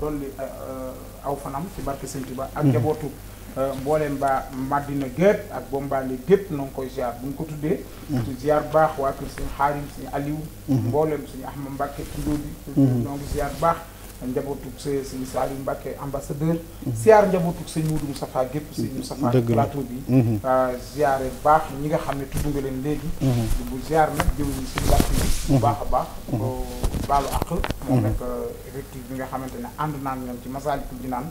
dolli euh, euh, aw fanam ci barke Sëñ Tuba ak njabootu euh, mbooleem ba màddina gépp ak Bombaale gépp na nga koy ziar bu ñu ko tuddee ci mm-hmm. ziar baax waa kër suñu xaarim suñu Aliou mm-hmm. mbooleem suñu Ahmad Mbàkke tundóo bi ñoo mm-hmm. ngi ziar baax njabootu sëñ Saliou Mbacke ambassadeur siyaar njabootu sëñ Moudou Moustapha gépp sëñ Moustapha plateau bi siyaare mm-hmm. ah, baax ñi nga xam ne tudd leen léegi mm-hmm. bu siyaar nag jëwñi sëñ Mbacke baax a baax mm-hmm. baalu àq moom rek effectif euh, bi nga xamante ne ànd naa ñoom ci Masaalikul Jinaan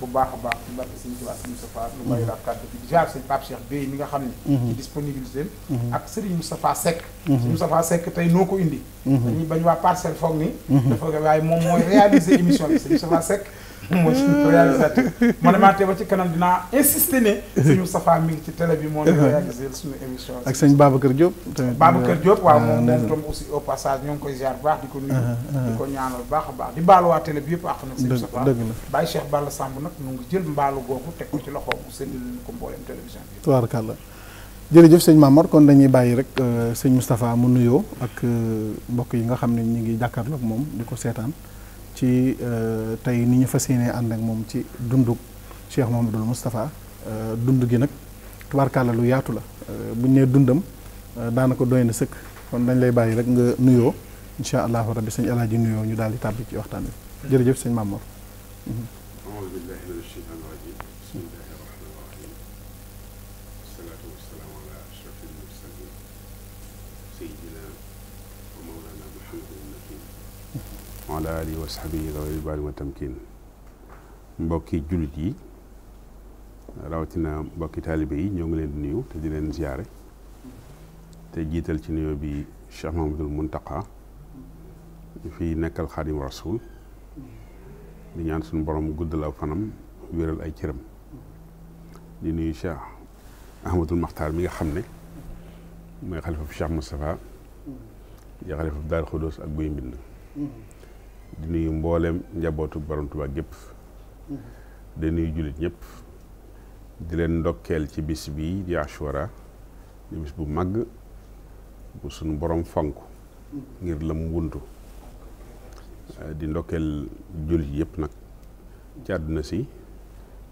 bu baax baax suñu Mbacke sëñ Tuubaa sëñ Moustapha lu bàyyi laa kàddu bi nga xam ne ci disponibilité ak sëriñ Moustapha Seck sëñ tey noo ko indi dañuy bañ waa parcelle foog ni. Mm-hmm. dafa way mom moy réaliser émission bi sëñ Safa Seck. mooy suñu réalisateur. ma demaatee ci kanam dina insister ne. suñu Safa mi ci télé bi mo ñu réaliser suñu émission ak sëñ Babacar Diop. Babacar Diop wa ah, moom moom tam aussi au passage ñong koy ziar bu baax di nuyu. Ah, ah. diko ñaanal baax a baax di balu wa télé bi yëpp ak nag. sëñ Safa bay Cheikh Balla Samb nak ñu ngi jël mbalu googu teg ko ci loxoom sëñ ko mboolem télévision bi. tubaarkàlla. jërëjëf sëñ Mamor kon dañuy bàyyi rek euh, sëñ Moustapha mu nuyoo ak euh, mbokk yi nga xam ne ñu ngi jàkkaarloog moom di ko seetaan ci euh, tey ni ñu fas yéenee ànd ak moom ci dundu Cheikh Mouhamadoul Moustapha dund gi nag tubaarkàlla lu yaatu la bu ñu nee dundam daanaka doy na sëkk kon dañ lay bàyyi rek nga nuyoo incha allahu rabbi sëñ Alaaji nuyoo ñu daal di tàbbi ci waxtaan wi jërëjëf sëñ Mamor. ala alihi wa sahbihi rawil baari wa tamkin mbokki jullit yi rawatina mbokki taalibe yi ñoo ngi leen di nuyu te di leen ziyaare te jiital ci nuyoo bi Cheikh Mahamadul Muntaqa fi nekkal xaadim rasul di ñaan suñu borom guddal aw fanam wéral ay cëram di nuyu Cheikh Ahmadul Maxtaar mi nga xam ne mooy xalifa Cheikh Moustapha di xalifa Daaru Xudoos ak Guy Mbind di nuyu mboolem njabootu borom tuba gep mm-hmm. di nuyu julit ñep di len ndokkel ci bis bi di Ashura di bis bu mag bu sunu borom fonku mm-hmm. ngir lam wuntu eh, di ndokkel julit yep nak ci aduna si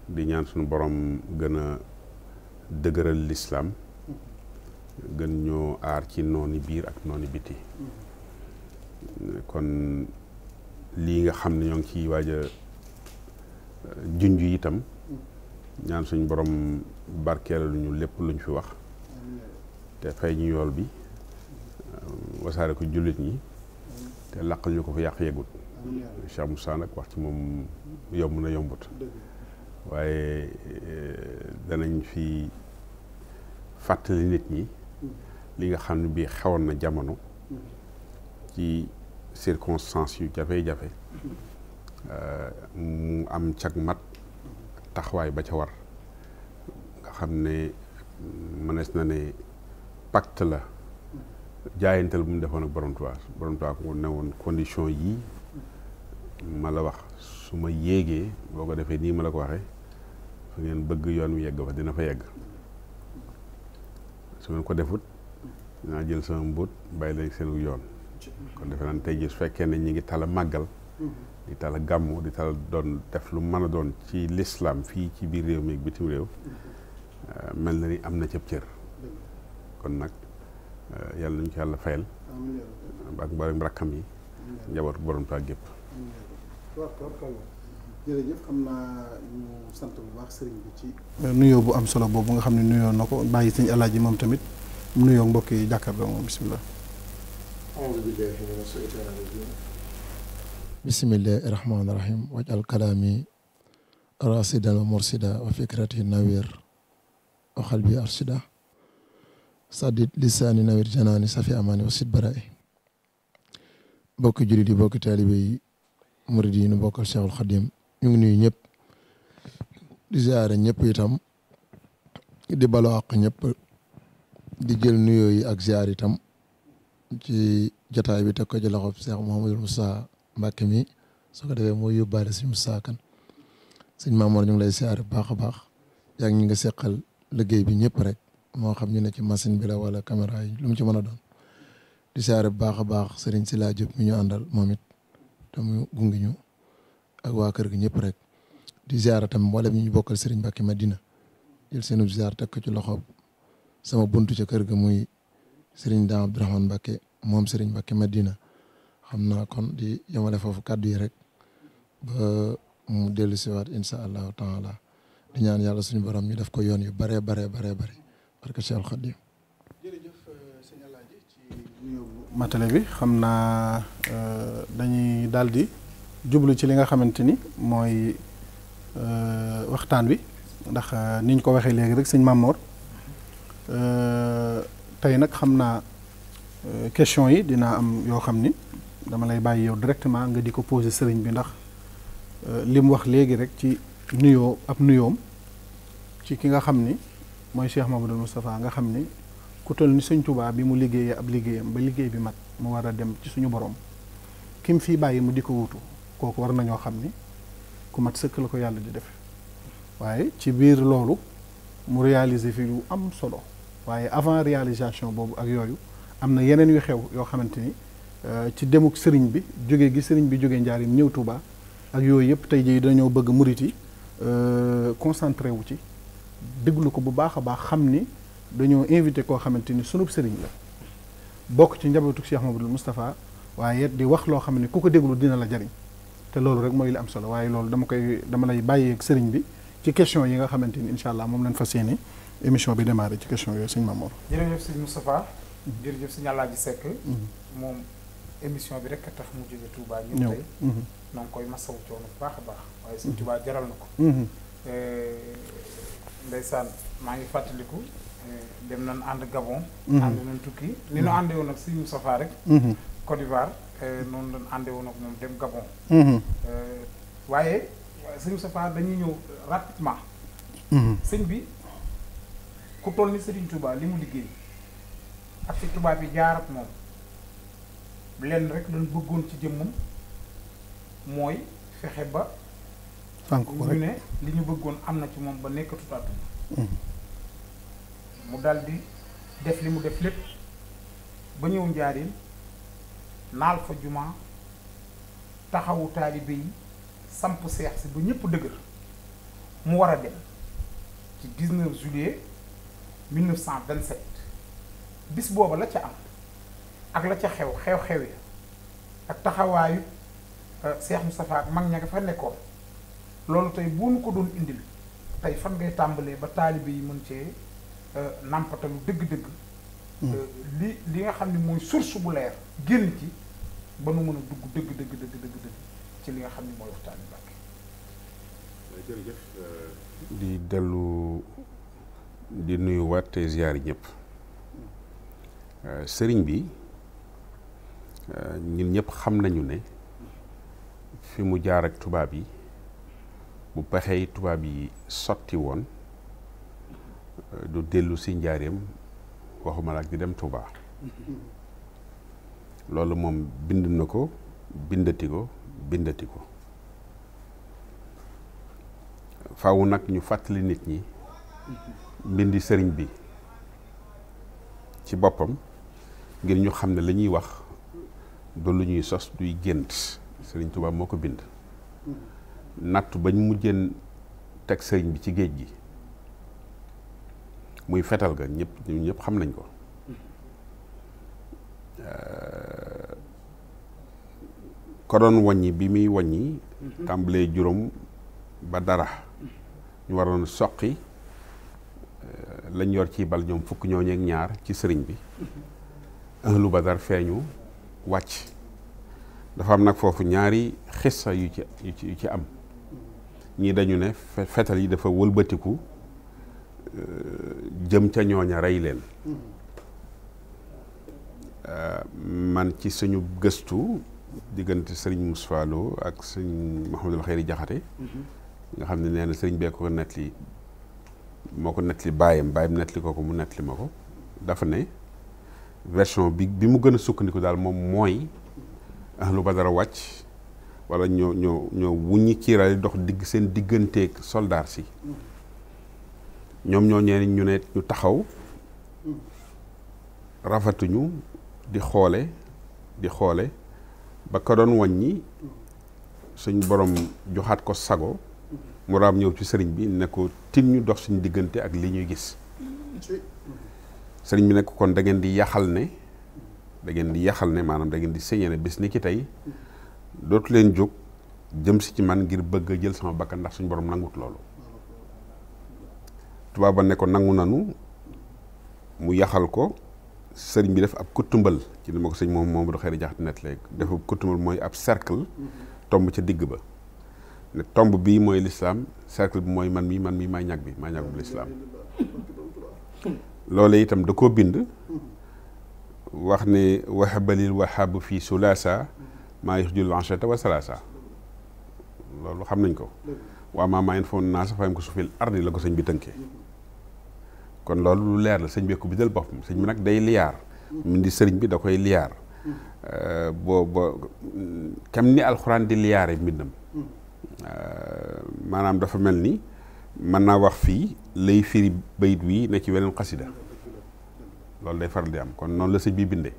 di ñaan sunu borom gëna degeural l'islam ganyo mm-hmm. gën ñoo aar ci noni biir ak noni biti kon lii nga xam ne ñoo ngi ciy waaj a euh, itam ñaan suñ borom barkeela lu ñu lépp luñ fi wax te fay ñu yool bi euh, wasaare ko jullit ñi te laqal ñu ko fa yàq yegut Cheikh Moussa nag wax ci moom yomb na yombut waaye euh, danañ fi fàttali nit ñi li nga xam ne bii xewoon na jamono ci circonstances yu jafe-jafe euh, mu am cag mat taxawaay ba ca war nga xam ne mënees na ne pacte la jaayantal bu mu defoon ak borom Tuubaa borom ko ne woon condition yi ma la wax su ma yéegee boo ko defee nii ma la ko waxee fa ngeen bëgg yoon wi yegg fa dina fa yegg su ngeen ko defut dinaa jël sama mbóot bàyyi leen seen yoon kon defé nan tay jiss su né ñi ngi tala magal mm-hmm. di tala gamu di tala don def lu mëna don ci l'islam fi ci biir réew mi ak bitim réew mm-hmm. eh, mel na ni amna ci ciir mm-hmm. kon nakt, eh, yalla ñu ci yalla fayal ak mboolem rakkam yi njabot borom Jadi gépp jërëjëf xam naa ñu sant bu baax sëriñ bi am solo boobu nga xam ne nuyoo na ko bàyyi sëñ tamit nuyoo mbokk yi jàkkaarloo bismillah. أعوذ بالله من الشيطان الرجيم بسم الله الرحمن الرحيم واجعل كلامي راسدا ومرسدا وفكرتي نوير وقلبي أرشدا سدد لساني نوير جناني صفي أماني وسد برائي bokki jullit yi bokki taalibe yi murid yi nu bokkal Cheikhul Khadim ñu ngi nuyu ñëpp di ziare ñëpp itam di baloo àq ñëpp di jël nuyoo yi ak ziar itam ci jataay bi teg ko ci loxo Cheikh Mouhamadul Moussa Mbacke mi su ko defee mooy yóbbaale suñu Moussa kan sëñ Mamour ñu ngi lay siyaare bu baax a baax yaa ngi ñu nga seqal liggéey bi ñëpp rek moo xam ñu ne ci machine bi la wala caméra yi lu mu ci mën a doon di siyaare bu baax a baax sëriñ si Diop mi ñu àndal moom it te mu gungi ñu ak waa kër gi ñëpp rek di siyaare tam mboolem ñu bokkal sëriñ ma dina jël seen ziar teg ko ci loxo sama buntu ca kër ga muy serigne Daam Abdourahmane Mbacké mom serigne Mbacké medina xamna kon di yamale fofu kaddu yi rek ba mu dellu siwaat insha allahu taala di ñaan yalla suñu borom ñu def ko yoon yu bare bare bare bare barke Cheikh Khadim jërëjëf euh, sëñ Alaaji ci nuyu matale bi xamna euh, dañuy daldi djublu ci li nga xamanteni moy euh, waxtan bi ndax niñ ko waxe léegi rek mamour euh tey nag xam naa euh, question yi dinaa am yoo xam ni dama lay bàyyi yow directement nga di ko poser sëriñ bi ndax euh, li mu wax léegi rek ci nuyoo ab nuyoom ci ki nga xam ni mooy Cheikh Mamadou Moustapha nga xam ni ku toll ni Sëriñ Tuubaa bi mu liggéeyee ab liggéeyam ba liggéey bi mat mu war a dem ci suñu borom kim mu fii bàyyi mu di ko wutu kooku war nañoo xam ni ku mat sëkk la ko yàlla di def waaye ci biir loolu mu réaliser fi lu am solo waye avant réalisation bobu ak yoyu amna yenen yu xew yo xamanteni ci demuk serigne bi jóge gi serigne bi jóge ndiarim ñëw Touba ak yoyu yep tay jey dañu bëgg mouriti euh concentré wu ci déglu ko bu baaxa baax xamni dañu invité ko xamanteni sunu serigne la bok ci njabootu Cheikh Mamadou mustapha waye di wax lo xamni kuko déglu dina la jariñ te lolu rek moy li am solo waye lolu dama koy dama lay bayé ak serigne bi ci question yi nga xamanteni inshallah mom lañ fas yéene émission bi démarré ci question yooyu sëñ Mamour. jërëjëf sëñ Moustapha. Mm-hmm. jërëjëf sëñ Alaaji mm-hmm. moom émission bi rek a tax mu jóge Touba ñëw tey. Mm-hmm. na koy masawu coono bu baax a baax. waaye sëñ Touba jaral na ko. Eh, ndeysaan maa ngi fàttaliku. Eh, dem nañ ànd Gabon. ànd nañ tukki ni ñu àndee woon ak sëñ Moustapha rek. Côte d'Ivoire eh, noonu lañ àndee woon ak moom dem Gabon. waaye sëñ Moustapha dañuy ñëw rapidement. sëñ bi. ku toll ni Serigne Touba li mu liggéey ak fi tubaab yi jaar moom lenn rek lañ bëggoon ci jëmmam mooy fexe ba. fànk ko bëggoon am na ci moom ba nekkatut àdduna mhm. mu dal def li mu def lépp ba ñëw njaariñ naal fa jumaa taxawu taalibe yi samp seex si ba ñëpp dëgër mu war a dem ci 19 1927 bis booba la ca am ak la ca xew xew-xew ya ak taxawaayu euh, Cheikh Moustapha ak mag ña nga fa nekkoon loolu tey bu nu ko doon indil tey fan ngay tàmbalee ba taalibe yi mën cee euh, nàmpatalu dëgg-dëgg. Hmm. Euh, li li nga xam ne mooy source bu leer génn ci ba nu mën a dugg dëgg dëgg dëgg dëgg ci li nga xam ne mooy waxtaan bi Mbàkke. jërëjëf di di nuyu waat tey ziyaar ñëpp euh, sëriñ bi euh, ñun ñëpp xam nañu ne fi mu jaar ak tubaab yi bu pexey tubaab yi sotti woon euh, du dellu si njaareem waxuma la ak dem tubaa loolu moom bind na ko bindati ko bindati ko faaw nag ñu fàttali nit ñi mbindi sëriñ bi ci boppam ngir ñu xam ne lañuy wax du lu ñuy sos duy gént sëriñ Tuubaa moo ko bind nattu bañ mujjeen teg sëriñ bi ci géej gi muy fetal ga ñëpp ñëpp xam nañ ko ko doon waññi bi muy waññi mm-hmm. tàmbalee juróom ba dara ñu waroon soqi lañ yor ci bal ñoom fukk ñoo ñeeg ñaar ci sëriñ bi ahlu badar feeñu wàcc dafa am nag foofu ñaari xissa yu ci yu ci am ñii dañu ne fetal yi dafa wëlbatiku euh, jëm ca ñooña rey leen euh, man ci suñu gëstu diggante sëriñ Moussa ak sëriñ Mahamadul Xayri Jaxate nga xam ne nee na sëriñ bee ko nett moo ko nettali bàyyam bàyyam nettali ko ko mu nettali ma ko dafa ne version bi bi mu gën a sukkandiku daal moom mooy ba dara wàcc walla ñoo ñoo ñoo wuññi kiiraay dox digg seen digganteek soldaar si ñoom ñoo ñeen ñu ne ñu taxaw rafetuñu di xoole di xoole ba ko doon wàññi suñ borom joxaat ko sago mu ram ñew ci sëriñ bi ne ko tin ñu dox suñu digënté ak li ñuy gis sëriñ bi ne ko kon da ngeen di yaxal ne da ngeen di yaxal ne manam da ngeen di ne bis ni ki tay dootu leen juk jëm ci ci man ngir bëgg jël sama bakkan ndax suñu borom nangut loolu ba ne ko nangu nanu mu yaxal ko sëriñ bi def ab kutumbal ci ni ma ko sëriñ moom moom du xëy jaxat net léegi def ab kutumbal mooy ab cercle tomb ca digg ba ne tombe bi moy l'islam cercle bi moy man mi man mi may ñag bi may ñagum l'islam lolé itam da ko bind wax ne waxabalil waxaabu fii sulaasa maa yuxjul anchata wa salasa lolou xam nañ ko waa ma maayen foon na sa fam ko su fil ardi la ko sëñ bi tënkee kon lolou lu leer la sëñ bi ko bidal boppam sëñ bi nak day liyaar mindi señ bi da koy liyaar bo bo kam ni alxuraan di liyaare mbindam Euh, manam dafa melni ni na wax fi lay firi bayit wi ne ci qasida lolou day faral di am kon non la sëñ bi bindé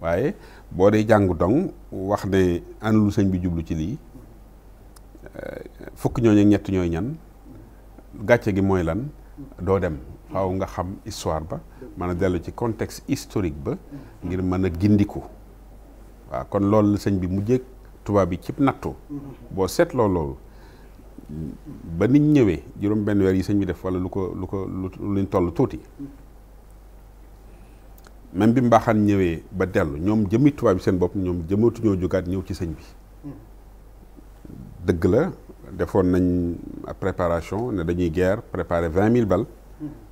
waaye bo day jang dong wax ne ana lu bi jublu ci lii euh, fukk ñooñu ak ñett ñoy ñan gatché gi moy lan do dem xaw nga xam histoire ba mën delu ci contexte historique ba ngir mën gindiku wa kon lolou la sëñ bi tubaab bi cib nattu boo seetloo loolu ba nit ñëwé juróom ben wër yi sëñ bi def wala luko luko lu ko lu luñ toll tuuti même bi mbaaxaan ñëwé ba dellu ñom jëmmi tubaab bi seen bopp ñoom jëmatu ñoo jogat ñëw ci sëñ bi deug la defoon nañ préparation ne dañuy guerre préparer 20000 mille balles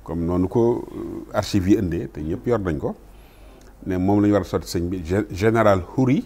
comme nonu ko euh, archive yi ëndé te ñëpp yor nañ ko ne mom lañu ñu war a sëñ bi général Houri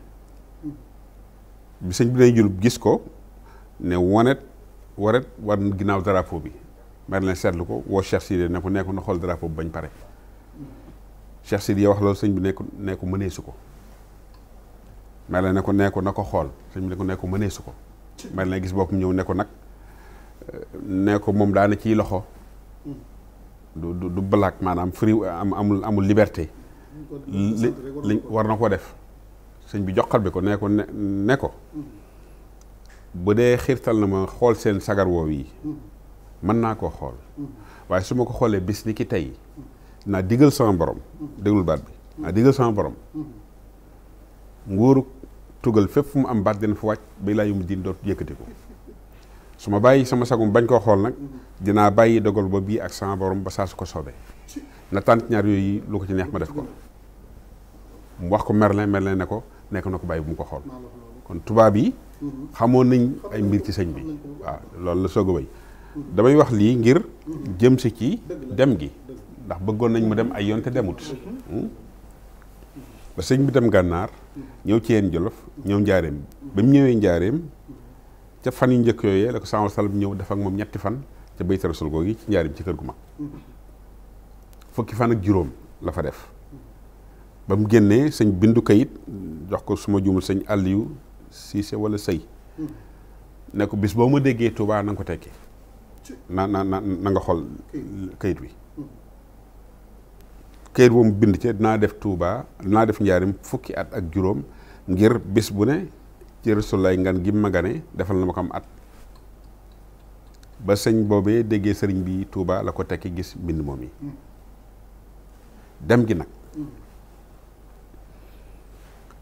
bi sëñ bi day julub gis ko ne wanet waret wan ginnaaw drapeau bi mari leen seetlu ko woo Cheikh Sidi ne ko nekku na xool drapeau bi bañ pare Cheikh Sidi wax loolu sëñ bi nekku ne ko mëneesu ko mari leen ne ko nekku na ko xool sëñ bi ne ko nekku mëneesu ko mari leen gis boppam ñëw ne ko nag ne moom daana ciy loxo du du du maanaam free am amul amul liberté li war na koo def sëñ bi joxal bi ko ne ko ne bu dee xiirtal na ma xool seen sagar woow yi mën naa koo xool waaye su ma ko xoolee bis ni ki tey naa diggal sama borom déglul baat bi naa digal sama borom nguuru tugal fépp fu mu am baat dina fa wàcc ba laa yu mu diin dootu yëkkati ko su ma bàyyi sama sagum bañ koo xool nag dinaa bàyyi dogal ba bii ak sama borom ba saa su ko soobee na tànt ñaar yooyu lu ko ci neex ma def ko mu wax ko Merlin Merlin ne ko nekk na ko bàyyi bu mu ko xool kon tubaab yi xamoon nañ ay mbir ci sëñ bi waaw loolu la soog a wéy damay wax lii ngir jëm si ci dem gi ndax bëggoon nañ mu dem ay yoon te demut ba sëñ bi dem gànnaar ñëw ci yeen jolof ñëw njaareem ba mu ñëwee njaareem ca fan yu njëkk yooyee la ko sama sal ñëw def ak moom ñetti fan ca baytara sul googi ci njaareem ci kër gu mag fukki fan ak juróom la fa def ba mu génnee sëñ bindu kayit jox ko suma juumul sëñ Aliou Cissé walla sëy ne ko bis boo ma déggee tuubaa na nga ko tekki na na nanga xol nga xool kayit wi kayit boobu bind ci dinaa def tuubaa dinaa def njaarim fukki at ak juróom ngir bis bu ne ci Rasulaay ngan gi ma defal na ma ko am at ba sëñ boobee déggee sëriñ bi tuubaa la ko tekki gis mbind moom yi mm. dem gi nag mm.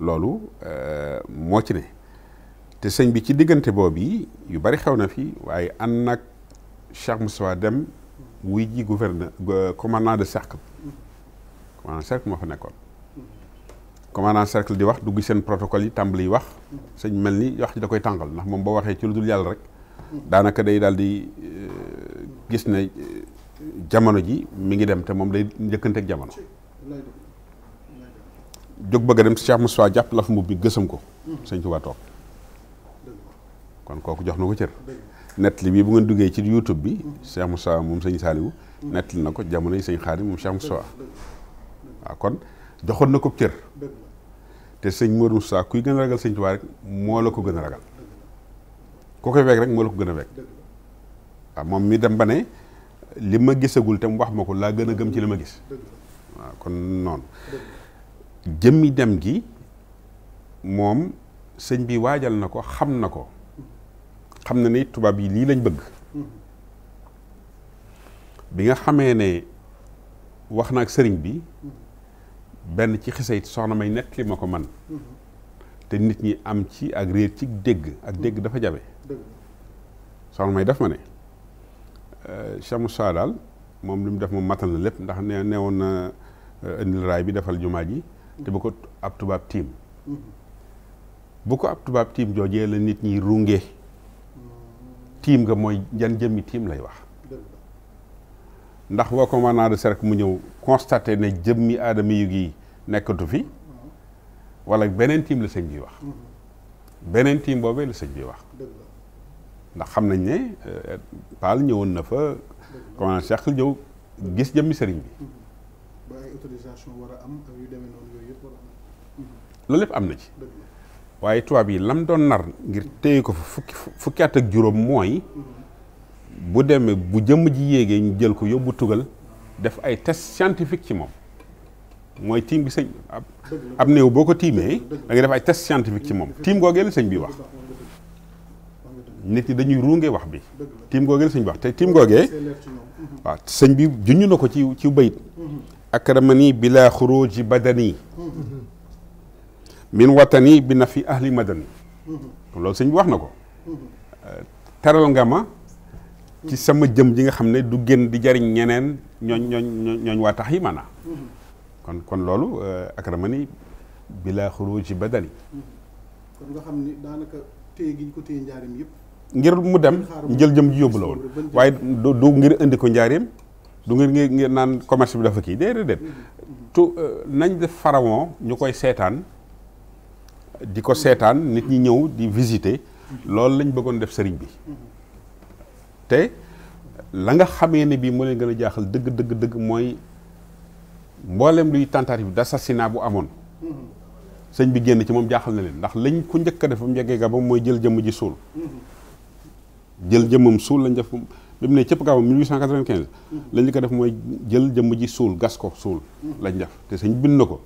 loolu euh, moo ci ne te sëñ bi ci diggante boobu yi yu bari xew na fii waaye ànd nag Cheikh Moustapha dem wuy ji gouverneur commandant de cercle commandant cercle moo fa nekkoon commandant cercle di wax dugg seen protocole yi tàmbali wax sëñ mel ni wax ci da koy tàngal ndax moom boo waxee ci lu dul yàlla rek daanaka day daal di euh, gis ne euh, jamono ji mu ngi dem te moom day njëkkante ak jamono jóg bëgg a dem si Cheikh Moustapha jàpp la fa mu bi gësam ko sëñ Tuubaa toog kon kooku jox na ko cër nettali bii bu ngeen duggee ci YouTube bi Cheikh Moustapha moom sëñ Saliou nettali na ko jamono yi sëñ Xaadim moom Cheikh Moustapha waaw kon joxoon na ko cër te sëñ Modou Moustapha kuy gën a ragal sëñ Tuubaa rek moo la ko gën a ragal ku koy weeg rek moo la ko gën a weeg moom mi dem ba ne li ma gisagul te mu wax ma ko laa gën a gëm ci li ma gis waaw kon noonu jëmmi dem gi moom sëñ bi waajal na ko xam na ko xam na ni tubaab yi lii lañ bëgg bi nga xamee ne wax na ak sëriñ bi benn ci xisayit soxna may nettali ma ko man te nit ñi am ci ak réer ci dégg ak dégg dafa jabe soxna may def ma ne euh, Cheikh daal moom li mu def moom matal na lépp ndax ne newoon na euh, indil raay bi defal jumaa ji te bu ko ab tubaab tiim mm-hmm. bu ko ab tubaab tiim joojee la nit ñi runge tiim nga mooy jan jëmmi tiim lay wax ndax woo ko mën naa de rek mu ñëw constaté ne jëmmi aadama yu gi nekkatu fi mm-hmm. wala beneen tiim la sëñ bi wax mm-hmm. beneen tiim boobee la sëñ bi wax ndax xam nañ ne euh, Paal ñëwoon na fa commandant Cheikh ñëw gis jëmmi sëriñ bi loolu lépp am na ci waaye tubaab yi lam doon nar ngir téye ko fa fukki fukki at ak juróom mooy bu demee bu jëmm ji yéegee ñu jël ko yóbbu tugal def ay test scientifique ci moom mooy tiim bi sëñ ab néew boo ko tiimee da nga def ay ci moom tiim sëñ bi wax nit ñi dañuy ruungee wax bi tiim googee la sëñ bi wax te tiim googee waaw sëñ bi junñu na ko ci ci bayit akramani bila xuruji badani min watani bi fi ahli madani lol sëñ bi wax nako teral nga ma ci sama jëm ji nga xamne du genn di jariñ ñeneen ñoñ ñoñ ñoñ wa tax kon kon lolou eh, akramani bila khuruj badani kon nga xamni danaka daanaka téye ko tey njaareem yep ngir mu dem jël jëm ji yobul won waye do ngir andi ko njaareem du ngir ngir nan commerce bi dafa ki déedéet mm-hmm. tu eh, nañ def pharaon ñukoy setan di ko seetaan nit ñi ñëw di visiter loolu lañ bëggoon def sëriñ bi te la nga xamee ne bii moo leen gën a jaaxal dëgg dëgg dëgg mooy mboolem luy tentative d'assassinat bu amoon sëñ bi génn ci moom jaaxal na leen ndax lañ ku njëkk a def ba mu yeggee mooy jël jëmm ji suul jël jëmmam suul lañ def bi mu ne cëpp gabam 1895 lañ li ko def mooy jël jëmm ji suul gas ko suul lañ def te sëñ bind ko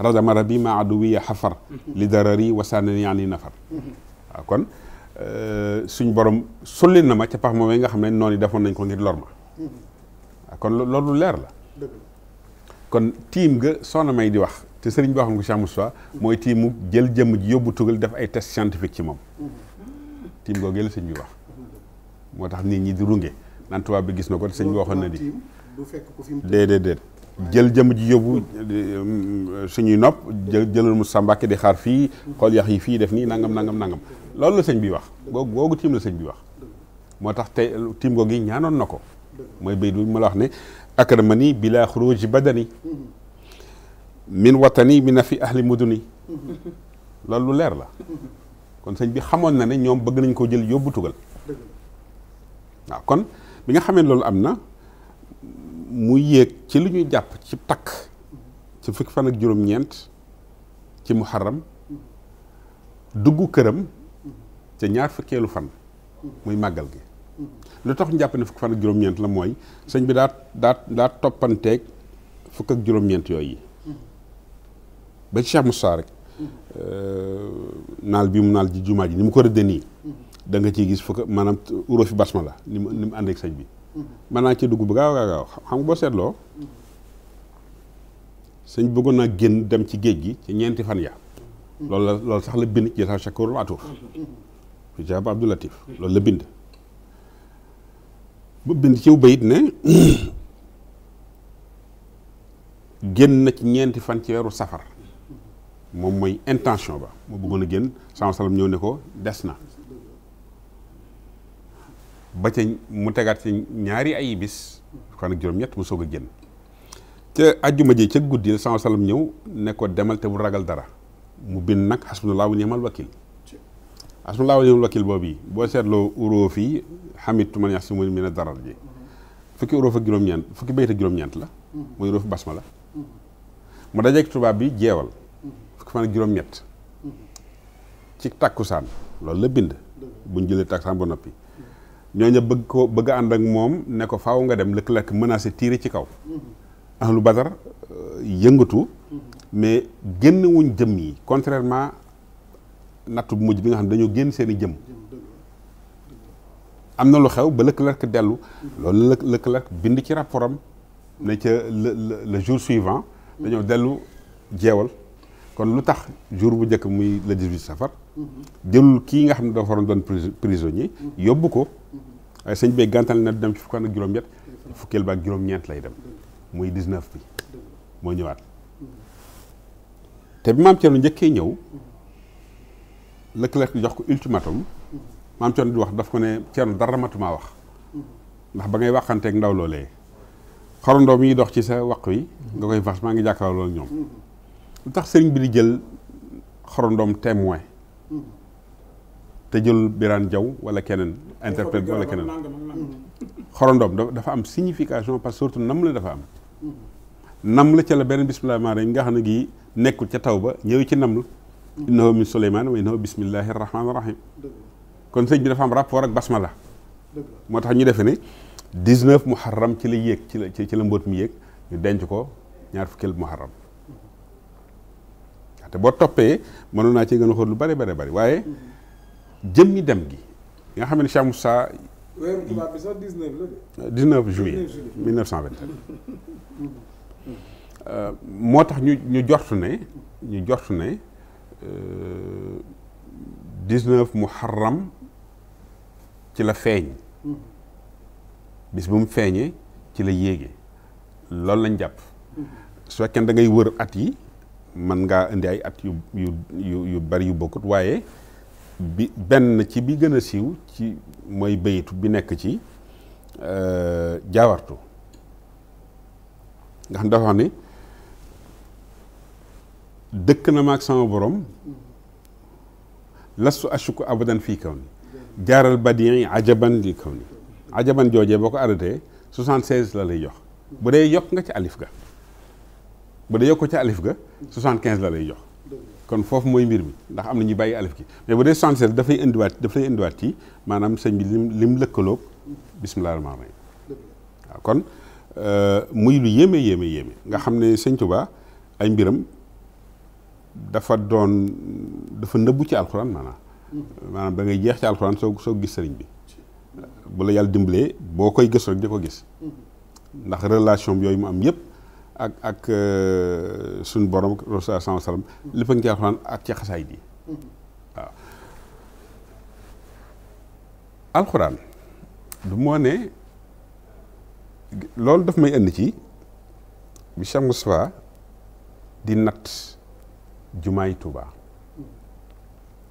ردم ربيما عدوية حفر لدراري وسانني يعني نفر كون أه، سن بروم سولين نما تي باخ مومي خا خمن نوني دافون نانكو غير لورما كون لورو لير لا كون تيم غ سونا ماي دي واخ تي سيرن بي واخ مكو موي تيمو جيل جيم جي يوبو توغل داف اي تيست ساينتيفيك تي موم تيم غو غيل سيرن بي واخ موتاخ نيت ني دي رونغي نان توبا بي غيس نكو سيرن بي واخون نادي دي دي دي jël jëmm ji yóbbu suñuy nopp jël jëlal mu sàmbaake di xaar fii xool yax yi fii def nii nangam nangam nangam loolu la sëñ bi wax googu googu tiim la sëñ bi wax moo tax te tiim googu yi ñaanoon na ko mooy bayt bi ma la wax ne akramani bila xuruji badani min watani bi na fi ahli muduni loolu lu leer la kon sëñ bi xamoon na ne ñoom bëgg nañ koo jël yóbbu tugal waaw kon bi nga xamee loolu am na mu yéeg ci li ñuy jàpp ci takk ci fukk fan ak juróom-ñeent ci muharram dugg këram te ñaar fukkeelu fan muy màggal gi lu tax ñu jàpp ne fukki fan ak juróom-ñeent la mooy sëñ bi daa daa daa toppanteeg fukk ak juróom-ñeent yooyu ba ci Cheikh Moussa rek euh, naal bi mu naal ji jumaa ji ni mu ko rëddee nii da nga ciy gis fukk maanaam uroo fi la ni mu ni mu ànd ak bi mën naa ci dugg bu gaaw a gaaw xam nga seetloo sëñ bëggoon naa génn dem ci géej gi ci ñeenti fan ya loolu la loolu sax la bind ci sa chakurul atur fi jaab Abdou Latif loolu la bind bu bind ciw bayit ne génn na ci ñeenti fan ci weeru safar moom mooy intention ba moo buggoon a génn sama salam ñëw ne ko des na ba ca mu tegaat ci ñaari ay bis fan ak juróom-ñett mu soog a génn ca ajjuma ji ca guddi sama salam ñëw nekkoo ko demal te bu ragal dara mu bind nag xasbunallaa wa ni'mal wakil xasbunallaa wa ni'mal wakil boobu yi boo seetloo uróof yi xamitu man yax si mu mën a darar ji fukki uróof ak juróom-ñeent fukki bayit ak juróom-ñeent la muy bas ma la mu dajeeg tubaab bi jeewal fukki fan ak juróom-ñett ci takkusaan loolu la bind buñ jëlee takkusaan ba noppi ñooñu bëgg ko bëgg ànd ak moom ne ko faaw nga dem Leclerc menacé tiire ci kaw. ahlu badar euh, yëngatu. mais génn wuñ jëm yi contrairement natt bu mujj bi nga xam ne dañoo génn seen i jëm. am na lu xew ba Leclerc dellu. loolu la Leclerc bind ci rapport ne ca le le jour suivant. dañoo dellu jeewal kon lu tax jour bu njëkk muy le 18 safar. jëlul kii nga xam ne dafa waroon doon prisonnier yóbbu ko waaye sëñ bi gàntal na dem ci fukkaan ak juróom-ñett fukkeel ba ak juróom-ñeent lay dem muy 19 bi moo ñëwaat te bi maam Thierno njëkkee ñëw Leclerc jox ko ultimatum maam Thierno di wax daf ko ne Thierno dara matumaa wax ndax ba ngay waxanteeg ndaw loolee xarandoo mi dox ci sa waq wi nga koy fas maa ngi jàkkaarloo loolu ñoom lu tax sëriñ bi di jël xarandoom témoin te jël Birane Diaw wala keneen interprète wala keneen xorondoom dafa am signification parce que surtout nam la dafa am nam la ca la beneen bisimilah maanaam nga xam ne gii nekkul ca taw ba ñëw ci nam la innahu min suleymaan wa innahu bismillahi rahmaani rahim kon sëñ bi dafa am rapport ak la moo tax ñu defe ne 19 muharram ci la yéeg ci la ci la mbóot mi yéeg ñu denc ko ñaar fukkeel muharram te boo toppee mënoon naa ci gën a xool lu bare bare bari waaye jëmmi dem gi nga xam ne Cheikh Moussa. weeru tubaab bi sax 19 la de. 19 juillet 1921. Euh, moo tax ñu ñu jortu ne ñu jortu ne 19 euh, muharram ci la feeñ. bis bu mu feeñee ci la yéege loolu lañ jàpp. su fekkee da ngay wër at yi mën ngaa indi ay at yu yu yu yu bari yu bokkut waaye. bi benn ci bi gën a siiw ci mooy béytu bi nekk ci euh, jaawartu nga xam dafa wax ni dëkk na maag sama borom lastu ashuku abadan fii kaw ni jaaral badien ajaban li kaw ni ajaban joojee boo ko arrêté soixante seize la lay jox bu dee yokk nga ci alif ga bu dee yokk ci alif ga soixante quinze la lay jox kon foofu mooy mbir mi ndax am na ñu bàyyi alif ki mais bu dee sensibiliser dafay indiwaat daf lay indiwaat ci maanaam sëñ bi lim lim lëkkaloog bisimilah rahmaani waaw kon euh, muy lu yéeme yéeme yéeme nga xam ne sëñ Tuba ay mbiram dafa doon dafa nëbbu ci alxuraan maanaam. maanaam da ngay jeex ci alxuraan soo soo gis sëriñ bi. bu la yàlla dimbalee boo koy gës rek di ko gis. ndax relation yooyu mu am yëpp. ak ak euh, suñu borom rasul sallallahu alayhi wasallam lépp ci alxuraan ak ci xasaay bi waaw alxuraan du moo ne loolu daf may indi ci bi Cheikh Moustapha di natt jumaay Touba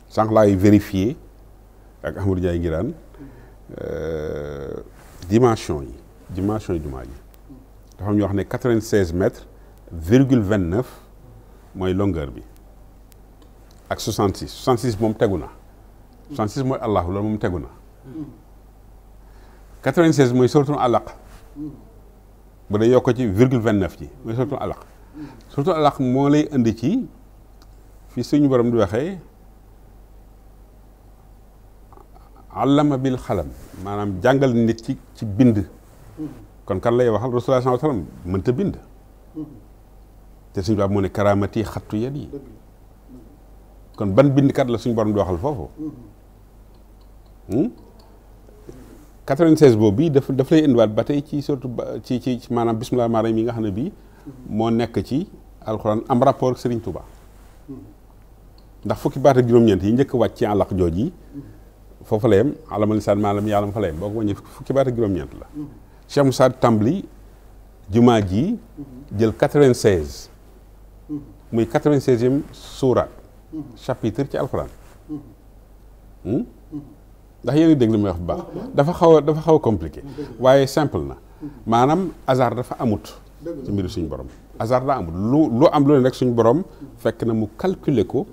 sànq laay vérifier ak Amadou Ndiaye Ngiraan euh, dimension yi dimension yi jumaa yi dafa am ñu wax ne quatre vingt seize mètres virgule vingt neuf mooy longueur bi ak soixante six soixante six moom tegu na. soixante six mooy allahu loolu moom tegu na. quatre vingt seize mooy suratul alaq bu dee yokk ci virgule vingt neuf ci mooy suratul alaq suratul alaq moo lay indi ci fi suñu borom di waxee. allama bil xalam maanaam jàngal nit ci ci bind. kon kan lay waxal rasulullah sallallahu alayhi wa mënta bind te suñu borom mu ne karaamati xattu yet yi kon ban bindkat la suñu borom di waxal foofu 96 hmm? boobu bii daf daf lay indiwaat ba tey ci surtout ci ci maanaam bismillah maanaam yi nga xam ne bii moo nekk ci alxuraan am rapport ak Serigne Touba ndax fukki baat juróom-ñeent yi njëkk wàcc ci àlaq jooj yi foofu la yem alamal insaan maalam yaalam fa la yem boo ko wàññee fukki baat juróom-ñeent la Cheikh Moussa Tambli jumaa ji jël quatre-vingt-seize muy quatre-vingt-seizième suuraat chapitre ci alxuraan hmm? ndax yéen a dégg li may wax bu baax dafa xaw a dafa xaw a compliqué waaye simple na maanaam hasard dafa amut ci mbiru suñu borom hasard daa amut lu lu am lu ne rek suñu borom fekk na mu calculer ko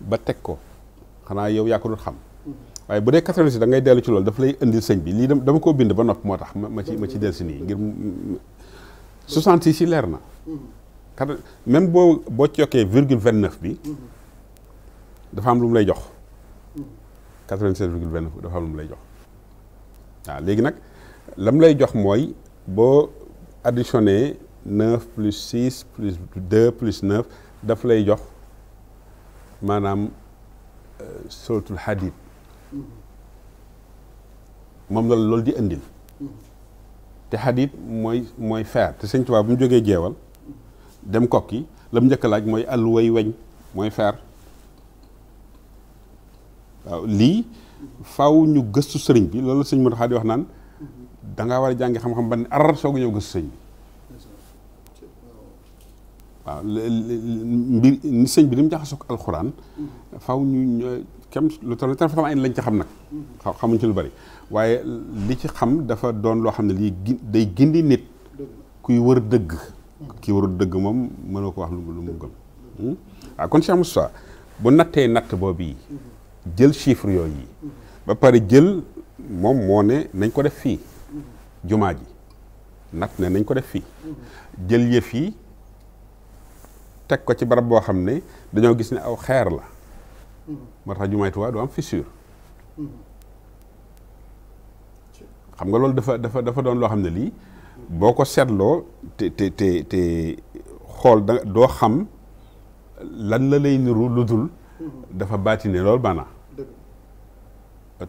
ba teg ko xanaa yow yaa xam waaye bu dee catholique da ngay dellu ci loolu daf lay indil sëñ bi lii dama koo bind ba nopp moo tax ma ci ma ci dellu si nii ngir 66 yi leer na. même boo boo ci yokkee virgule 29 bi. dafa am lu mu lay jox. 87 virgule 29 dafa am lu mu lay jox. waaw léegi nag lam lay jox mooy boo additionné 9 plus 6 plus 2 plus 9 daf lay jox maanaam euh, suratul hadid. moom la loolu di indil te xadit mooy mooy fer te sëñ Tuubaa bu mu jógee jeewal dem kokki la mu njëkk laaj mooy alluway weñ mooy fer waaw lii faw ñu gëstu sëriñ bi loolu sëñ Mountakha di wax naan da war a jàngi xam-xam ba ne ar soogu ñëw gëstu sëñ bi waaw mbir ni sëñ bi ni mu jaxasoo ak alxuraan faw ñu kem lu tax lu tax ay lañ ci xam nag xamuñ ci lu bari waaye li ci xam dafa doon loo xam ne lii day gindi nit kuy wër dëgg kii wër dëgg moom mënoo ko wax lu mu gëm waaw hmm? ah, kon Cheikh Moustapha bu nattee natt boobu yi jël chiffre yooyu yi ba pare jël moom moo ne nañ ko def fii jumaa ji natt ne nañ ko def fii jël yëf yi teg ko ci barab boo xam ne dañoo gis ne aw xeer la moo tax jumaay Tuubaa du am fissure xam nga loolu dafa dafa dafa doon loo xam ne lii boo ko seetloo te te te te xool doo xam lan la lay niru lu dul dafa baatine loolu bana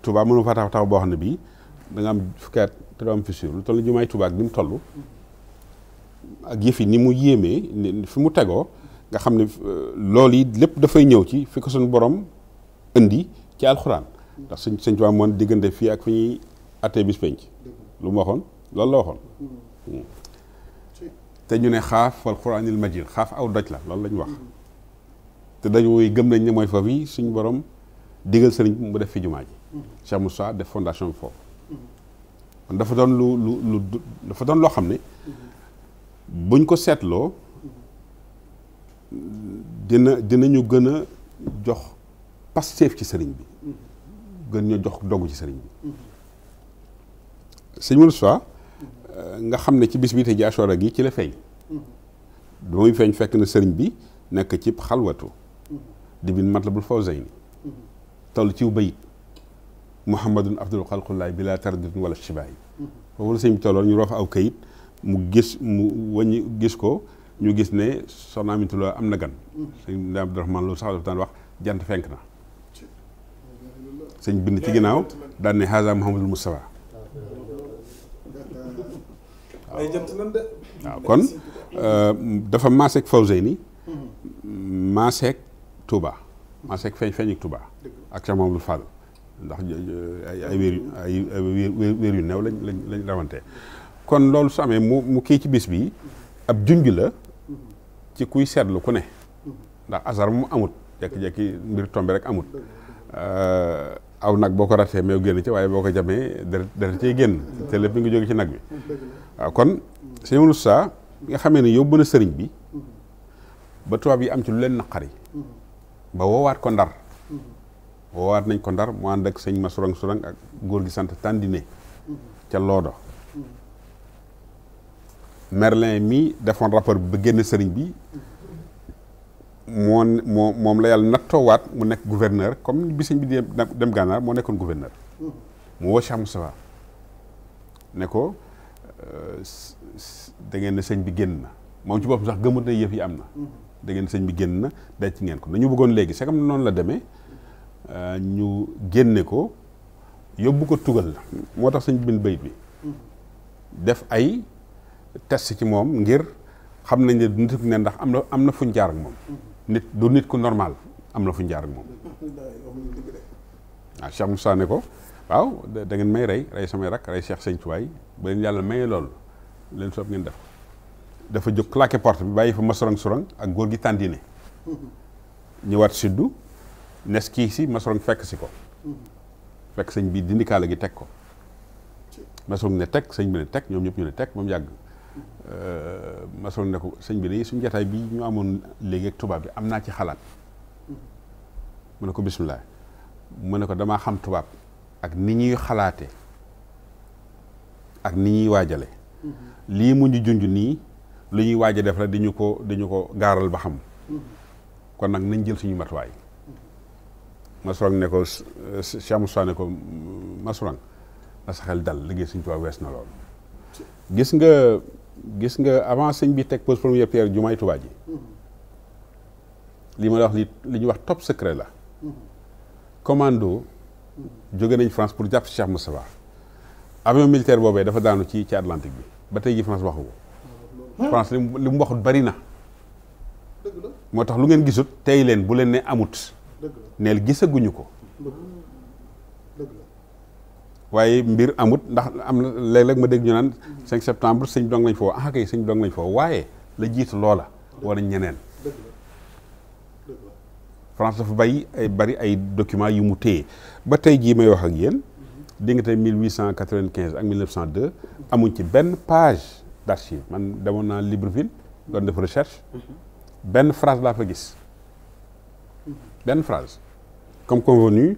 tuba mënu fa taw tax boo xam ne bii da nga am fukki at te am fissure lu toll jumaay Touba ak ni mu toll ak yëf yi ni mu yéemee fi mu tegoo nga xam ne loolu yi lépp dafay ñëw ci fi ko sun borom indi ci alxuraan ndax sëñ sëñ tuba moom digënde fii ak fi ñuy attee bis penc lu mu waxoon loolu la waxoon hmm. Hmm. te ñu ne xaaf wal quranil majid xaaf aw doj la loolu la ñu wax hmm. te daj gëm nañ ne mooy foofu yi suñu borom digal sëriñ bi mu def fi jumaa ji Cheikh Moussa foofu kon dafa doon lu lu lu doon loo xam ne buñ ko seetloo dina dinañu gën a jox pasteef ci sëriñ bi gën ñu jox dogu ci sëriñ bi sëñ Moussa nga xam ne ci bis bi te jaasoora gi ci la feeñ ba muy feeñ fekk na sëriñ bi nekk ci xalwatu di bin matlabul fawzayni toll ciw bayit muhammadun afdalu xalqullaay bi laa tardidun wala shibaay foofu la sëñ bi tolloon ñu roof aw kayit mu gis mu waññi gis ko ñu gis ne soxna Amituloo am na gan sëñ Abdu Rahmaan loolu sax dafa daan wax jant fenk na sëñ bind ci ginnaaw daan ne haza muhammadul mustafa waaw kon euh, dafa maaseek Fawzeyni maaseek Touba maaseek feeñ feeñik Touba ak Cheikh Mamadou Fall ndax ay ay wéer yu néew lañ lañ lañ rawante kon loolu su amee mu kii ci bis bi ab junj la ci kuy seetlu ku ne ndax asar mu amut jekki-jekki mbir tombe rek amut aw nag boo ko ratee meew génn ci waaye boo ko jamee da deret ciy génn te lépp mi ngi jóge ci nag bi waaw kon sëñ Moussa nga xamee ne yóbbu na sëriñ bi ba tubaab yi am ci lu leen naqari ba woowaat ko ndar woowaat nañ ko ndar mu ànd ak sëñ ma surang surang ak góor gi sant Tandine ca Loodo Merlin mi defoon rapport bi ba génn sëriñ bi moo moo moom la yàlla nattoowaat mu nekk gouverneur comme bi sëñ bi di dem gànnaar moo nekkoon gouverneur mu woo Cheikh Moustapha ne ko euh, da ngeen ne sëñ bi génn na moom ci boppam sax gëmut na yëf yi am na da ngeen sëñ bi génn na denc ngeen ko nañu bëggoon léegi c'est noonu la demee euh, ñu génne ko yóbbu ko tugal la moo tax sëñ bi bind bayit bi def ay test ci moom ngir xam nañ ne nit ne ndax am na am na fuñ jaar moom nit du nit ku normal am na fu ñu jaar ak moom. waaw ah, Cheikh Moussa ne ko waaw da ngeen may rey rey samay rak rey Cheikh Sëñ Tuwaay ba leen yàlla maye loolu leen soob ngeen def dafa jóg claqué porte bi bàyyi fa ma sorong sorong ak góor gi tàndine ñëwaat suddu nes kii si ma fekk si ko fekk sëñ bi dindi kaala gi teg ko ma sorong ne teg sëñ bi ne teg ñoom ñëpp ñu ne teg moom yàgg Euh, masoon ne ko sëñ bi de suñ jataay bi ñu amoon léegi ak tubaab bi am naa ci xalaat mu ne ko bisimilah mu ne ko damaa xam tubaab ak ni ñuy xalaate ak ni ñuy waajale lii mu ñu junj nii lu ñuy waaja def la dañu ko dañu ko gaaral ba xam kon nag nañ jël suñu matuwaay masurang ne ko Cheikh Moussa ne ko masurang na sa xel dal liggéey suñu tubaab wees na lool gis nga gis nga avant sëñ bi teg pose première pierre jumaay Tuubaa ji li ma la wax li li ñuy wax top secret la commando jóge nañ France pour jàpp mu Moustapha avion militaire boobee dafa daanu ci ci Atlantique bi ba tey ji France waxu ko France li mu waxut bari na moo tax lu ngeen gisut tey leen bu leen ne amut neel gisaguñu ko waaye mbir amut ndax am na léeg ma dégg ñu naan septembre sëñ dong lañ foo ah kay sëñ dong lañ foo waaye la jiitu loola wala ñeneen France fu bàyyi ay bari ay document yu mu téye ba tey jii may wax ak yéen diggante 1895 ak 1902 amuñ ci benn page d'archive man demoon naa Libreville doon def recherche benn phrase laa fa gis benn phrase comme convenu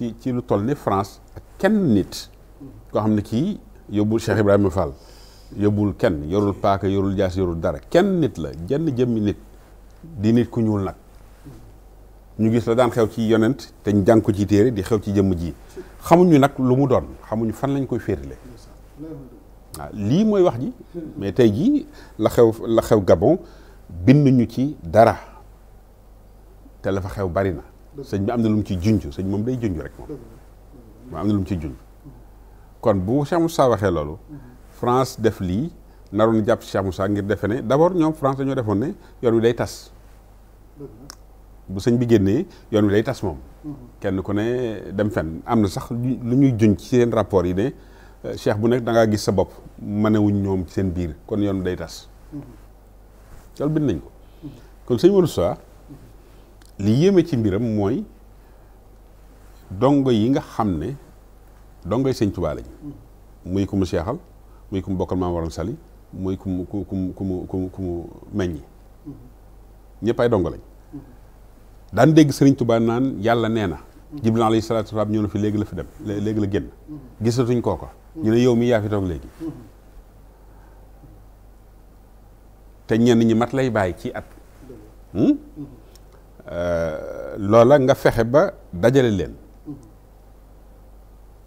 ci France nit koo xam ne kii Cheikh Fall yorul paaka yorul jaas dara nit la jenn jëmmi nit di nit ku ñuul ñu gis la daan xew ci yonent te ñu ci téere di xew ci jëmm ji xamuñu lu mu doon xamuñu fan mais la xew la xew Gabon ñu ci dara te la sëñ bi am na lu mu ci junj sëñ moom day junj rek moom moom am na lu mu ci junj kon bu Cheikh Moussa waxee loolu France def lii naroon jàpp Cheikh Moussa ngir defe ne d'abord ñoom France dañoo defoon ne yoon wi day tas bu sëñ bi génnee yoon wi day tas moom kenn ku ne dem fen am na sax lu ñuy juñ ci seen rapport yi ne euh, cheikh bu nekk da ngaa gis sa bopp mënewuñ ñoom seen biir kon yoon wi day tas loolu bind nañ ko kon sëñ Moussa li yéeme ci mbiram mooy dongo yi nga xam ne dongo yi sëñ Tuubaa lañ muy ku mu seexal muy ku mu bokkal maam waral sali muy ku mu ku mu meññ mu ñëpp ay dongo lañ daan dégg sëriñ Tuubaa naan yàlla nee na Jibril alayhi salaatu wa salaam ñëw na fi léegi la fi dem léegi la génn gisatuñ kooko ñu ne yow mi yaa fi toog léegi te ñenn ñi mat lay bàyyi ci at hmm? Euh, loola nga fexe ba dajale leen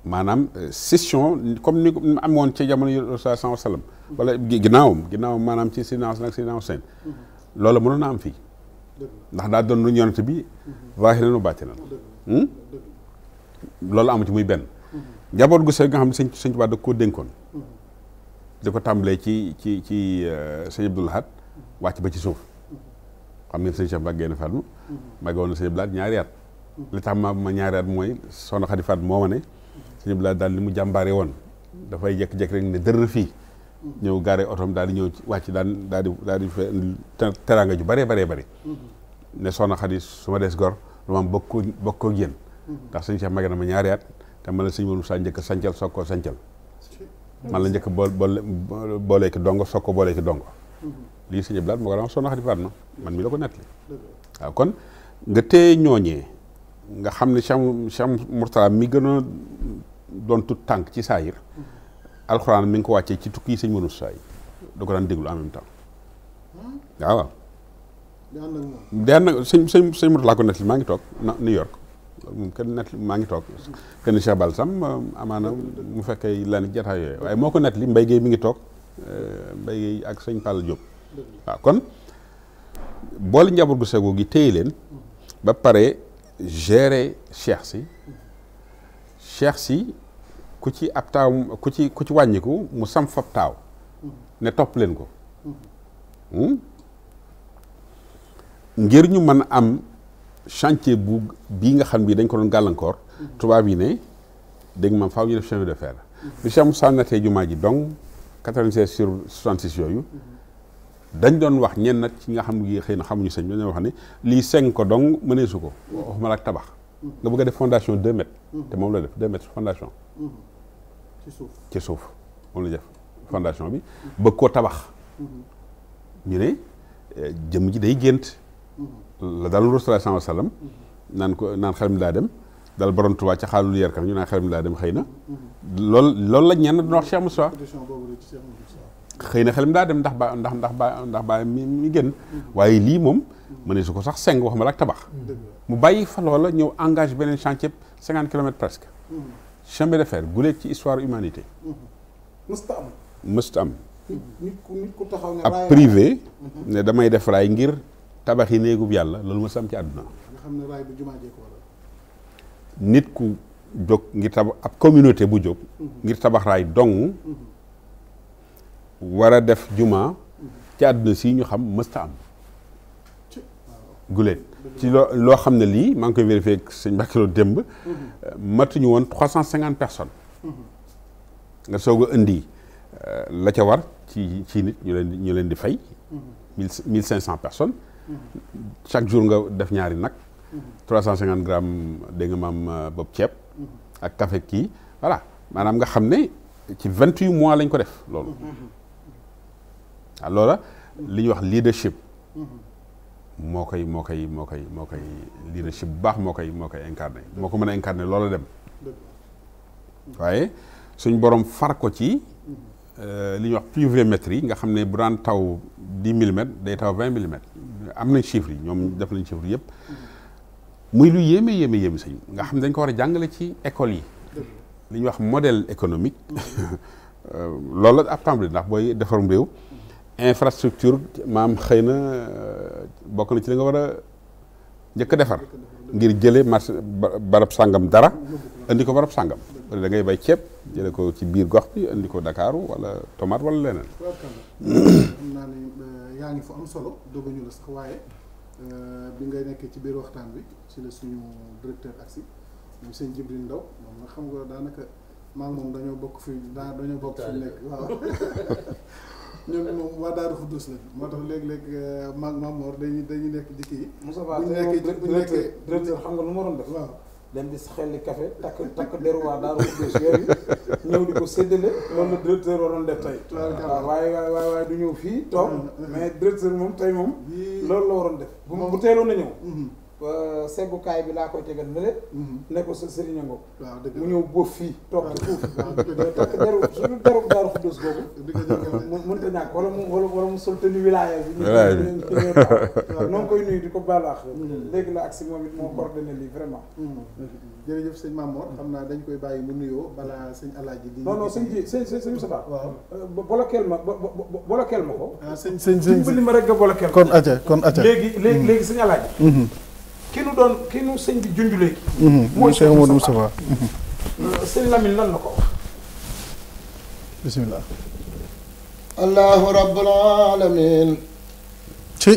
maanaam euh, session comme ni amoon ci jamono yu saa saa salaam. wala ginnaawam ginnaawam maanaam ci séance nag séance seen. loola mënoon am fii. ndax daa doon lu yonent bi. zaahiran wa na hmm? loolu amu ci muy benn. njaboot gu sey nga xam ne sëñ sëñ Tuubaa da koo dénkoon. di ko tàmbalee ci ci ci euh, sëñ Abdul Ahad wàcc ba ci suuf. xam ngeen sëñ Cheikh Mbacke na Fatma. Mm-hmm. Mbacke woon na sëñ at. Mm-hmm. li tax ma ma ñaari at mooy soxna Xadi moo ma ne. Mm-hmm. sëñ daal li mu jàmbaare woon. dafay jékki rek ne dërër fii. ñëw gaare otoom daal di ñëw wàcc daan daal di daal di fe teraanga ju bëree bëree bëri. ne soxna Xadi su ma des gor lu ma ndax sëñ Cheikh na ma ñaari at te ma la sëñ Maodo Moussa njëkk a sancal soog koo sancal. man la njëkk boole boole booleeki dongo soog ko booleeki dongo lii sëñ Abdoulaye moo ko daan soxna Xadi Fatma man mi la ko nettali waaw kon nga téye ñooñee nga xam ne Cheikh Cheikh mi gën a doon tut tànk ci saayir alxuraan mi ngi ko wàccee ci tukki yi sëñ Manoune Saay da ko daan déglu en même temps waaw waaw. day ànd sëñ sëñ sëñ Mourtala ko nettali maa ngi toog New York moom kenn nettali maa ngi toog kenn Cheikh Bal Sam euh, amaana mu fekkee lenn jataay yooyu waaye moo ko nettali Mbaye Guèye mi ngi toog euh, Mbaye Guèye ak sëñ Pall Diop. waaw kon boole njaboot gu sego gi téye leen ba pare gere cheikh si cheikh si ku ci ab taaw ku ci ku ci wàññiku mu sam fab taaw ne topp leen ko hmm? ngir ñu mën am chantier bu bii nga xam bii dañ ko doon gàllankoor tubaab yi ne dégg ma faaw ñu def chemin de fer bi Cheikh Moussa natee jumaa ji donc 96 sur 66 yooyu dañ doon wax ñenn nag ci nga xam ne xëy na xamuñu sëñ bi dañoo wax ne lii seng ko dong mëneesu ko waxuma la ak tabax nga bëgg a def fondation deux mètres te moom la def deux mètres fondation ci suuf ci def fondation bi bëgg koo tabax ñu ne jëm ji day gént la daal rasul sallallahu alayhi wasallam naan ko naan xel mi laa dem dal borom Tuubaa ca xaalul yerkam ñu naan xel mi daa dem xëy na lool loolu la ñenn doon wax ci Moussa xëy na xelam daa dem ndax baa ndax ndax ba ndax ba mi mi génn waaye lii moom mu ne su ko sax seng wax ma la ak tabax mu bàyyi fa loola ñëw engage beneen chantier cinquante kilomètres presque chemin de fer guleet ci histoire humanité mësta am am nit ku nit ne ab privé ne damay def raay ngir tabax yi néegub yàlla loolu mësta am ci àdduna xam ne raay bu jumaa jee nit ku jóg ngir tabax ab communauté bu jóg mhm. ngir tabax raay dong mhm. wara def juma ci aduna si ñu xam mësta am guleen ci lo xamne li ne ngi koy vérifier ak seigne Mbàkke Lo démb matuñu woon trois cent personnes nga sogo indi euh, la ca war ci ci nit ñu leen ñu leen di fay 1500 personnes chaque jour nga def ñaari nak 350 cent grammes de nga mam euh, bopp ceeb ak café ki voilà manam nga xamne ci 28 mois lañ ko def lolu loola li ñuy wax leadership. moo koy moo koy moo koy moo koy leadership bu baax moo koy moo koy incarné moo ko mën a incarné loola dem. waaye suñ borom far ko ci euh, li ñuy wax pluviométrie nga xam ne bu daan taw dix millimètres day taw vingt millimètres. am nañ chiffres yi ñoom def nañ chiffres yëpp. muy lu yéeme yéeme yéeme sañ nga xam ne dañ ko war a jàngale ci école yi. li ñuy wax model économique. Euh, loolu ab tàmbali ndax booy defarum réew. infrastructure maam xëy na euh, bokk na ci li nga war a njëkk defar ngir jële marché barab sàngam dara indi ko barab sàngam wala da ngay bay ceeb jële ko ci biir gox bi indi ko Dakaaru wala tomate wala leneen xam naa euh, yaa ngi fa am solo dogañu la sax waaye euh, bi ngay nekkee ci biir waxtaan bi ci la suñu directeur aksi moom seen Jibril Ndaw xam nga daanaka maa dañoo bokk fi bokk ñoom moom waa Daaru Xuddus la moo tax léeg-léeg euh, maag maam Mor dañuy dañuy nekk di kii. Moussa Ba tey moom directeur xam nga lu ma waroon def. waaw dem di xelli kafe takk takk deru waa Daaru Xuddus yooyu ñëw di ko séddale loolu la directeur waroon def tey. waaw waaye waaye waaye du ñëw fii toog. Mm-hmm. mais directeur moom tey moom. loolu la waroon def bu bu teeloon na ñëw. Mm-hmm. seggukaay bi laa koy tegal nële. Mhm. ne ko sa sëriñ Ngo. waaw dëgg mu ñëw boof fii toog ci suuf. takk deru suñu deru daaru boobu. mu mënta ñàkk wala mu wala mu soltani wilaya bi. wilaya bi noo koy nuyu di ko baalaax. Mhm. léegi la ak si moom it moo mhm. coordonné lii vraiment. jërëjëf sëñ Mamor xam naa dañ koy bàyyi mu nuyoo balaa sëñ Alaaji bi non non sëñ ji sëñ sëñ Saba. waaw euh, bolokeel ma bolokeel ma ko. ah sëñ sëñ sëñ dimbali ma rek nga bolokeel. kon aca kon aca léegi léegi léegi ki nu doon ki nu sëñ bi junj léegi. mooy Cheikh Modou Moustapha. sëñ Lamine lan la ko wax. bisimilah. allahu rabbul alamin. ci.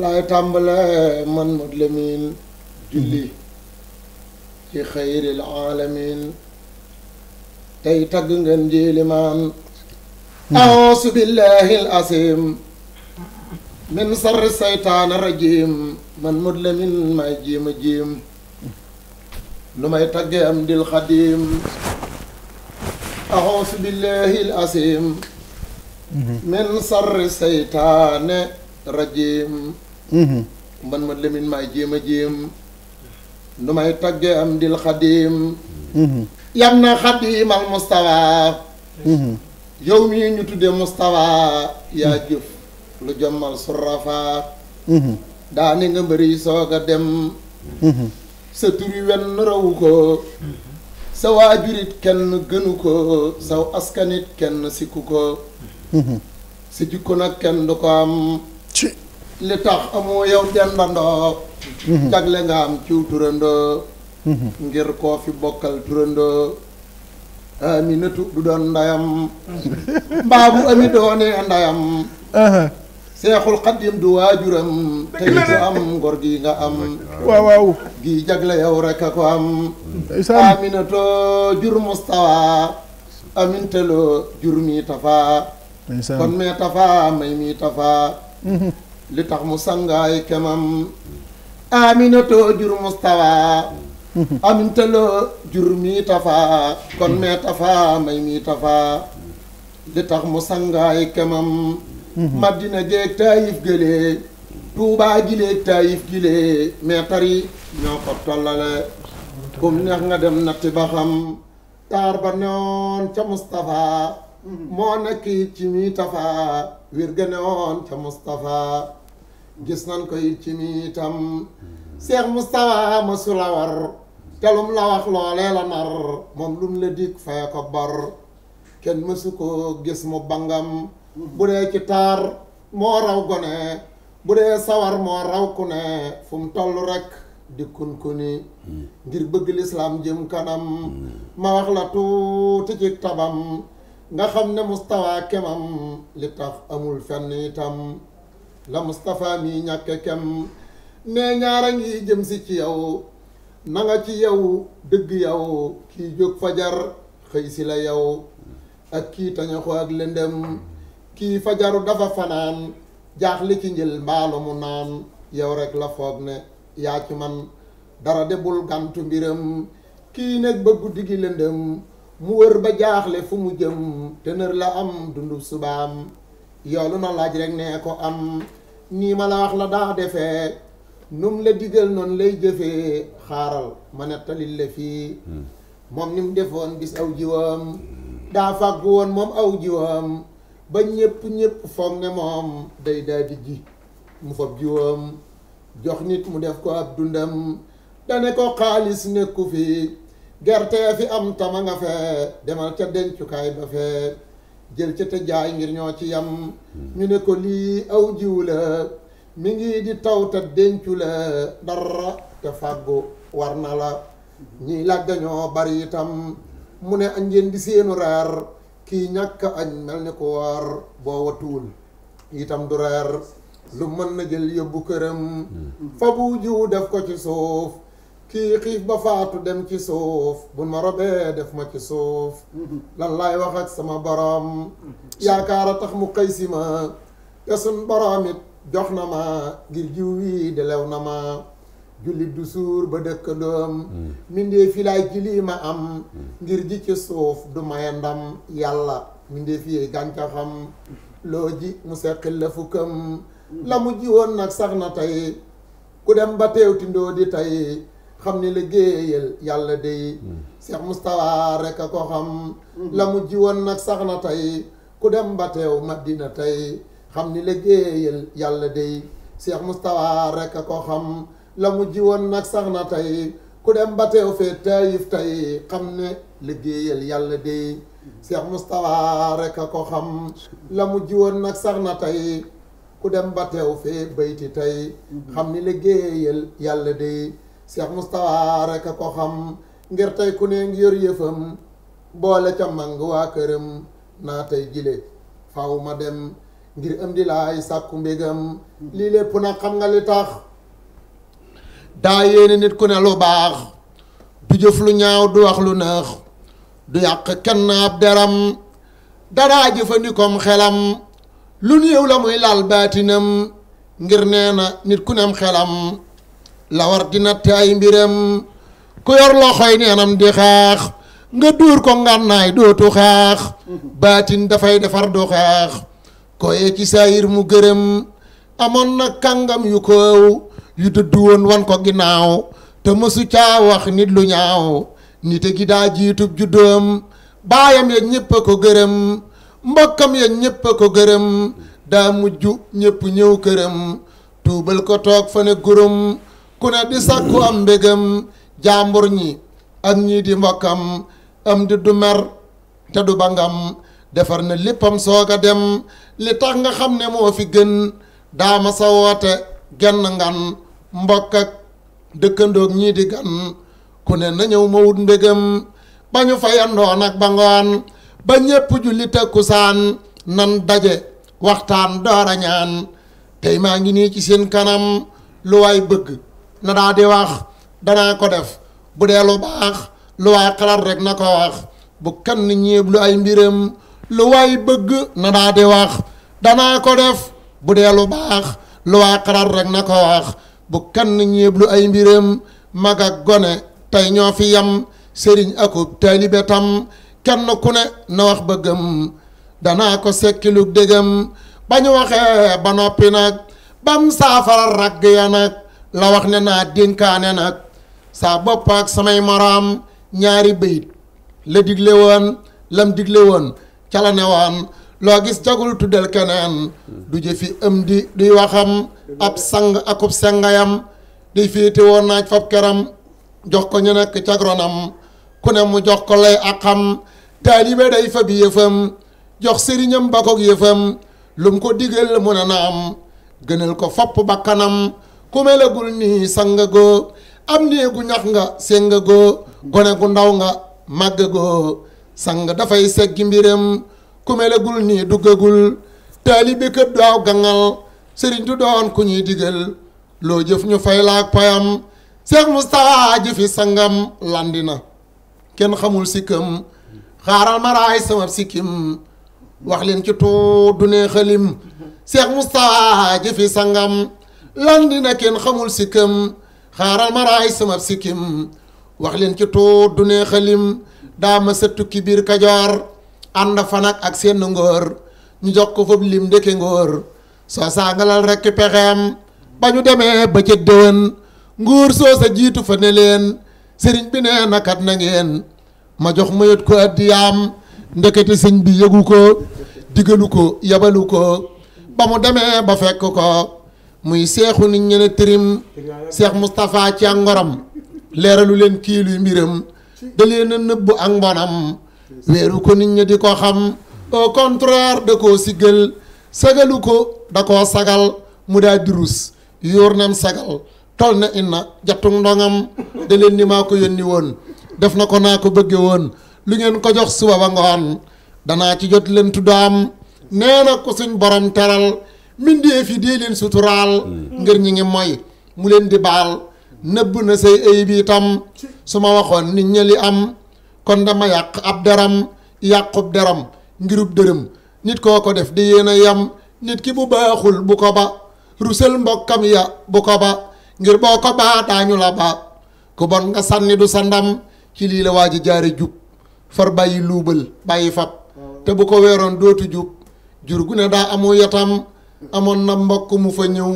laay tàmbale man Modou Lamine. julli ci xayril alamin. tey tagg ngeen ji limaan. ausu billahi al asim. من سر الشيطان الرجيم من مظلم ما جيم جيم لما يتقيم دي الخديم أعوذ بالله العظيم من سر الشيطان الرجيم من مظلم ما جيم جيم لما يتقيم دي الخديم يمنا خديم المستوى يومي نتو دي مستوى يا جيف lu jommal mhm. da ni nga bari soga a dem mhm. sa turi wen raw ko sa wajurit ken gënu ko sa askanit ken sikku ko mhm. sa jikko nak ken du ko am li tax amo yow dendandoo jagle nga am ciw ngir ko fi bokal turando aminatu eh, du don ndayam babu amido ne ndayam seexul xaddim du waajuram tey ku am ngor gi nga am waaw waaw gi jagle yow rek a ko am aminata jur mustawa amintaloo jur mi tafaa kon mee tafaa may mi tafaa mhm. li tax mu sangaay kemam aminata jur mustawa mhm. amintaloo kon mee tafaa may mi tafaa li tax mu sangaay kemam Mhm. Madina géeg Taayif gëlee Tuubaa gileeg Taayif gilee meetar yi ñoo ko tollale kum neex nga dem natti ba xam taar ba newoon ca Moustapha mhm. moo nekk it ci mii tafa wir ga newoon ca Moustapha gis nan ko it ci mii itam Seex mhm. Moustapha ma sulawar telum la wax loolee la nar moom lum la dikk fay ko bor kenn mësu ko gis mu bangam bu dee ci moo raw gone bu dee sawar moo raw ku ne fu mu toll rek di kun kuni hmm. ngir bëgg lislaam jëm kanam hmm. ma wax la tuuti ci tabam nga xam ne mustawa kemam li tax amul fenn itam la mustafa mi ñàkke kem ne ñaara ngi jëm si ci yow na nga ci yow dëgg yow kii jóg fajar xëy si la yow ak kii tañaxu ak lëndëm kii fajaru dafa fanaan jaaxle ci njël mbaalu mu naan yow rek la foog ne yaa ci man dara debul bul gàntu mbiram kii nekk ba guddi gi lëndëm mu wër ba jaaxle fu mu jëm te la am dundu subaam yoolu na laaj rek nee ko am nii ma la wax la daa defee num la digal noonu lay jëfe xaaral ma nettali la fii hmm. moom ni mu defoon bis aw jiwam daa fàggu woon moom aw jiwam ba ñépp ñépp foog ne moom day daldi ji mu fab jiwam jox nit mu def ko ab dundam dane ko xaalis nekku fi gerte fi am tama nga fee demal ca dencukaay ba fee jël ca te jaay ngir ñoo ci yam hmm. ñu ne ko lii aw jiw la mi ngi di taw te dencu la dara te fàggu war na la ñiy làgg ñoo bari itam mu ne ngeen di seenu reer kii ñàkk añ mel ni ko waar boo watuwul itam du reer lu mën na jël yóbbu këram hmm. fa bu jiwu def ko ci suuf kii xiif ba faatu dem ci suuf bu ma robee def ma ci suuf lan laay wax sama borom yaakaar a tax mu xëy si ma te suñ borom it jox na ma ngir jiw wi delew na ma jullit du suur ba dëkkandoom mindee fi laay lii ma am ngir ji ci suuf du maya ndam yàlla mindee fiyee gàncaxam loo ji mu seqil la fukkam la mu ji woon nag sax na tey ku dem ba tindoo di tey xam ni liggéeyal yàlla day Seex Mustafa rek a la mu nag sax na tey ku dem ba xam ni liggéeyal yàlla day Seex Mustafa rek a ko xam la mu ji nag sax na tey ku dem ba teew fee tayif tey xam ne liggéeyal yàlla de Cheikh Moustapha rek a ko xam nag sax na tey ku dem ba teew fee bayti tey xam ne yàlla de Cheikh Moustapha rek a ngir tey ku ne ngi yor boole ca mang waa këram naa tey jile faw dem ngir am sàkku mbégam lii lépp nag xam nga li tax daa yéene nit ku ne lu baax du jëf lu ñaaw du wax lu neex du yàq kenn ab deram daraa jëfandikoom xelam lu néew la muy laal baatinam ngir neena nit ku nem xelam la war di natt ay mbiram ku yor loxoy neenam di xaax nga duur ko ngànnaay dootu xaax baatin dafay defar du xaax koye ci saayir mu gërëm amoon na kàngam yu kow yu dëddu woon wan ko ginnaaw te mësu caa wax nit lu ñaaw nite gi daa jiitub juddoom baayam ya ñépp a ko gërëm mbokkam ya ñépp a ko gërëm daa mujj ñépp ñëw këram tuubal ko toog fa ne gurum ku ne di sàkku am mbégam jàmbur ñi ak ñii di mbokkam am di du mer te du bangam defar na léppam soog a dem li tax nga xam ne moo fi gën daama sa woote genn ngan mbokk ak dëkkandoog ñii di gan ku ne na ñëw ma wut ndégam ba ñu fayandoo nag ba ngoon ba ñépp julli takkusaan nan daje waxtaan doora ñaan tey maa ngi nii ci seen kanam lu waay bëgg na daa di wax danaa ko def bu dee lu baax lu waay xalaat rek na ko wax bu kenn ñéeb lu ay mbiram lu waay bëgg na daa di wax danaa ko def bu dee lu baax lu waa xalaat rek na ko wax bu kenn ñeeblu ay mbiram mag ak gone tey ñoo fi yam sëriñ akub taalibe tam kenn ku ne na wax bëggam danaa ko sekkilug dégam ba ñu waxee ba noppi nag bam saafara ragg ya nag la wax ne naa dénkaane nag saa bopp samay moroom ñaari bayit la digle woon lam digle woon ca la ne woon loo gis jagul tuddel keneen du jëfi ëm di duy waxam ab sang akub sengayam di fiiti woon naaj fab keram jox ko ñu nekk cagronam ku ne mu jox ko lay xam taalibe day fab yëfam jox sëriñam ba koog yëfam lum ko digal mu ne na am gënal ko fopp bakkanam ku melagul nii sanga goo am néegu ñax nga sénga goo gone gu ndaw nga màgg goo sang dafay seggi mbiram ku melagul nii duggagul taalibe këpp daaw gangal sëriñ du doon ku ñuy digal loo jëf ñu fay laak payam Seex Mustafaa jëfi sangam landi na kenn xamul sikkam xaaral maraay sama sikkim sangam landi na kenn xamul sikkam xaaral sama sikkim wax leen ci tuut du ne xalim daa ma sa tukki biir kajaar ànd fanak ak seen ngóor ñu jox ko foofu lim ndeke ngóor soo saangalal rekk pexeem ba ñu demee ba ca nguur soo sa jiitu fa ne leen sëriñ bi nee nakat na ma jox ma yët ko addiyaam ndekete sëñ bi yëgu ko digalu ko yabalu ko ba mu demee ba fekk ko muy seexu nit ñene tërim seex Moustapha ci ak ngoram leeralu leen kii luy mbiram da leen nëbbu ak mbonam weeru ko nit ñi di ko xam au contraire da koo siggal sagalu ko da koo sagal mu daa di rus yóor nam sagal tol na inna jattung ndongam da leen ni ko na ko naa ko bëgge woon lu ngeen ko ba ngoon danaa ci jot leen tuddaam nee na ko borom teral mbindéef yi dee leen suturaal ngir ñi ngi moy mu leen di baal nëbb na say ayib itam su ma waxoon nit ñi li am kon dama yàq ab daram yàqub daram ngirub dërëm nit koo ko def di yéen yam nit ki bu baaxul bu ko ba rusel mbokkam ya bu ko ba ngir boo ko baa daañu la ba ku bon nga sànni du sandam ci lii la jaare jub far bàyyi luubal bàyyi fab te bu ko weeroon dootu jub jur gu ne daa amu yatam amoon na mbokk mu fa ñëw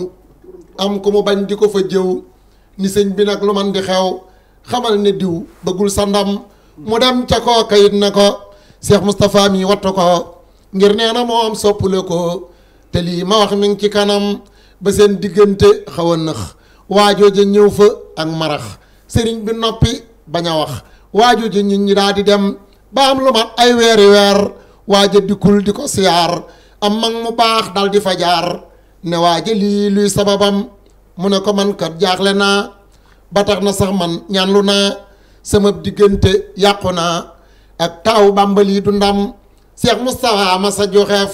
am ko mu bañ di ko fa jëw ni sëñ bi nag lu man di xew xamal ne diw bëggul sandam mu dem ca koo kayit na ko Cheikh Moustapha mi wattu ko ngir nee na moom soppule ko te lii ma wax mi ngi ci kanam ba seen diggante xawa a nëx waajooja ñëw fa ak marax sëriñ bi noppi bañ a wax waajooja nit ñi daal di dem ba am lu mat ay weeri weer waaja dikkul di ko siyaar am mag mu baax dal di fa jaar ne waaja lii luy sababam mu ne ko man kat jaaxle naa ba tax na sax man ñaanlu naa sama diggante yàqu naa ak taaw bàmbal yi du ndam Cheikh Moustapha ma sa joxeef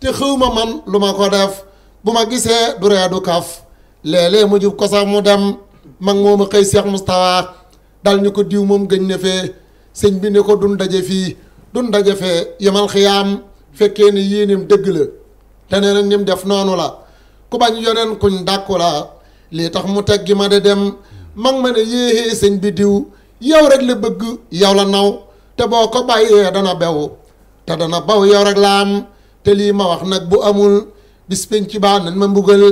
te xëw ma man lu ma ko def bu ma gisee du reedu kaf léeg-léeg mu jub ko sax mu dem mag moom a xëy Cheikh Moustapha dal ñu ko diw moom gën ne fee sëñ bi ne ko dun daje fii dun daje fee yemal xiyaam fekkee ne yéenim dëgg la te nee nim def noonu la ku bañ yoneen kuñ dàkku la lii tax mu teggi ma de dem mag ma ne yéexee sëñ bi diw yow rek la bëgg yow la naw te boo ko bàyyee dana bew te dana baw yow rek la am te lii ma wax nag bu amul bis penc ci baa nan ma mbugal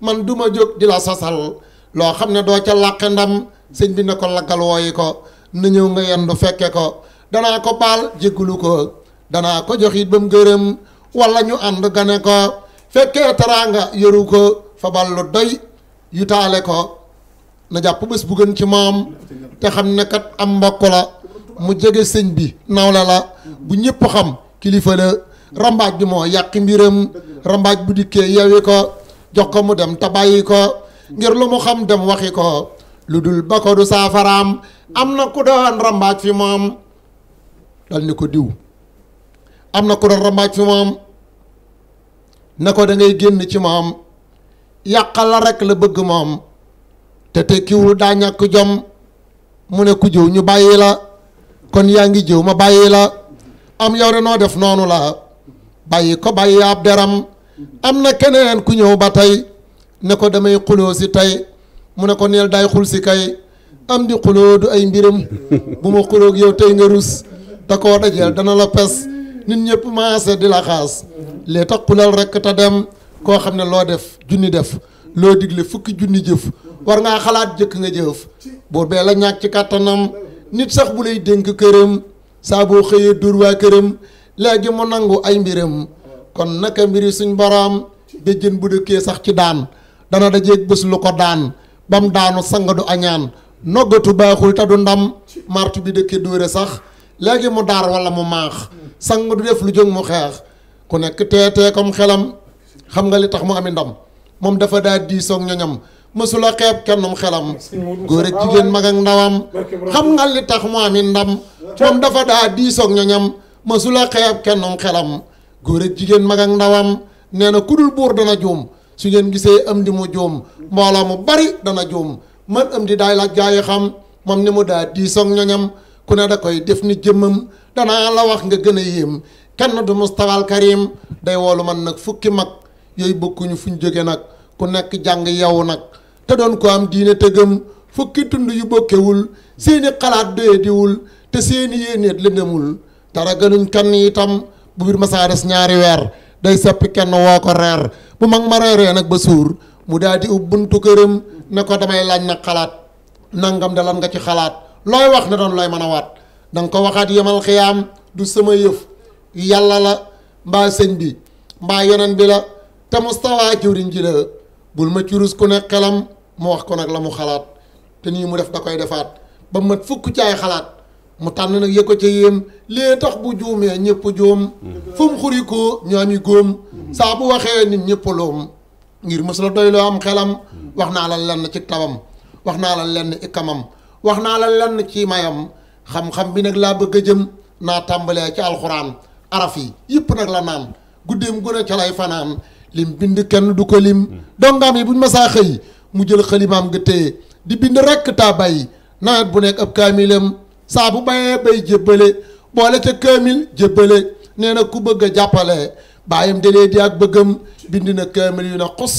man du ma jóg di la sasal loo xam ne doo ca làqe ndam sëñ bi ne ko laggal wooyi ko na ñëw nga yendu fekke ko dana ko baal jéggulu ko danaa ko jox it ba mu gërëm walla ñu ànd gane ko fekkee teraanga yoru ko fa ballu doy yutaale ko na jàpp bés bu ci moom te xam ne am mbokk la mu jege sëñ bi nawle la bu ñépp xam kilifa la rambaaj bi moo yàqi mbiram rambaaj bu dikkee yewi ko jox ko mu dem te bàyyi ko ngir lu mu xam dem waxi ko lu dul ba ko du saafaraam am na ku doon rambaaj fi moom dal ni ko diw am na ku doon rambaaj fi moom ne ko da génn ci moom yàqal la rekk la bëgg moom te tekkiwul daa ñàkk jom mu ne ku jëw ñu bàyyi la kon yaa ngi jëw ma bàyyi la am yow noo def noonu la bàyyi ko bàyyi ab deram am na keneen ku ñëw ba tey ne ko damay xuloo si tey mu ne ko neel daay xul si kay am di xuloo du ay mbiram bu ma xuloog yow tey nga rus da koo dajeel dana la pes nit ñëpp maase di la xaas lee tax xulal rekk te dem koo xam ne loo def junni def loo digle fukki junni jëf war ngaa xalaat jëkk nga jëf buur bee la ñàkk ci kàttanam nit sax bu lay dénk këram saa xëyee dur waa këram léegi mu nangu ay mbiram kon naka mbiri suñ boroom béjjën bu dëkkee sax ci daan dana dajeeg bés lu ko daan bam daanu sang du añaan noggatu baaxul te du ndam martu bi dëkkee dóore sax léegi mu daar wala mu maax sang du def lu jóg mu xeex ku nekk teetee comme xelam xam nga li tax mu ami ndam moom dafa daa diisoog ñoñam mësula xeeb mu xelam góor ak jigéen mag ak ndawam xam nga li tax mu ami ndam moom dafa daa diisoog ñoñam mësula xeeb kennum xelam góor ak jigéen mag ak ndawam nee na ku dul buur dana juum su ngeen gisee am di mu juum mbooloo mu bari dana juum man am di daay la jaayi xam moom ni mu daa diisoog ñoñam ku ne da koy def ni jëmmam danaa la wax nga gën a yéem kenn du mustawal karim day woolu man nag fukki mag yooyu bokkuñu ñu jóge nag ku nekk jàng yow nag te doon ko am diine te gëm fukki tund yu bokkewul seeni xalaat doyadiwul te seeni yéeneet lëndëmul dara gënuñ kan itam bu biir masaa des ñaari weer day sappi kenn woo ko reer bu mag ma nag ba suur mu daal di ub buntu këram ne ko damay laaj nag xalaat nangam dalan nga ci xalaat looy wax ne doon looy mën a waat danga ko waxaat yemal xiyaam du sama yëf yàlla la mbaa sëñ bi mbaa yeneen bi la te mustawa jiwriñ ji la bul ma curus ku ne xelam mu wax ko nag la mu xalaat te nii mu def da koy defaat ba mat fukk caay xalaat mu tànn nag yëg ko ca yéem lee tax bu juumee ñëpp juum fu mu xuri ko ñaami saa bu waxee nit ñëpp loom ngir mos la doy am xelam wax naa la lenn ci tabam wax naa la lenn ikamam wax naa la lenn ci mayam xam-xam bi nag laa bëgg a jëm naa tàmbalee ci alxuraan araf yi yëpp nag la naan guddeem gën a ca lay fanaan lim bind kenn du ko lim dongaam yi bu ñu saa xëy mu jël xalimaam nga téye di bind rekk taa bàyyi nawet bu nekk ab kaamilam saa bu bayee bay jébbale boole ca kaamil jébbale nee na ku bëgg a jàppale bàyyam dalee di ak bëggam bind na kaamil yu ne xos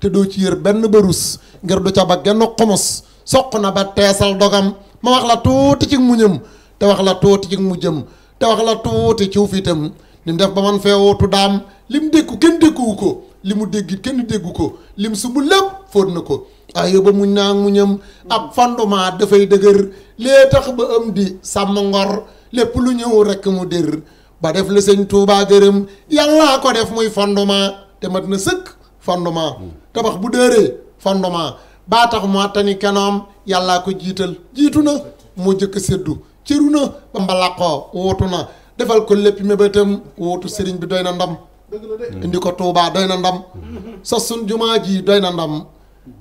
te doo ci yër benn barus ngir du ca ba genn xomos soq na ba teesal dogam ma wax la tuuti ci muñam te wax la tuuti ci mujjam te wax la tuuti ci ufitam ni mu def ba man fee wootu daam lim dékku kenn dékkuwu ko li mu dégg kenn déggu ko lim su bu lépp fóot na ko waaye yóbba muñ naa mu ñam ab fondement dafay dëgër lee tax ba am di sàmm ngor lépp lu ñëw rekk mu dér ba def la sëñ Tuubaa gërëm yàllaa ko def muy fondement te mat na sëkk fondement hmm. tabax bu dëree fondement baa tax mu àttani kenoom yàllaa ko jiital jiitu na moo jëkk séddu cëru na ba mbalaqoo wuutu na defal ko lépp mébétam wuutu sëriñ bi doy na ndam indi ko Touba doy na ndam sa sun jumaa ji doy na ndam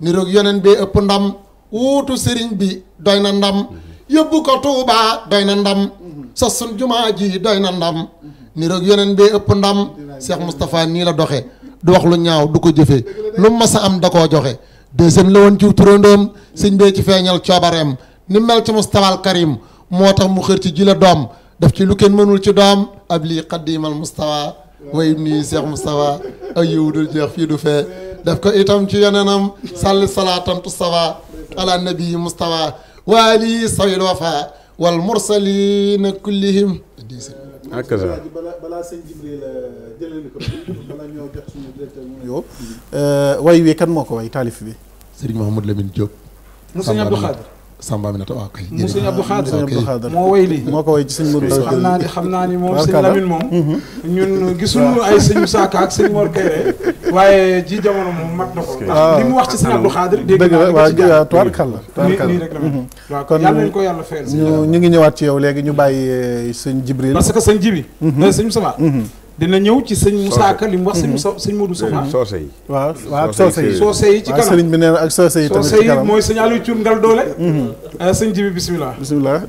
niroog yonen bee ëpp ndam wuutu sëriñ bi doy na ndam yóbbu ko Touba doy na ndam sa sun jumaa ji doy na ndam niroog yonen bee ëpp ndam Cheikh Moustapha nii la doxe du wax lu ñaaw du ko jëfe lu mas a am da koo joxe deuxième la woon ci turandoom sëñ bee ci feeñal coobareem ni mel ci Moustapha al moo tax mu xër ci ji la doom def ci lu kenn mënul ci doom ab lii xaddiimal Moustapha way nii Cheikh Moustapha ak yiw du jeex fii du fee def ko itam ci yeneenam salli salaatan tustafa ala nabii Moustapha waali sawil wafa wal mursalina kullihim hakaza balaa sëñ Jibril jëlee micro bi balaa ñoo jox suñu directeur mu nuyoo way wi kan moo ko way taalif bi Serigne Mahamoud Lamine Diop Moussa Abdou Khadir Samba Aminata waaw kay. mu sëñ Abdou Khadre moo way lii moo ko way ci sëñ Modou xam naa ni xam naa ni moom sëñ Lamine moom mhm. ñun gisuñu ay sëñ Saka ak sëñ Mor waaye ji jamono moom mag na li mu wax ci sëñ Abdou Khadre dégg naa waaw tubaarkalla nii rek la waaw mhm. kon yàlla nañ ko yàlla fayal ñu ngi ñëwaat ci yow léegi ñu bàyyi eh, sëñ Jibril parce que sëñ Jibi mhm. eh, sëñ Moussa dina ñëw ci sëñ Moussa lim li wax sëñ mm-hmm. sëñ Modou Sofa waa mm-hmm. yi waaw waaw soose yi soose yi ci kanam sëriñ bi nee ak soose yi tamit ci mooy sëñ Aliou Thiour ngal doole mm-hmm. euh, sëñ Jibi bisimilah bisimilah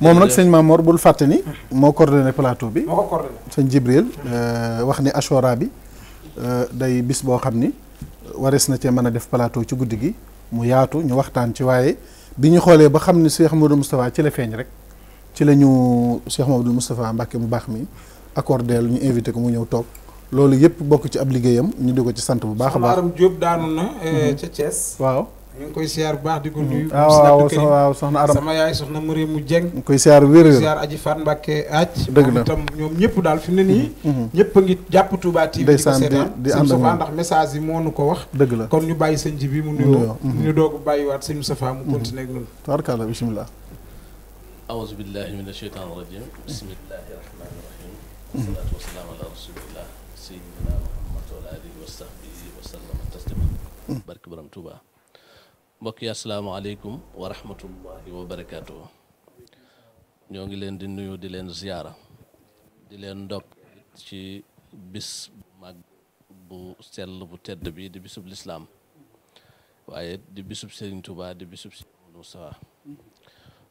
moom nag sëñ Mamor bul fàtte moo coordonné plateau bi moo ko coordonné sëñ Jibril euh, wax ni Ashura bi euh, day bis boo xam ni waris na cee mën a def plateau ci guddi gi mu yaatu ñu waxtaan ci waaye bi ñu xoolee ba xam ni Cheikh Modou Moustapha ci la feeñ rek ci lañu ñu Cheikh Modou Moustapha mu baax mi accordeel ñu invité ko mu ñëw toog loolu yëpp bokk ci ab liggéeyam ñu di ko ci sant bu baax a baax. Aram daanu na eh, mhm. ca Thiès. waaw ñu ngi koy siyaar bu baax di ko mhm. nuyu. Ah, waaw waaw soxna Aram sama yaay soxna Mariamu Dieng. koy siyaar wér wér Aji Fan Mbacke Aj. dëgg la itam ñoom ñëpp daal fi mu ne nii. Mhm. ñëpp a ngi jàpp Touba TV. di ko di ànd ak ndax message yi moo nu ko wax. dëgg la kon ñu bàyyi sëñ ji bi mu nuyoo. ñu doog a bàyyiwaat sëñ Moustapha mu continué ak ñun. tabarkalla bisimilah. awuzu billahi mina shaytaani rajim bismillahi rahmaani rahim والصلاه والسلام على رسول الله سيدنا محمد وعلى اله وصحبه وسلم تسليما بارك برام توبا بك السلام عليكم ورحمه الله وبركاته نيوغي لين دي نيو دي لين زياره دي لين دوك شي بس ماغ بو سيل بو تيد بي دي بيسوب الاسلام واي دي بيسوب سيرين توبا دي بيسوب سيرين موسى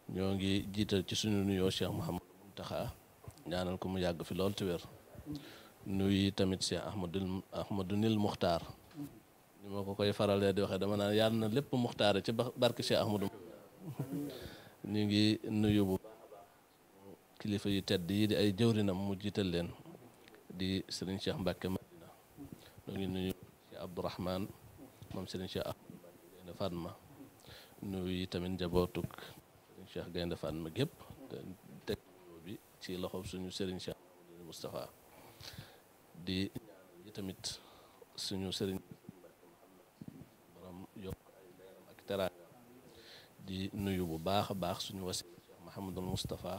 نيوغي جيتال شي سونو نيو شيخ محمد منتخب ñaanal ko mu yàgg fi lool ci wér nuyu tamit si Ahmadul Ahmadunil Muxtaar ni ma ko koy faralee di waxee dama naan yàlla na lépp muxtaare ci barke Cheikh Ahmadou ñu ngi nuyu bu kilifa yu tedd yi di ay jëwrinam mu jiital leen di Serigne Cheikh Mbacke Madina ñu ngi nuyu Cheikh Abdourahman moom Serigne Cheikh Gaynde Fatma nuyu tamit njabootuk Serigne Cheikh Gaynde Fatma gépp ci loxoom suñu sëriñ Cheikh Moustapha di ñaan yi tamit suñu sëriñ borom yokk ay leeram ak teraanga di nuyu bu baax a baax suñu wasi Cheikh Mouhamadul Moustapha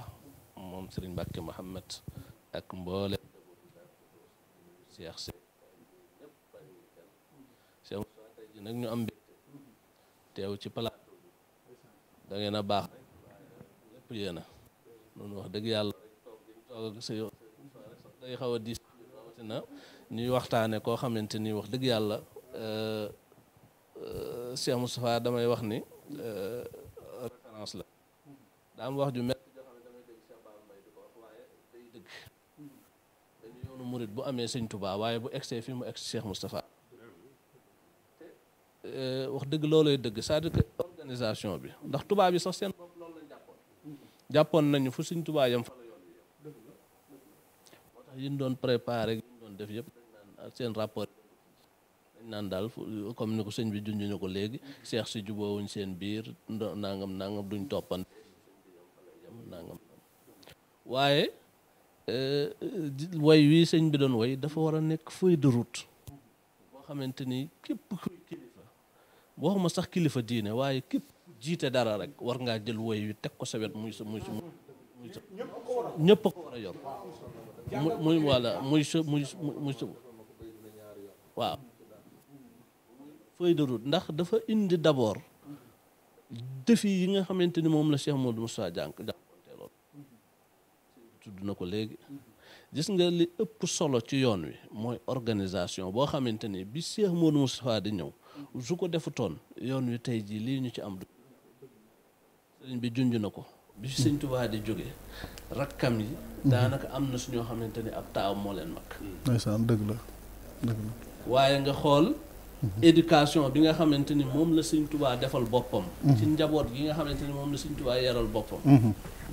moom sëriñ Mbàkke Mohammed ak mboole Cheikh si Cheikh Moustapha tey ji nag ñu am mbégte teew ci plateau da ngeen a baax lépp yéena noonu wax dëgg yàlla toog ak sëñ day xaw a diis rawatina ñuy waxtaane koo xamante ni wax dëgg yàlla Cheikh Moustapha damay wax ni référence la daa am wax ju mett joo xam ne damay dégg Cheikh Bara Mbaye di ko wax waaye day dëgg dañu yoonu murit bu amee sëñ Touba waaye bu egsee fii mu egg Cheikh Moustapha wax dëgg loolooy dëgg c'est-à-dire que organisation bi ndax tubaab bi sax seen bopp loolu lañ jàppoon jàppoon nañu fu sëñ Touba yam fa yu ñu doon préparé don ñu doon def yëpp dañ naan seen rapport dañ naan daal comme ni ko sëñ bi junj ñuko ko cheikh ci si juboowuñ seen biir nangam nangam duñ topan nangam euh way wi sëñ bi doon way dafa wara nek nekk feuille de route bo xamanteni kep koy kuy kilifa waxuma sax kilifa diine waye kep jité dara rek war nga jël way wi tek ko sa wet muy muy ñepp ko wara ñepp ko wara yor muy voilà muy su muy muy su waaw feuille ndax dafa indi d'abord defi yi nga xamante ni moom la Cheikh Modou Moussa jànk jànkonteeloon tudd na ko léegi gis nga li ëpp solo ci yoon wi mooy organisation boo xamante ni bi Cheikh Modou Moussa di ñëw su ko defutoon yoon wi tey jii lii ñu ci am du sëriñ bi junj na ko bi fi sëñ Tuubaa di jógee rakkam yi mhm. daanaka am na su ñoo xamante ni ab taaw moo leen mag mm. ndeysaan dëgg la dëgg la waaye nga xool mhm. éducation bi nga xamante ni moom la sëñ Tuubaa defal boppam mhm. ci njaboot gi nga xamante ni moom la sëñ Tuubaa yaral boppam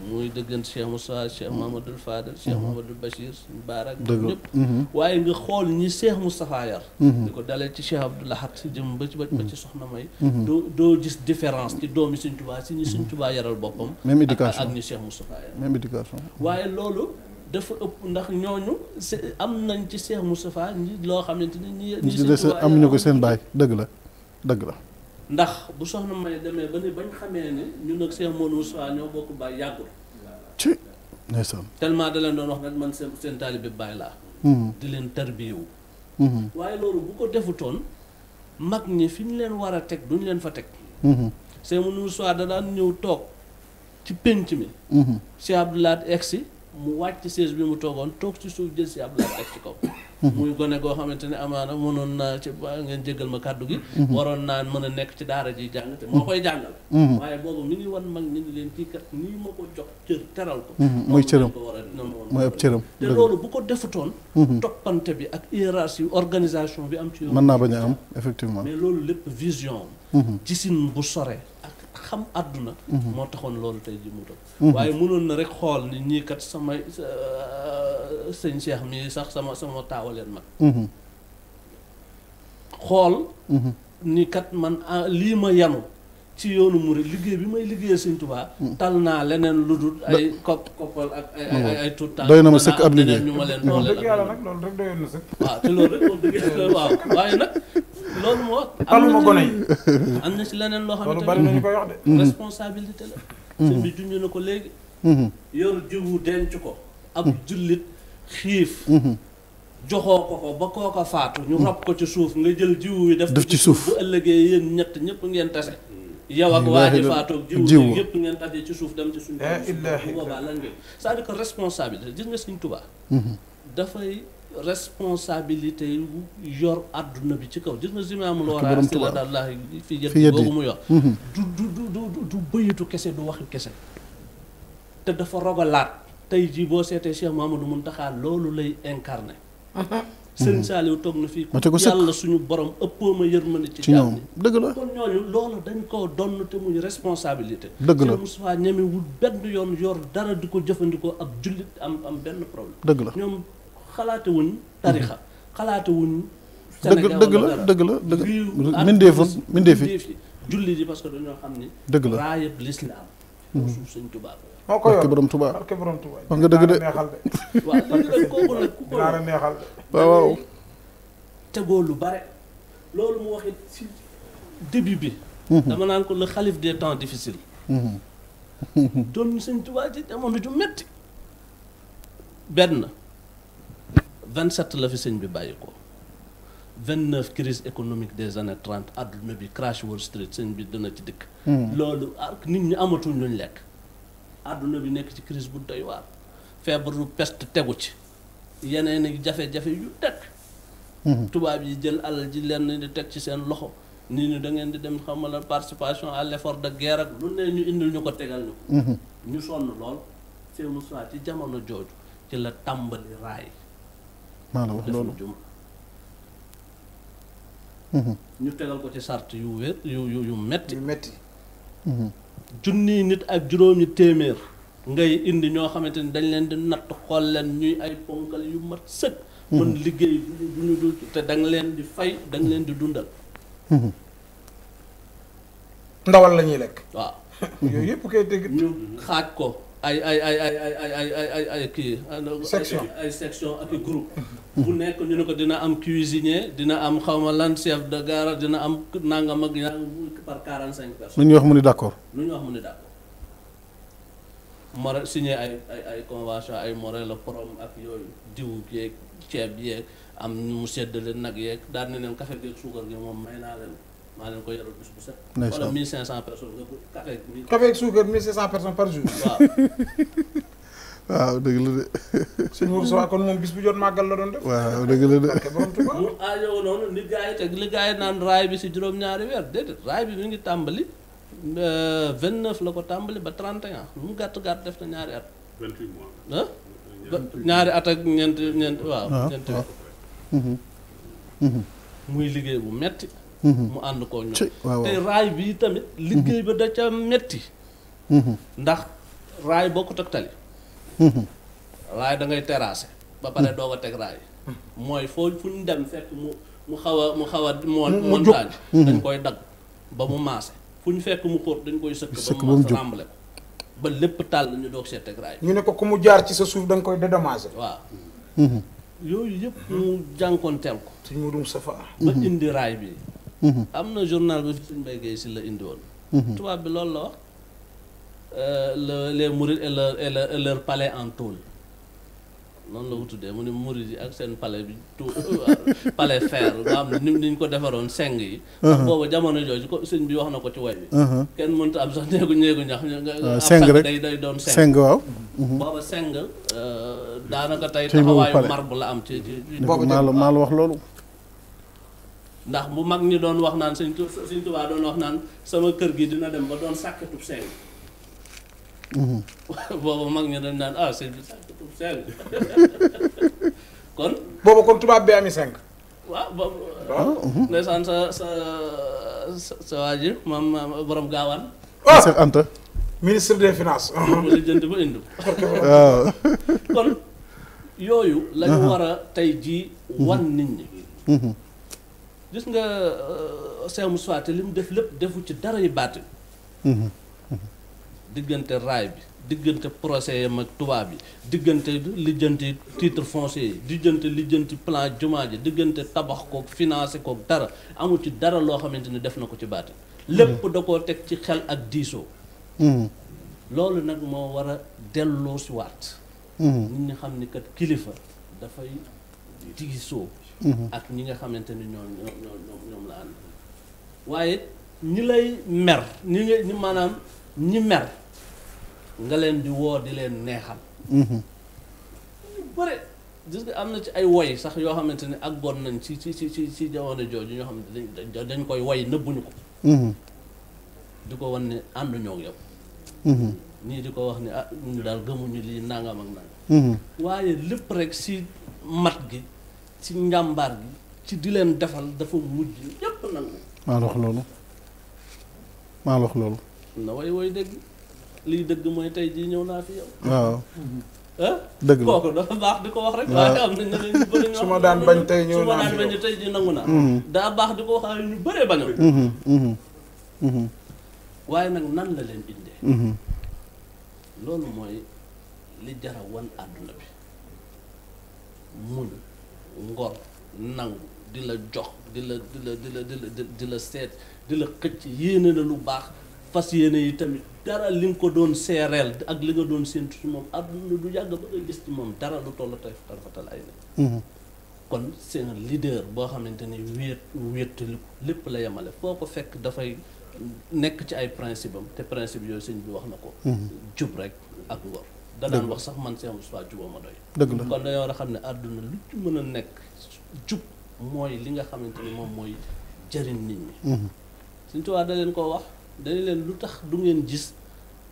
موي dëggante شيخ موسى شيخ محمد Fadel شيخ محمد البشير مبارك Barak ñëpp nga xol ñi Cheikh Moustapha yar diko ko ci Cheikh Abdou Lahad jëm ba ci ba ci soxna may do do gis différence ci domi seigne touba ci ñi seigne touba yaral bopam même éducation ak ñi Cheikh Moustapha yar même éducation waye lolu dafa ëpp ndax ñooñu am nañ ci Cheikh Moustapha ñi lo xamanteni ni ñi ñi am ñu ko seen baay dëgg la dëgg la ndax bu soxna may demee ba ni bañ xamee ne ñun ak Cheikh Modou Moussa ñoo bokk Baye yàggul. ci ndeysaan. tellement da leen doon wax nag man seen seen taalibe Baye laa. Hmm. di leen tarbiyewu. Hmm. waaye loolu bu ko defutoon mag ñi fi ñu leen war a teg duñ leen fa teg. Hmm. Cheikh Modou Moussa da daan ñëw toog ci pénc mi. Cheikh Abdou Lahad egsi mu wàcc siège bi mu toogoon toog ci suuf jël Cheikh Abdou Lahad teg kaw. Mm-hmm. muy gone koo xamante ni amaana mënoon naa ci ba ngeen jéggal ma kàddu gi mm-hmm. waroon naa mën a nekk ci daara ji jàng te moo mm-hmm. koy jàngal waaye boobu mi leen kii kat nii ma cër ko mooy mooy ab cëram te loolu bu ko defutoon toppante bi ak hiérarchie organisation bi am ci yoon mën naa bañ a am effectivement mais loolu lépp vision gisin bu sore xam àdduna mhm. moo taxoon loolu tey ji mu doon mhm. waaye mënoon na rek xool ni ñii kat sama sëñ Cheikh mii sax sama sama taawaleen mag mhm. xool ni kat man ah, lii ma yanu ci yoonu murid liggéey bi may liggéeyal sëñ Tuubaa tal naa leneen lu dul ay kopp koppal ak ay ay tout temps doy na ma sëkk ab liggéey ñu ma leen doole la dëgg yàlla nag loolu rek na sëkk waaw te loolu rek moom dëgg waaw waaye nag loolu moo wax. am gone yi am na ci leneen loo xam ne bari nañu koy wax de. responsabilité la. sëñ bi junj na ko léegi. yor jiwu denc ko. ab jullit xiif. joxoo ko ko ba koo ko faatu. ñu rab ko ci suuf nga jël jiwu yi. def ci suuf bu ëllëgee yéen ñett ñëpp ngeen tase. yow ak waa ji faatu ak jiwu yi yëpp ngeen tase ci suuf dem ci suñu. bu boobaa lan ngeen c'est-à-dire que responsabilité gis nga Sëñ Tuubaa. dafay. responsabilité yu yor àdduna bi ci kaw gis nga zimaamu la war a si la daal fi yëddi boobu mu yor mhm. du du du du bëyitu kese du waxi kese te dafa rogalaat tey jii boo seetee Cheikh Mamadou Muntaxa loolu lay incarné Sëriñ mhm. Saaliw toog na fii ku yàlla suñu borom ëppoo ma yërmande ci ñoom dëgg la loolu dañ koo donn te muy responsabilité dëgg la Moustapha ñemewul benn yoon yor dara di ko jëfandikoo ak jullit am am benn problème dëgg la ñoom xalaatuwuñ tarixa xalaatuwuñ dëgg dëgg la dëgg la dëgg mindeefoon mindeefi julli di parce que dañoo xam ni dëgg la raa yëpp lislaam moo suuf sëñ tubaab moo ko yor borom tubaab barke borom tubaab wax nga dëgg de waaw kooku nag ku ko yor neexal de waaw waaw tegoo lu bare loolu mu waxit si début bi dama naan ko le xalif des temps difficiles doon ñu sëñ tubaab ci jamono ju metti benn 27 la fi sëñ bi bàyyi ko 29 crise économique des années 30 adduna bi crash Wall Street sëñ bi dana ci dikk. Hmm. loolu ak nit ñu amatul luñ lekk. adduna bi nekk ci crise bu doy waar. feebaru peste tegu ci. yeneen i jafe-jafe yu teg hmm. tubaab yi jël alal ji lenn di teg ci seen loxo. nit ñi da ngeen di dem xam la participation à l'effort de guerre ak lu ne ñu indil ñu ko tegal ñu. Hmm. ñu sonn lool. Seydou Moussa ci jamono jooju ci la tàmbali raay. maa loolu mhm. ñu tegal ko ci sart yu wér yu yu yu metti metti mhm. junni nit ak juróomi téeméer ngay indi ñoo xamante ni dañ leen di natt xool leen ñuy ay ponkal yu mat sëkk mhm. mën liggéey du ñu dul te danga leen di fay danga leen di dundal ndawal la ñuy lekk waaw yooyu yëpp koy dégg ñu xaaj ko ay ay ay ay ay ay ay ay ay kii. section ay section ak group bu nekk ñu ne ko dina am cuisinier dina am xawma lan chef de gare dina am nangam mag yaa par quarante cinq personnes. nu ñu wax mu ne d' accord. nu ñu wax mu ni d' accord. Morel ay ay ay convention ay Morel la prom ak yooyu diw yeeg ceeb yeeg am ñu mu séddale nag yeeg daan na leen café beeg suukar gi moom may naa leen. maa leen koy yaral bis bu set. wala 1500 personnes nga café café ak suukar 1500 personnes par jour. waaw. waaw dëgg la de. suñu Moussa kon moom bis bu jot màggal la doon def. waaw dëgg la de. bu aajoo noonu li gars yi teg li gars yi naan raay bi si juróom-ñaari weer déedéet raay bi mi ngi tàmbali 29 la ko ba 31 mu gàtt gàtt def na ñaari at. 28 mois. ah ñaari at ak ñeenti ñeenti waaw. ñeenti weer. muy liggéey bu metti Mm-hmm. mu ànd koo ñoom te raay bi tamit liggéey ba da ca metti mm-hmm. ndax raay bokkut ak tali mm-hmm. raay dangay ngay ba pare doo a teg raay mooy foo fu ñu dem fekk mu mu xaw a mu xaw a moon montagne dañ koy dagg ba mu maase fu ñu fekk mu xóot dañ koy sëkk ba mu ràmbale ko ba lépp taal ñu doog see teg ñu ne ko ku mu jaar ci sa suuf da koy dédommagé waaw yëpp mu jànkonteel ko suñ mu dum ba indi raay bi am na journal bi fi suñ mbéygee si la indi woon mhm. tubaab bi loolu la wax euh, le les mourides et leur palais en tôle noonu la ko tuddee mu ne murid yi ak seen palais bi tout palais fer nga xam ne ni ñu ko defaroon seng yi mhm. booba jamono jooju ko sëñ bi wax na ko ci way bi mhm. kenn mënta am sax néegu néegu ñax nga ah, seng rek day day doon seng waaw booba seng euh, daanaka tey taxawaayu marbre la am ci ci maalu maalu wax loolu ndax bu mag ni doon wax naan sëñ sëñ tuba doon wax naan sama kër gi dina dem ba doon sàkkatub seng mhm. boobu mag ñi dañ naan ah sëñ bi sàkkatub seng kon boobu kon tubaab bi ami seng waaw boobu ah, mhm. ndeysaan sa sa sa waajir maam borom gaawaan ah! Cheikh Anta ministre des finances mu la jënd ba indu kon yooyu lañu war a tey jii wan nit ñi mhm. gis nga euh, Cheikh Moussa li mu def lépp defu ci dara yu baat mhm. diggante raay bi diggante procès yam ak tubaab yi diggante lijjante titre foncier yi diggante lijjanti plan jumaa ji diggante tabax kook financé kook dara amul ci dara loo xamante ni def na ko ci baat mhm. lépp da koo teg ci xel ak diisoo mhm. loolu nag moo war a delloo si nit ñi xam ne kat kilifa dafay diisoo ak ñi nga xamante ni ñoom ñoom ñoom la ànd waaye ñi lay mer ñi nga ñi maanaam ñi mer nga leen di woo di leen neexal mhm. bëre gis nga am na ci ay woy sax yoo xamante ni ak bon nañ ci ci ci ci ci jamono jooju ñoo xam ne dañ koy woy nëbbuñu ko mhm. di ko wan ne ànduñoo yow nii mhm. di ko wax ni ah ñu daal gëmuñu lii nangam ak nangam waaye lépp rek si mat gi ci njàmbaar gi ci di leen defal dafa mujj ñépp nan ma la wax lolu ma la wax lolu na way way deug li deug moy tay ji ñew na fi yow waaw dëgg la kooku dafa baax di ko wax rek waaw am na ñeneen ñu bëri su ma daan bañ tay ñew na suma daan bañ tay ji nanguna da mm-hmm. daa diko wax ñu wax mm-hmm. mm-hmm. waaye hmm hmm hmm waye nak nan la leen hmm lolu moy li jara won aduna bi muñ ngor nangu di la jox di la di la di la di la di la seet di la xëcc yéene na lu baax fas yéene yi tamit dara li nga ko doon seereel ak li nga doon séentu ci moom a du yàgg ba nga gis ci moom dara lu toll tey fatal ay na mhm. kon c'est un boo xamante ni wéet wéetali ko lépp la yemale foo ko fekk dafay nekk ci ay principe am te principe yooyu sëñ bi wax na ko mhm. jub rek ak ngor da daan wax sax man Cheikh Moustapha juboo ma doy dëgg la kon dañoo war a xam ne àdduna lu ci a nekk jub mooy li nga xamante ni moom mooy jëriñ nit ñi mhm. Sëriñ Tuubaa da leen koo wax dañu leen lu tax du ngeen gis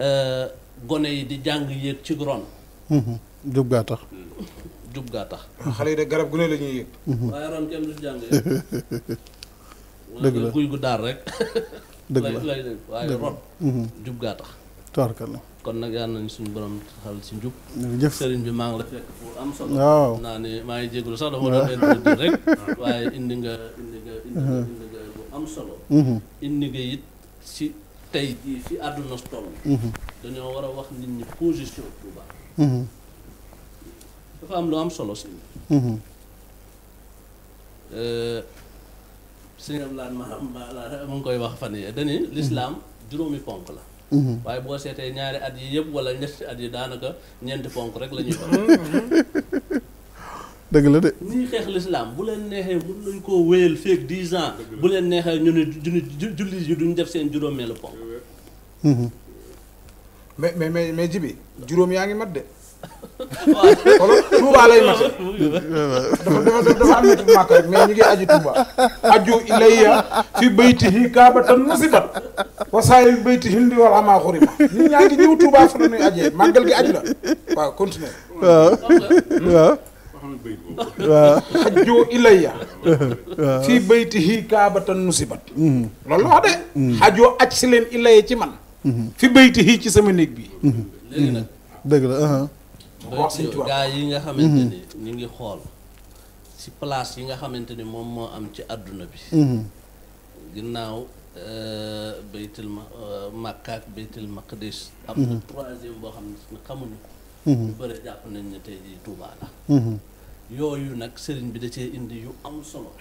euh, gone yi di jàng yéeg ci ron mhm. jub gaa tax jub gaa tax ah, xale yi garab gu la ñuy yéeg mhm. dëgg la guy rek waaye ron jub gaa tax tawarkal kon nag yal nañu suñ borom xal si njub. jërëjëf sëriñ bi maa ngi la fekk fu am solo. naa ne maa ngi jégalu sax dafa doon benn waaye indi uh-huh. am solo. Uh-huh. indi nga si tey uh-huh. dañoo war a wax nit ñi am lu am solo si. Euh, sëñ Abdoulaye ma ma ma ngi koy wax fan yii dañuy l'islam juróomi ponk la. Mm-hmm. waaye boo seetee ñaari at yi yëpp wala ñetti at yi daanaka ñeenti ponk rek la ñuy dëgg la de ñii xeex lislaam bu leen neexee mën nañ koo wéyal feeg dix ans bu leen neexee ñu ne jullit yi duñ def seen juróomeelu ponk mm-hmm. mais mais mais jibi juróom yaa ngi mat de waaw Touba lay mate. dafa dafa dafa am na ci ñu ngi aju Touba. aju ilayya fi baytihi kaabatan musibat wa saayir bayti hindi wal ama xurima ñun ñaa ngi ñëw Touba fa la ñuy ajee màggal gi loolu la wax de. aju aj si leen ilayya ci man. Mhm. fi baytihi ci sama néeg bi. Mhm. dëgg la. Uh-huh. wax sëñ gaa yi nga xamante mhm. ni ñu ngi xool si place yi nga xamante ni moom moo am ci àdduna bi mhm. ginnaaw euh, baytul euh, Makka ak baytul Maqdis am na mhm. troisième boo xam ne xamuñu ko ñu bëri jàpp nañ ne tey jii Tuubaa la yooyu nag sëriñ bi da cee indi yu am solo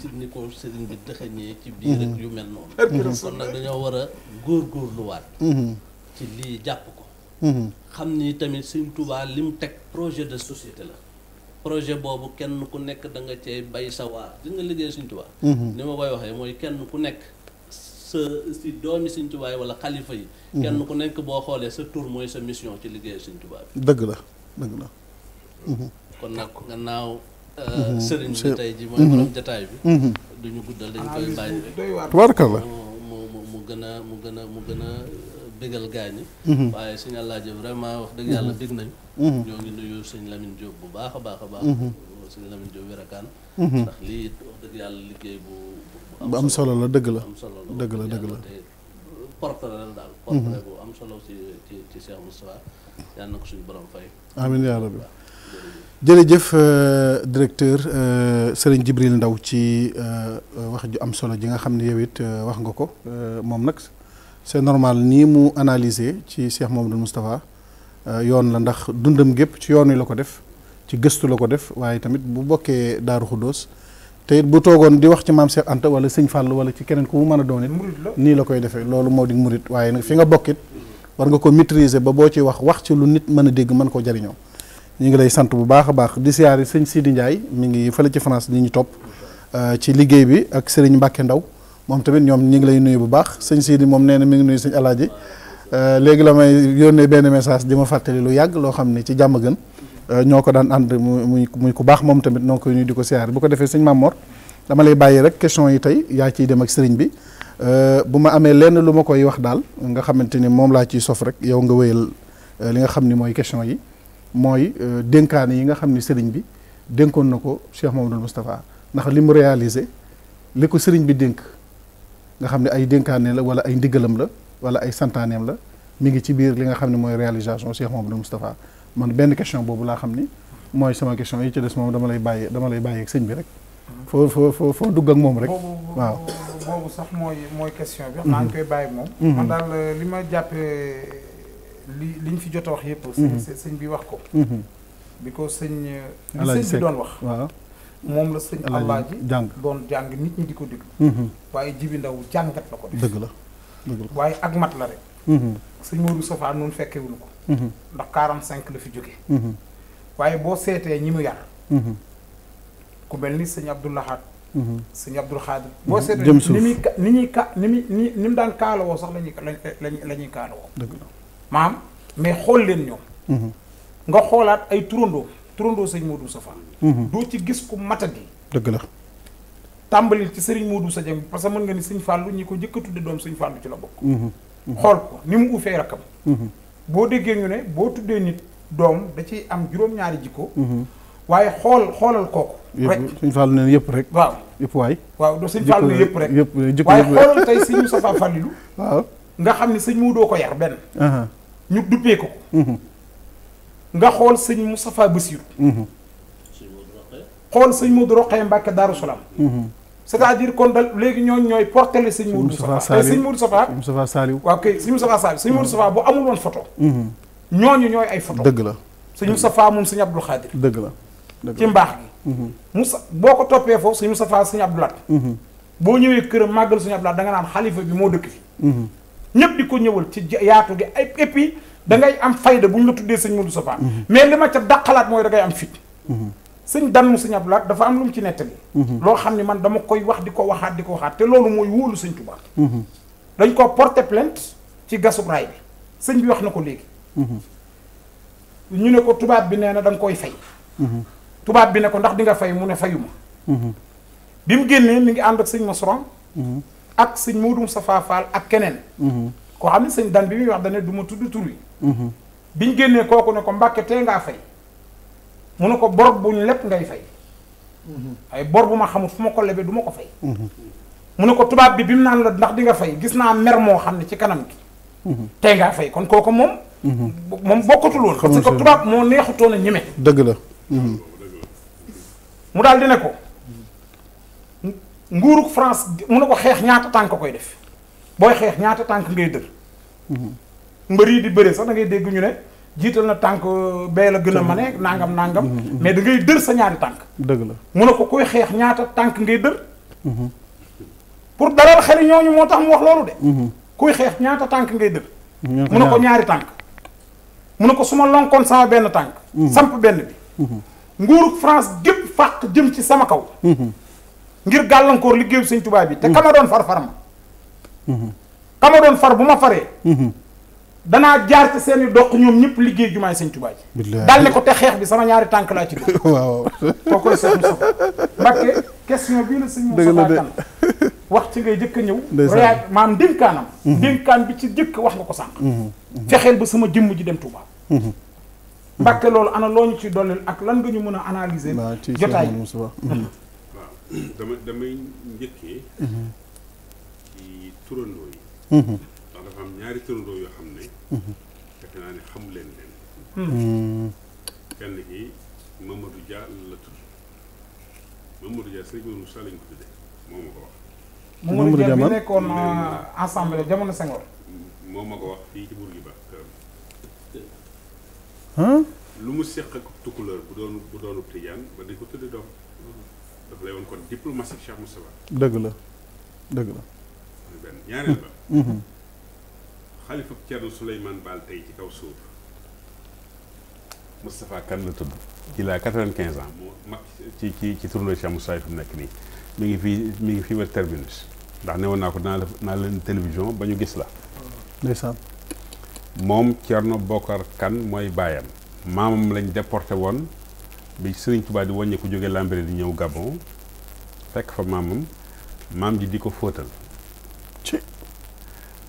ci ni ko sëriñ bi dëxëñee ci biir ak yu mel noonu kon nag dañoo war a góorgóorluwaat ci lii jàpp ko xam ni tamit Sëriñ Tuubaa li mu teg projet de société la projet boobu kenn ku nekk da nga cee bay sa waar di nga liggéey Sëriñ Tuubaa mhm. ni ma koy waxee mooy kenn ku nekk sa si doomi Sëriñ Tuubaa yi wala xalifa yi mhm. kenn ku nekk boo xoolee sa tour mooy sa mission ci liggéey Sëriñ Tuubaa bi dëgg la dëgg la mhm. kon nag gannaaw euh, sëriñ bi tey ji mooy borom jataay bi duñu guddal dañ koy bàyyi rek tubaarkalla mu mu mu gën a mu gën a mu gën bégal gaañi mhm. waaye sëñ Alaaji vraiment wax dëgg yàlla bég mhm. nañ mhm. ñoo ngi nuyu bu baax a baax a baax sëñ Lamine Diop werakaan ndax lii it wax dëgg bu am solo la dëgg la am solo la dëgg la dëgg la portrait la daal portrait bu am solo ci ci ci Cheikh Moustapha yàlla na ko suñu borom fay amiin yaa rabbi jërëjëf euh, directeur euh, Serigne Djibril Ndaw ci euh, wax ju am solo ji nga xam ne yow wax nga ko moom nag c'est normal nii mu analyser ci Cheikh Mamadou Moustapha euh, yoon la ndax dundam gépp ci yoon wi la ko def ci gëstu la ko def waaye tamit bu bokkee Daaru Xuddoos te it bu toogoon di wax ci maam Cheikh Anta wala sëñ Fall wala ci keneen ku mu mën a doon it nii la koy defee loolu moo di murit waaye nag fi nga bokkit war nga ko maîtriser ba boo ci wax wax ci lu nit mën a dégg mën ko jariñoo ñu ngi lay sant bu baax a baax di siyaari sëñ Sidi Ndiaye mi ngi fële ci France ñi ñu topp euh, ci liggéey bi ak Serigne Mbacke Ndaw moom tamit ñoom ñi ngi lay nuyu bu baax sëñ Sidi moom nee na mi ngi nuyu sëñ Alaaji euh, léegi la may yónnee benn message di ma fàttali lu yàgg loo xam ne ci jàmm gën euh, ñoo ko daan ànd mu mu ku baax moom tamit noo koy di ko siyaar bu ko defee sëñ Mamor dama lay bàyyi rek question yi tey yaa ciy dem ak sëriñ bi euh, bu ma amee lenn lu ma koy wax daal nga xamante ni moom laa ciy sof rek yow nga wéyal li nga xam ni mooy question yi mooy dénkaane yi nga xam ni sëriñ bi dénkoon na ko Cheikh Mamadou Moustapha ndax li mu réalisé li ko bi dénk nga xam ne ay dénkaane la wala ay ndiggalam la wala ay santaaneem la mu ngi ci biir li nga xam ne mooy réalisation Cheikh Mamadou Moustapha man benn question boobu laa xam ni mooy sama question yi ci des moom dama lay bàyyi dama lay sëñ bi rek. foo foo foo foo dugg ak moom rek. waaw boobu sax mooy mooy question bi. naa mhm. ngi koy bàyyi moom. Mhm. man daal euh, li ma jàppee li liñ fi jot a wax yëpp. Mhm. sëñ bi wax ko. bi ko sëñ. Euh, li sëñ bi doon wax waaw. moom la sëñ Alaaji jàng doon jàng nit ñi di ko déglu mm-hmm. waaye jibi ndaw jàngat la ko def dëgg la waaye ak mat la rek mm-hmm. sëñ Modou Sofa noonu fekkewuñu ko mm-hmm. ndax quarante cinq la fi jóge waaye boo seetee ñi mu yar ku mel ni sëñ Abdoulahat sëñ Abdoul xaat boo seetee ni muy ka ni ñuy ka ni mu ni ni mu daan kaalawoo sax lañuy lañuy la ñuy kaalawoo dëgg la maam mais xool leen ñoom nga xoolaat ay turandoo turandoo sëñ Modou Safa. Mhm. doo ci gis ku matadi. dëgg la. tàmbalil ci sëriñ Modou sa jëm parce que mën nga ni sëñ Fallou ñi ko jëkk a tudde doom sëñ Fallou ci la bokk. Mhm. Mhm. xool ko ni mu uufee rakam. boo déggee ñu ne boo tuddee nit doom da ciy am juróom-ñaari jikko. waaye xool xoolal kooku. rek sëñ Fallou ne yëpp rek. waaw yëpp waay. waaw doo sëñ Fallou ne yëpp rek yëpp waaye xoolal tey sëñ Safa Fallou. waaw nga xam ne sëñ Modou ko yar benn. ñu duppee ko. nga xool sëñ Moustapha Bassirou. xool sëñ Modou Rokhaya Mbacke Darou Salaam. c'est-à-dire kon da léegi ñooñu ñooy portélé sëñ Modou Moustapha tey sëñ Modou Moustapha Moustapha Saliou waaw kay sëñ Moustapha Saliou sëñ Modou Moustapha bu amul woon photo ñooñu ñooy ay photo dëgg la sëñ Moustapha moom sëñ Abdou Khadir dëgg la ci mbaax gi Moussa boo ko toppee foofu sëñ Moustapha sëñ Abdou Lat boo ñëwee këram màggal sëñ Abdou Lat da nga naan xalifa bi moo dëkk fi ñëpp di ko ñëwal ci yaatu gi ay et puis dangay am fayda bu ñu la tuddee sëñ Modou Sofane mhm. mais li ma ca daqalaat mooy da am fit mhm. sëñ dan mu sëñ Abdoulaat dafa am lu mu ci nettali mhm. loo xam ne man dama koy wax di ko waxaat di ko waxaat te loolu mooy wóolu sëñ Touba dañ koo porté plainte ci gasub raay sëñ bi wax na ko léegi ñu ne ko tubaab bi nee na da koy fay tubaab bi ne ko ndax di nga fay mu ne fayuma bi mu génnee mi ngi ànd ak sëñ Masron ak sëñ Modou Moustapha ak keneen koo xam ne sëñ dan bi muy wax dane du ma tudd tur yi bi ñu génnee kooku ne ko mbàkke tee ngaa fay mu ne ko bor bu ñu lépp ngay fay waaye bor bu ma xamul fu ma ko lebee du ma ko fay mu ne ko tubaab bi bi mu naan la ndax di fay gis naa mer moo xam ne ci kanam gi fay kon kooku moom moom bokkatul woon parce que tubaab moo neexutoon a ñeme dëgg la mu daal di ne ko nguuruk France mu ne ko xeex ñaata tànk koy def booy xeex ñaata tànk ngay dër mbeuri di beure sax da ngay deg ñu ne jital na tank bee la gën mane nangam nangam mm-hmm, mm-hmm. mais da ngay deur sa ñaari tank deug la mu na ko koy xex ñaata tank ngay hmm pour dalal xel ñoñu moo tax mu wax lolu de mm-hmm. koy xex ñaata tank ngay deur mu na ko ñaari tank mu na ko suma lonkon sa sama tank samp ben bi France gep fak jëm ci sama kaw ngir galankor liggéeyu seigne touba bi te kama doon far farma, hmm kama doon far buma faré hmm danaa jaar ci seen i doq ñoom ñëpp liggéey jumaay sëñ Tuubaa ji dal ne ko te xeex bi sama ñaari tànk laa ci dugg waaw kookoy Seex Mustafaa Mbàkke question bii la sëñ Mustafaa Kan wax ci ngay jëkk a ñëw réa maam dénkaanam dénkaan bi ci jëkk wax nga ko sànq fexeel ba sama jëmm ji dem Tuubaa Mbàkke loolu ana loo ñu ci dolleel ak lan nga ñu mën a analyser jotaay waaw dama damay njëkkee ci turandoo yi ndax dafa am ñaari turandoo yoo xam ne defe naa ne xamu leen leen. Hmm. kenn ki Mamadou Dia la tudd ma ko wax. Euh, jamono Senghor. fii ci Bourguiba këram. lu mu seq ak tukkuleur bu doon bu doonu tijaan ba di ko tuddee doom dafa lay woon kon diplomatique Cheikh Moustapha. dëgg la dëgg la. xalifa Thierno Souleymane Baal tey ci kaw suuf Moustapha Kane la tudd il a quatre-vingt-quinze ans ci ci ci tournoi Cheikh Moussa fu nekk nii mi ngi fii mi ngi fii wër terminus ndax ne woon naa ko naa leen télévision ba ñu gis la ndeysaan moom Thierno Bokar Kane mooy baayam maamam lañ déporté woon bi sëriñ tubaab di wàññi jóge jógee di ñëw Gabon fekk fa maamam maam ji di ko fóotal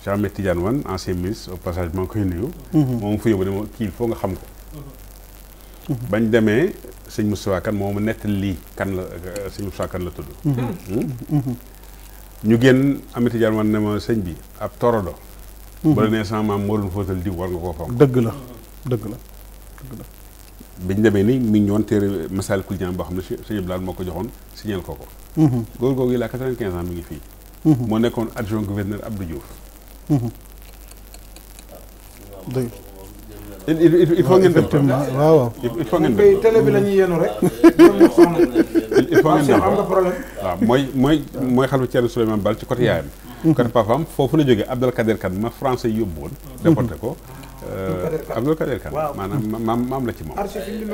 Cheikh Ahmed Tidiane Wane ancien ministre au passage maa ngi koy nuyu. Mhm. moom fu yóbbu ne ma kii il faut nga xam ko. Mhm. Mhm. bañ demee sëñ Moustapha kan moo ma nettali lii kan la euh, sëñ Moustapha Kane la tudd. Hmm? ñu génn Ahmed Tidiane Wane ne ma sëñ bi ab torodo. ba la nee sama maam moo doon fóotal diw war nga koo fonk. dëgg la dëgg la dëgg la. biñ demee ni mu ngi ñëwoon téere masal kul jaan boo xam ne sëñ Abdoulaye moo ko joxoon signal ko ko. góor googu yi la 95 ans mi ngi fii. moo nekkoon adjoint gouverneur Abdou Diouf. Mmh. dëgg il faut ngeen def waaw waaw. la ñuy yenu rek. il waaw mooy mooy mooy xalifa Thierno Souleymane Bal ci côté yaayam. côté mmh. am foofu la jógee Abdel Kader Kane ma français yóbbu woon. Mmh. ko. Abdel Kader Kane euh, maanaam maam maam la ci moom.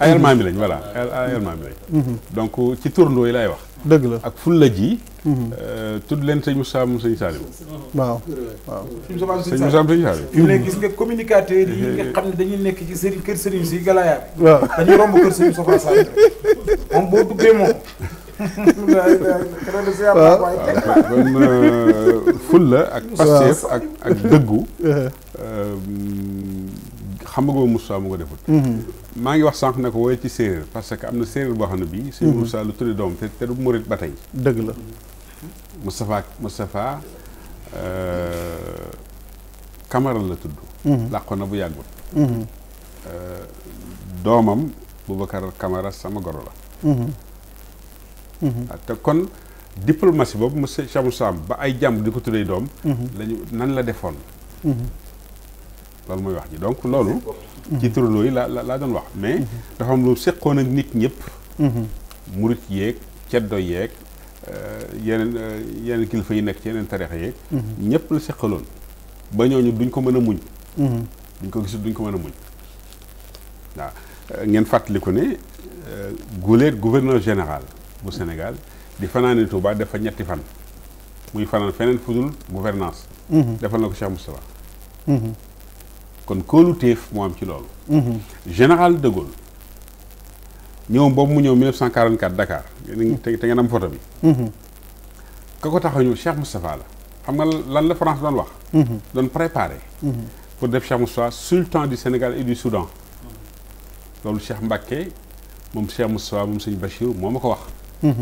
ay almaam bi lañ voilà ay almaam bi lañ mm-hmm. donc ci tournoi yi lay wax dëgg la ak ful la ji mm-hmm. euh, tudd leen sëñ Moussa mu sëñ Saliou waaw waaw sëñ Moussa mu sëñ ne gis nga communicateurs yi nga xam ne dañuy nekk ci sëriñ kër sëriñ si galaayaa waaw dañuy romb kër sëriñ Moussa Saliou moom boo duggee moom waaw euh, ak pasteef ak dëggu uh-huh. euh, xam nga Moussa mu ko defut mm-hmm. maa ngi wax sànq ne ko woyal ci séeréer parce que am na séeréer boo xam ne bii sëñ mm-hmm. Moussa lu tudde doom te te du murit ba tey dëgg la Moustapha Moustapha euh, Camara la tudd mm-hmm. làqu na bu yàggut euh, doomam Boubacar Camara sama goro la ah, te kon diplomatie boobu monsieur Chamou Sam ba ay jàmb di ko tuddee doom lañu nan la defoon loolu mooy wax ji donc loolu. ci turandoo yi la laa doon wax mais. dafa am lu seqoon ak nit ñëpp. murit yeeg ceddo yeeg euh, yeneen euh, yeneen kilifa yi nekk ci yeneen tareex yeeg. ñëpp la sekkaloon ba ñooñu duñ ko mën a muñ. duñ ko gisul duñ ko mën a muñ waaw ngeen fàttaliku ne euh, guleet gouverneur général bu Sénégal di fanaani Touba def fa ñetti fan muy fanaan feneen fudul gouvernance mhm. defal na ko Cheikh Moustapha kon kóoluteef mo am ci loolu. général de Gaulle ñëw boobu mu ñew 1944 Dakar. te te ngeen am photo bi. ka ko tax Cheikh Moustapha la xam nga lan la France doon wax. doon préparé. pour def Cheikh Moustapha sultan du Sénégal et du Soudan. lolu Cheikh Mbacke mom Cheikh Moustapha mom Seigne Bachir momako ma ko wax.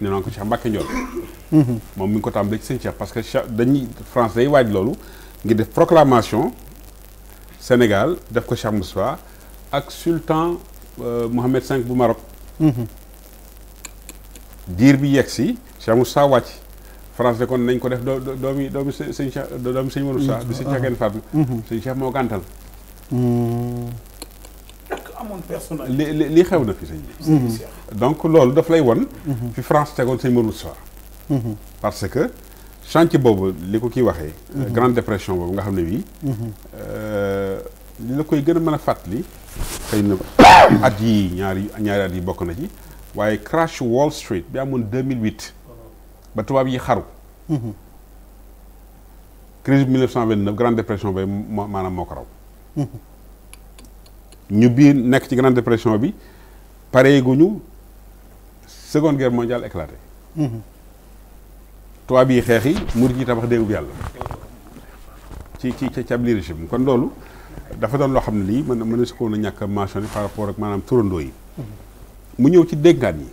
nee naa Cheikh Mbacke Ndiol. moom mi ngi ko tàmbalee ci sëñ Cheikh parce que dañuy français day waaj loolu ngir def proclamation. Sénégal def ko Cheikh Moussa sultan euh, Mohamed V du Maroc. Mhm. Dir bi Cheikh Moussa France de kon nañ ko def doomi doomi deux, Cheikh deux, Moussa mhm. bi deux, Cheikh deux, deux, mhm. Cheikh deux, deux, li li xew na fi donc daf lay won fi France deux, Moussa parce que chance boobu li ko kii waxee. Mhm. grande dépression boobu nga xam ne bii. li mhm. euh, la koy gën a mën a fàttali. xëy na at yi ñaari ñaari at yi bokk na ci waaye crash Wall Street bi amoon 2008 ba tubaab yi xaru. Mhm. crise 1929 grande dépression bay maanaam moo ko raw. ñu biir nekk ci grande dépression bi ñu seconde guerre mondiale éclaté. tubaab yi xeex yi murit yi tabax déewub yàlla ci ci ci ab régime kon loolu dafa doon loo xam ne lii mën mën na si koon a ñàkk a mentionné par rapport ak maanaam turandoo yi mu ñëw ci dénkaan yi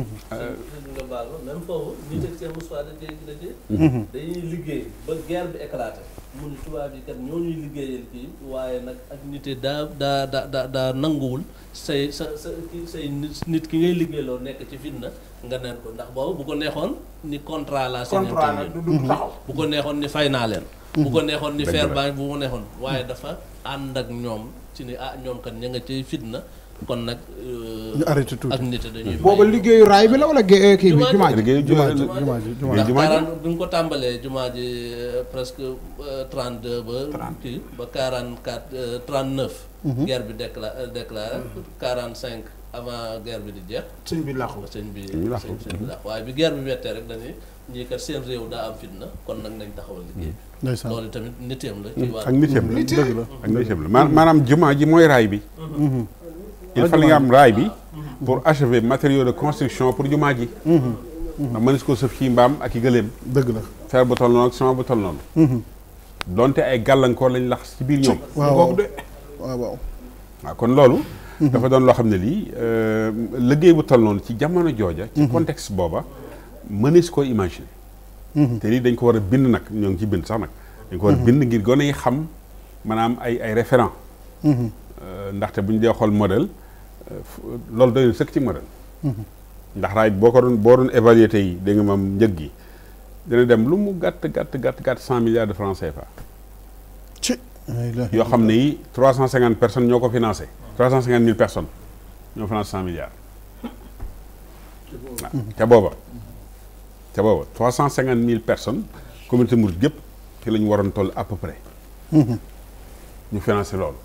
nga baal ma même da dégg la dee dañuy liggéey ba guerre bi éclaté mu tubaab yi kat ñoo ñuy liggéeyal kii waaye nag ak nit daa daa daa daa nanguwul say sa sa say nit ki ngay liggéeyloo nekk ci fitna nga neen ko ndax boobu bu ko neexoon ni contrat la seen taxaw mm-hmm. bu ko neexoon ni fay naa leen mm-hmm. bu ko neexoon ni feer baa bu ko neexoon waaye dafa ànd ak ñoom ci ni ah ñoom kat ña nga ci fitna kon nag. Euh, ñu arrêté tuuti ak nit dañuy. booba liggéeyu raay bi la wala kii bi jumaa ji liggéeyu jumaa ji jumaa ko tàmbalee jumaa ji euh, presque euh, trente deux ba. kii ba quarante quatre trente neuf. Mhm. guerre bi décla déclaré mhm. quarante cinq avant guerre bi di jeex. sëñ bi làqu sëñ bi làqu waaye bi guerre bi wettee rek dañuy ñii kat kon nag nañ taxawal liggéey bi. la. ci wàllu ak jumaa ji mooy raay bi. Mhm. il fallait nga am raay bi pour achever matériaux de construction pour jumaa ji ndax mënees ko sëf ci mbaam ak i gëléem dëgg la fer bu toll noonu ak ciment bu toll noonu donte ay gàllankoor lañ lax ci biir ñoom kooku de waaw waaw waaw kon loolu dafa doon loo xam ne lii liggéey bu toll noonu ci jamono jooja ci contexte booba mënees koo imaginer te lii dañ ko war a bind nag ñoo ngi ci bind sax nag dañ ko war a bind ngir gone yi xam maanaam ay ay référent ndaxte bu ñu dee xool modèle Euh, lol doyul sekk ci mëral mhm. ndax ray bo ko don bo don évaluer yi de nga mam ñeggi dina dem lu mu gatt gatt gatt gatt 100 milliards de francs CFA ci yo xamné 350 personnes ñoko financer 350 000 personnes ñoo financer 100 milliards ca boba ah, ca boba 350 000 personnes communauté mourid gep ci lañ waron toll à peu près mhm. ñu financer lolou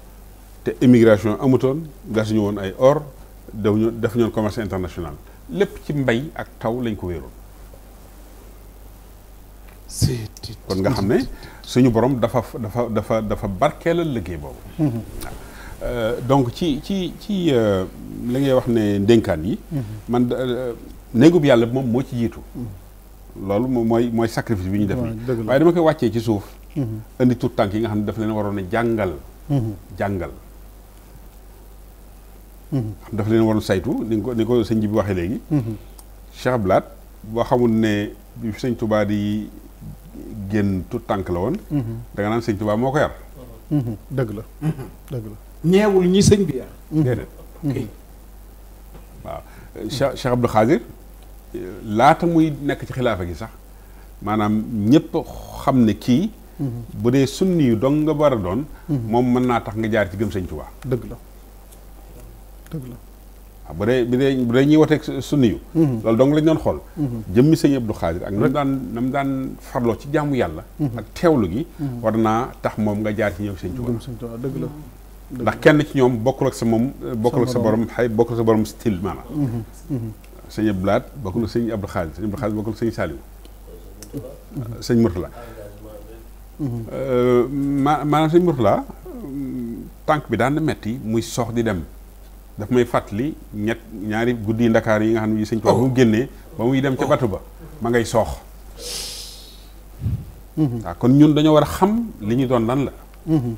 té immigration amutoon gasuñu woon ay or def ñu def ñoon commerce international lepp ci mbay ak taw lañ ko wéeroon kon nga xamné suñu borom dafa dafa dafa dafa barkeelal liggéey boobu mm-hmm. euh, donc ci ci ci euh, li ngay wax né denkan yi mm-hmm. man euh, néegub yalla mom mo ci jitu mm-hmm. loolu moy moy sacrifice bi ñu def waye dama koy wàccee ci suuf indi tout tànk yi nga xamné ne daf leen waroon jangal jangal dafa leen waroon saytu ni ko ni ko sëñ ji bi waxee léegi. Mhm. Cheikh Abdou Lahad boo xamul ne bi sëñ Touba di génn tout tànk la woon. Mhm. da nga sëñ Touba moo ko yar. Mhm. dëgg la dëgg la. ñi sëñ bi yar. déedéet. waaw Cheikh Cheikh laata muy nekk ci xilaafa gi sax maanaam ñëpp xam ne kii. bu dee sunni yu dong nga war a doon. moom mën naa tax nga jaar ci gëm sëñ Touba. dëgg la. dëgg la waaw bu dee bu dee bu ñuy woteeg sunni yu mhm. loolu dong lañ doon xool mhm. jëmmi sëñ Abdou Xaadir ak nam daan nam daan farloo ci jaamu yàlla mhm. ak teewlu gi war naa tax moom nga jaar ci ñëw sëñ Tuubaa dëgg la ndax kenn ci ñoom bokkul ak sa moom bokkul ak sa borom xay bokkul ak sa borom style maanaam sëñ Abdou Lahat bokkul sëñ Abdou Xaadir sëñ Abdou Xaadir bokkul ak sëñ Saliou sëñ Murtala euh, ma maanaam sëñ Murtala tànk bi daan metti muy sox di dem daf may fàttali ñet ñaari guddi ndakaar yi nga xamni seigne touba mu génnee ba muy dem ci oh. batu ba ma ngay soox waaw kon ñun dañu wara xam li ñu doon lan la hmm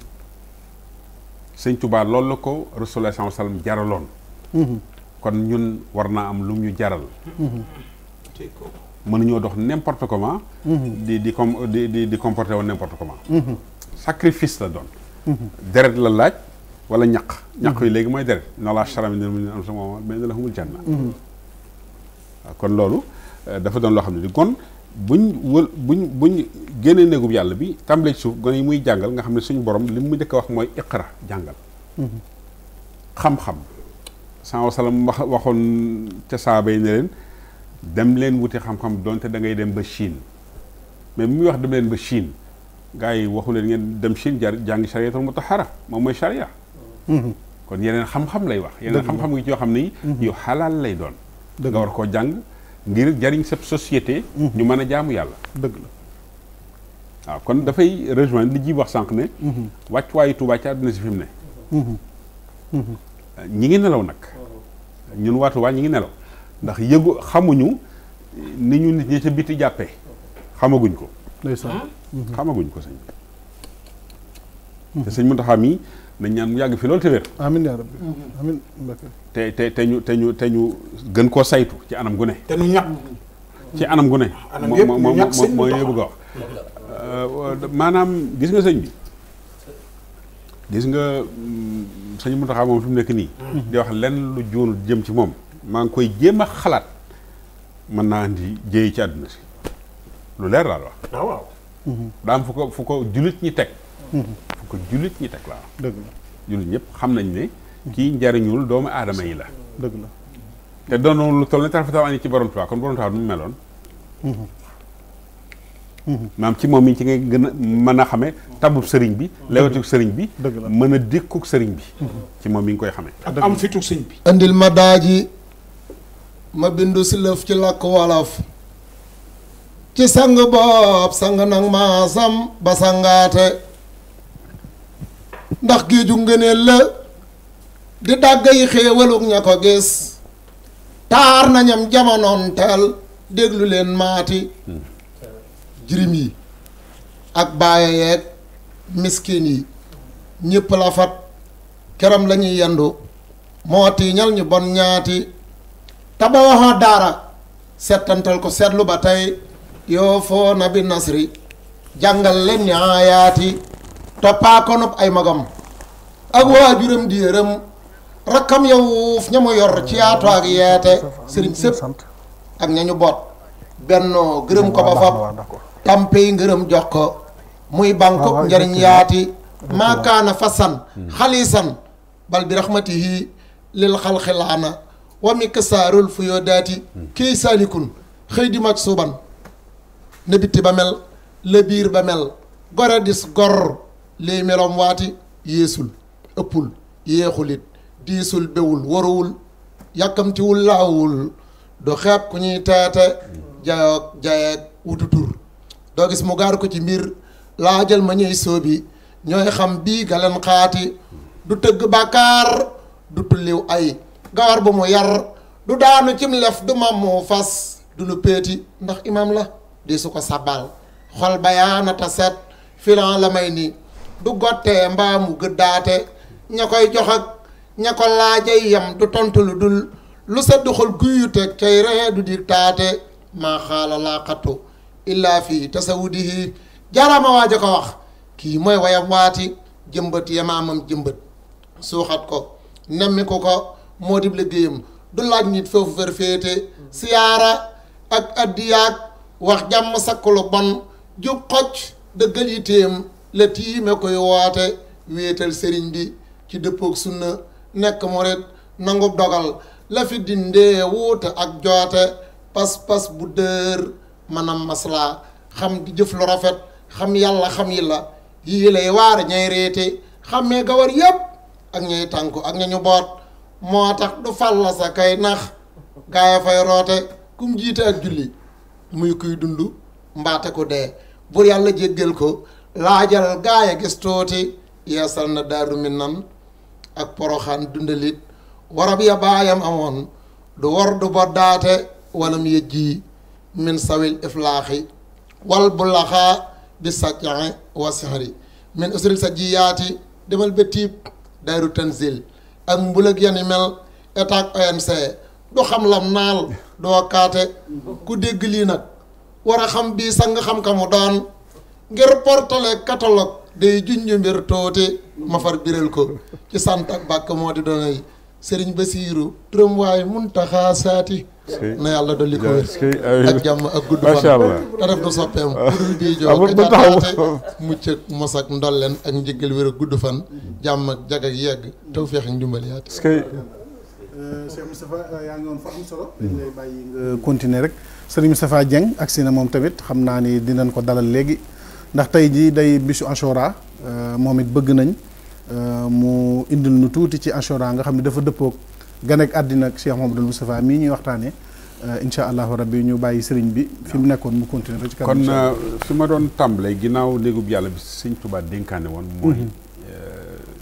seigne touba lool la ko Rasulullah sallallahu alayhi wasallam jaraloon kon ñun warna am lu ñu jaral hmm mënuñoo dox n'importe comment di di com di di comporter n'importe comment hmm sacrifice la doon hmm deret la laaj wala ñaq ñaq wi mhm. léegi mooy deret no laa charami ne mu am sa moom benn la xumul janna mhm. loolu eh, dafa doon loo xam ne kon buñ wël buñ buñ génnee néegub yàlla bi tàmbalee ci suuf yi muy jàngal nga xam ne suñu borom li mu njëkk wax mooy iqra jàngal mhm. xam-xam saa wasalam waxoon ca saaba yi ne leen dem leen wuti xam-xam donte da ngay dem ba Chine mais bi muy wax dem leen Chine gars yi waxu leen ngeen dem Chine jar jàngi chariatul mutahara moom mooy charia Mhm. kon yeneen xam-xam lay wax yeneen xam-xam ngi yoo xam ni mhm. yu xalaal lay doon nga war koo jàng ngir jariñ sa societé mhm. ñu mën a jaamu yàlla dëgg la waaw kon dafay rejoindre li ji wax sànq ne wàccuwaayu Tuubaa ci àdduna si fi mu ne ñi ngi nelaw nag ñun waa Tuubaa ñi ngi nelaw ndax yëgu xamuñu ni ñu nit ñi ca biti jàppee xamaguñ ko ndeysaan xamaguñ ko sëñ te sëñ Muntaxa nañ ñaan mu yàgg fi loolu te wér. amiin yaa rabbi amiin te te te ñu te ñu te ñu gën koo saytu ci anam gu ne. te ñu ñàkk. ci anam gu ne. anam yëpp ñu ñàkk seen moo bëgg a wax. Euh, maanaam gis nga sëñ bi gis nga mm, sëñ Mountakha moom fi mu nekk nii. Mm-hmm. di wax lenn lu joonu jëm ci moom. maa ngi koy jéem a xalaat mën naa andi jéey ci àdduna si lu leer daal wax. Ah, waaw waaw. Mm-hmm. daa am fu ko fu ko jullit ñi teg. Mm-hmm. ko jullit ñi teg laa dëgg la jullit ñëpp xam nañ ne kii njariñul doomu aadama yi la dëgg la te doonoon lu toll ne tarafetal ani ci borom Tuubaa borom Tuubaa mu meloon mhm. Mhm. maam ci moom mi ci a a xame bi lewetuk sëriñ bi a mhm. dékkuk sëriñ bi ci moom mi ngi koy xame ak am fitu sëriñ bi andil ma daaji ma bindu si lëf ci làkk wolof ci sang boob sang nag maasam ba ndax géeju ngëneel la di dàggay xéewalug ña ko gis taar nañam jamonoon teel déglu leen maati jirim yi ak baaye yeeg miskin yi ñëpp la fat keram la ñuy yendu moo tiiñal ñu bon ñaati taba waxoo daara settantal ko seetlu ba tey yoo foo na bi nasri jàngal leen ñaayaati topa ko nopp ay magam ak wajuram di yërëm rakam yow fi ñamo yor ci ato ak yete serigne sepp ak ñañu bot benno gërem ko ba fab tampey gërem jox ko muy banko njariñ yaati kana fasan khalisan bal bi rahmatihi lil khal khilana, wa mikasarul rul fu yoo daati kii saalikun xëy di mag gor lii meloom waati yéesul ëppul yéexulit diisul bewul waruwul yàkkamtiwul laawul du xeeb ku ñuy teete jayoog jayeeg wututur doo gis mu gaar ko ci mbir laajal ma ñuy sóobi ñooy xam bii galeen xaati du tëgg bàkkaar du tulliw ay gawar bu mu yar du daanu cim lef du mam mu fas du lu péeti ndax imam la di su ko sabal xol bayaanata set filan la may nii du gottee mbaa mu gëddaate ña koy jox ak ña ko laajay yam du tontu lu dul lu sa duxul guyute cay ree du dig taate maa xaala laa xattu illaa fii tasawudihi jaaraama waaja ko wax kii mooy wayam waati jëmbët yamaamam jëmbët suuxat ko nemmiku ko moo dib liggéeyam du laaj nit foofu fër féete siyaara ak addiyaag wax jàmm sakku lu bon jub xocc dëggal yitteem la tiime koy woote wéetal sëriñ di ci dëppoog sunna nekk morit nangu dogal la fi dindee wuute ak joote pas-pas bu dër manam maslaa xam di jëf lu rafet xam yàlla xam yi la yii lay waar ñay réete xammee gawar yépp ak ñay tànku ak ñañu boot moo tax du fàlla sa kay nax gaaya fay roote kum jiite ak julli muy kuy dund mbaate ko dee bur yàlla jéggal ko laajal gaay a gis tuuti yeesal na daaru mi nan ak poroxaan dundalit warab ya baayam amoon du war du boddaate walam yëjji min sawil iflaaxi wal bu laxaa bi sajjaxe wa sihri min usril sa jiyaati demal ba tiib daaru tanzil ak mbulag yani mel OMC du xam lam naal doo kaate ku dégg lii nag war a xam bii sang xam ka mu doon ngir portale catalogue day junj mbir tuuti biral ko ci sant ak bàkk moo di doon yi sëriñ Basiiru turam waaye muntaxaa saati na yàlla dolli ko ak jàmm ak gudd fan te def du soppeem ak ah. jàllaate mucc ak mos ak ndolleen ak njëggal wér ak gudd fan euh, euh, am solo dañ lay bàyyi nga continuer rek sëriñ Moustapha Dieng agsi na moom tamit xam naa ni dinañ ko dalal léegi ndax tey jii day bisu Ashura euh, moom it bëgg nañ euh, mu indil nu tuuti ci Ashura nga xam ne dafa dëppoog ganek àddina ak Cheikh Mouhamadou Moustapha mii ñuy waxtaanee euh, incha allahu rabbi ñu bàyyi sëriñ bi fi mu nekkoon mu continuer ba ci kanam kon fi ma doon tàmbalee ginnaaw néegub yàlla bi sëñ Tuubaa dénkaane woon mhm. mooy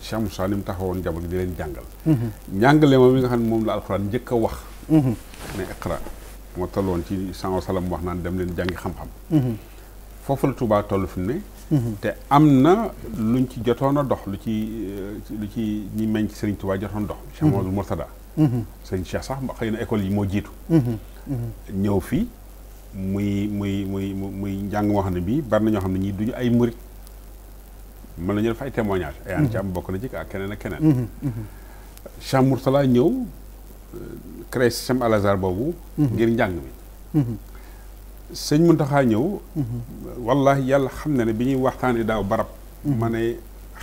Cheikh Moussa ni mu taxawoon jamono ji leen jàngal mhm. njàngale moom mi nga xam ne moom la alxuraan njëkk a wax mhm. ne iqra moo tolloon ci sanga salam wax naan dem leen jàngi xam-xam foofu la Touba toll fi mu ne. Mhm. te am na luñ ci jotoon a dox lu ci euh, lu ci ñi meñ ci Serigne Touba jotoon dox. Cheikh mhm. Mamadou Mourtada. Mhm. Serigne Cheikh sax xëy na école yi moo jiitu. ñëw fii muy muy muy muy njàng moo xam ne bii bari na ñoo xam ne ñii duñu ay murit mën nañu def ay témoignage. ay an ci bokk na ci ak keneen ak keneen. Cheikh Mourtada ñëw euh, créé système Al boobu. ngir njàng mi. Sen Muntaxa ñëw mhm. wallahi yalla xam na ne bi ñuy daaw barab mhm. ma hel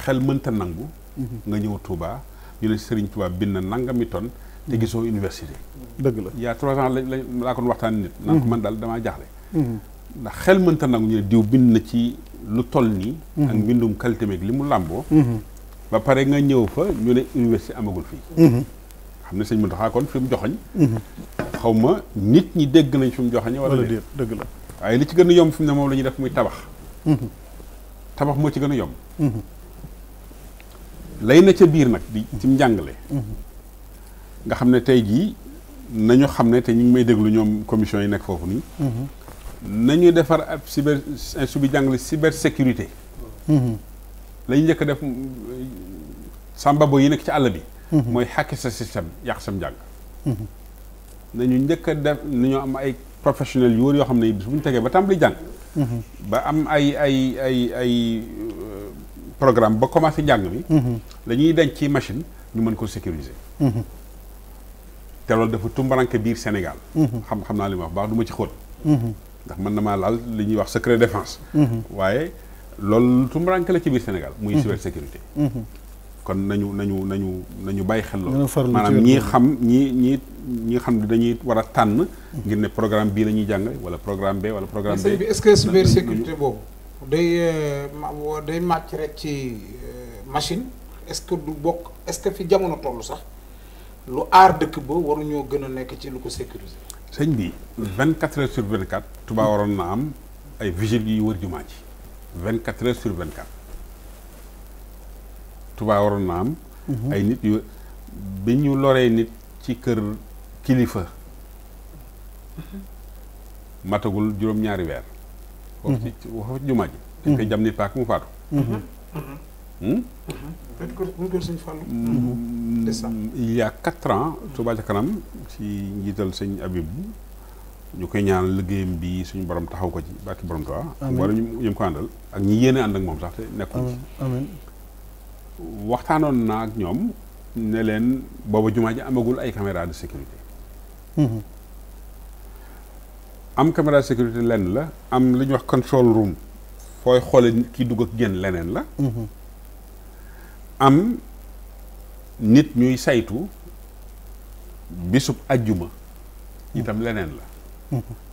xel mënta nangu mhm. nga ñëw Touba ñu ne Serigne Touba bind nangami ton te gisoo université dëgg la yaa trois ans lañ laa kon waxtaan nit naa ko man daal xel mënta nangu ñu diu diw na ci lu toll nii ak ba pare nga fa ñu ne amagul fi xam ne sëñ Muntaxa kon fi mu joxoñ mhm. xaw ma nit ñi dégg nañ fi mu joxoñ wala déet dëgg la waaye li ci gën a yomb fi mu ne moom la ñuy def muy tabax mhm. tabax moo ci gën a yomb mhm. lay na ca biir nag di ci nga xam ne tey jii nañu xam ne te ñu ngi may déglu ñoom commission yi nekk foofu nii nañu defar ab cyber institut bi jàngale cybersécurité la ñu njëkk def euh, sàmba yi nekk ci àll bi Mm-hmm. mooy xàkki sa système yàq sam njàng mm-hmm. nañu njëkk a def nañu am ay professionnels yu wër yoo xam ne bi su mu tegee ba tàmbali jàng mm-hmm. ba am ay ay ay ay euh, programme ba commencé njàng mi la ñuy denc ci machine ñu mën ko sécuriser te loolu dafa tumbaranke biir Sénégal xam xam naa li ma wax baax du ma ci xóot ndax mën na maa laal li ñuy wax secret défense waaye loolu tumbaranke la ci biir Sénégal muy sécurité kon nañu nañu nañu nañu bay xel lo manam ñi xam ñi ñi ñi xam ni dañuy wara tan, ngir ne programme bi lañuy jàng wala programme B wala programme d est-ce que sécurité bobu day euh, day match rek ci euh, machine est-ce que du bok est-ce que fi jamono tollu sax lu ar dekk bo waru ñoo gëna nekk ci lu ko sécuriser señ bi 24 heures sur 24 tuba waron na am ay vigile yuy wër jumaa ji 24 heures sur 24 tubaa waroon na am. Mhm. ay nit yu bi ñu loree nit ci kër kilifa. Mhm. matagul juróom-ñaari weer. foofu mhm. ci jumaa ji. dañ koy jam nit paak mu faatu. Hmm? Hmm, il y a quatre ans Touba ca kanam ci njiital sëñ Abib ñu koy ñaan liggéeyam bi suñu borom taxaw ko ci barki borom Touba. amiin wala ñu ñu ko àndal ak ñi yéene ànd ak moom sax te nekkuñ ci. waxtaanoon naa ak ñoom ne leen booba jumaa ji amagul ay caméra de sécurité mhm. am caméra de sécurité lenn la am lu ñuy wax control room fooy xoole kii dugg ak génn leneen la mhm. am nit ñuy saytu bisub ajjuma mhm. itam leneen la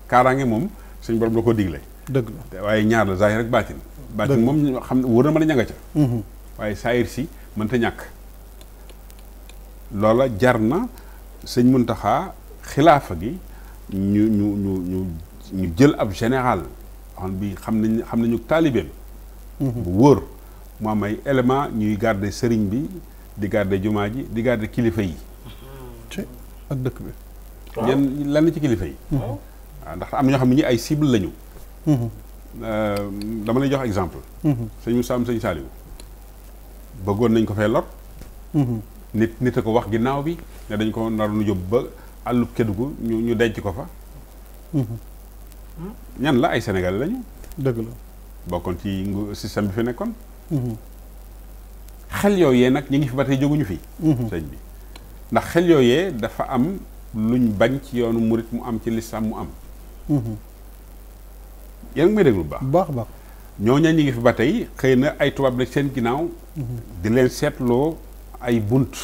kaaraange moom suñ borom la ko digle dëgg la waaye ñaar la zahir rek baatin baatin moom xam wër na mën a ñanga ca waaye saayir si mënta ñàkk loola jar na sëñ Muntaxa xilaafa gi ñu ñu ñu ñu ñu jël ab général xam bi xam nañ xam nañu taalibeem mhm. bu wóor mu am ay élément ñuy garde sëriñ bi di garde jumaa ji di garde kilifa yi ak dëkk bi yéen ci kilifa yi mhm. waaw am na ñoo xam ne ñi ay cible lañu mhm. euh, dama lay jox exemple sëñ Moussa am sëñ Saliou bëggoon nañ ko fee lor. Mhm. nit nit a ko wax ginnaaw bi ne dañ ko naroon yóbbu ba àllub Kédougou ñu ñu denc ko fa. Mhm. ñan la ay Sénégalais lañu. dëgg la bokkoon ci système bi fi nekkoon. Mhm. xel yooyee nag ñu ngi fi ba tey jóguñu fi. sëñ bi ndax xel yooyee dafa am luñ bañ ci yoonu murit mu am ci lislaam mu am. yaa ngi may déglu bu baax baax baax. ñooñu ñi ngi fi ba tey xëy na ay tubaab la seen ginnaaw. Mhm. di leen seetloo ay bunt.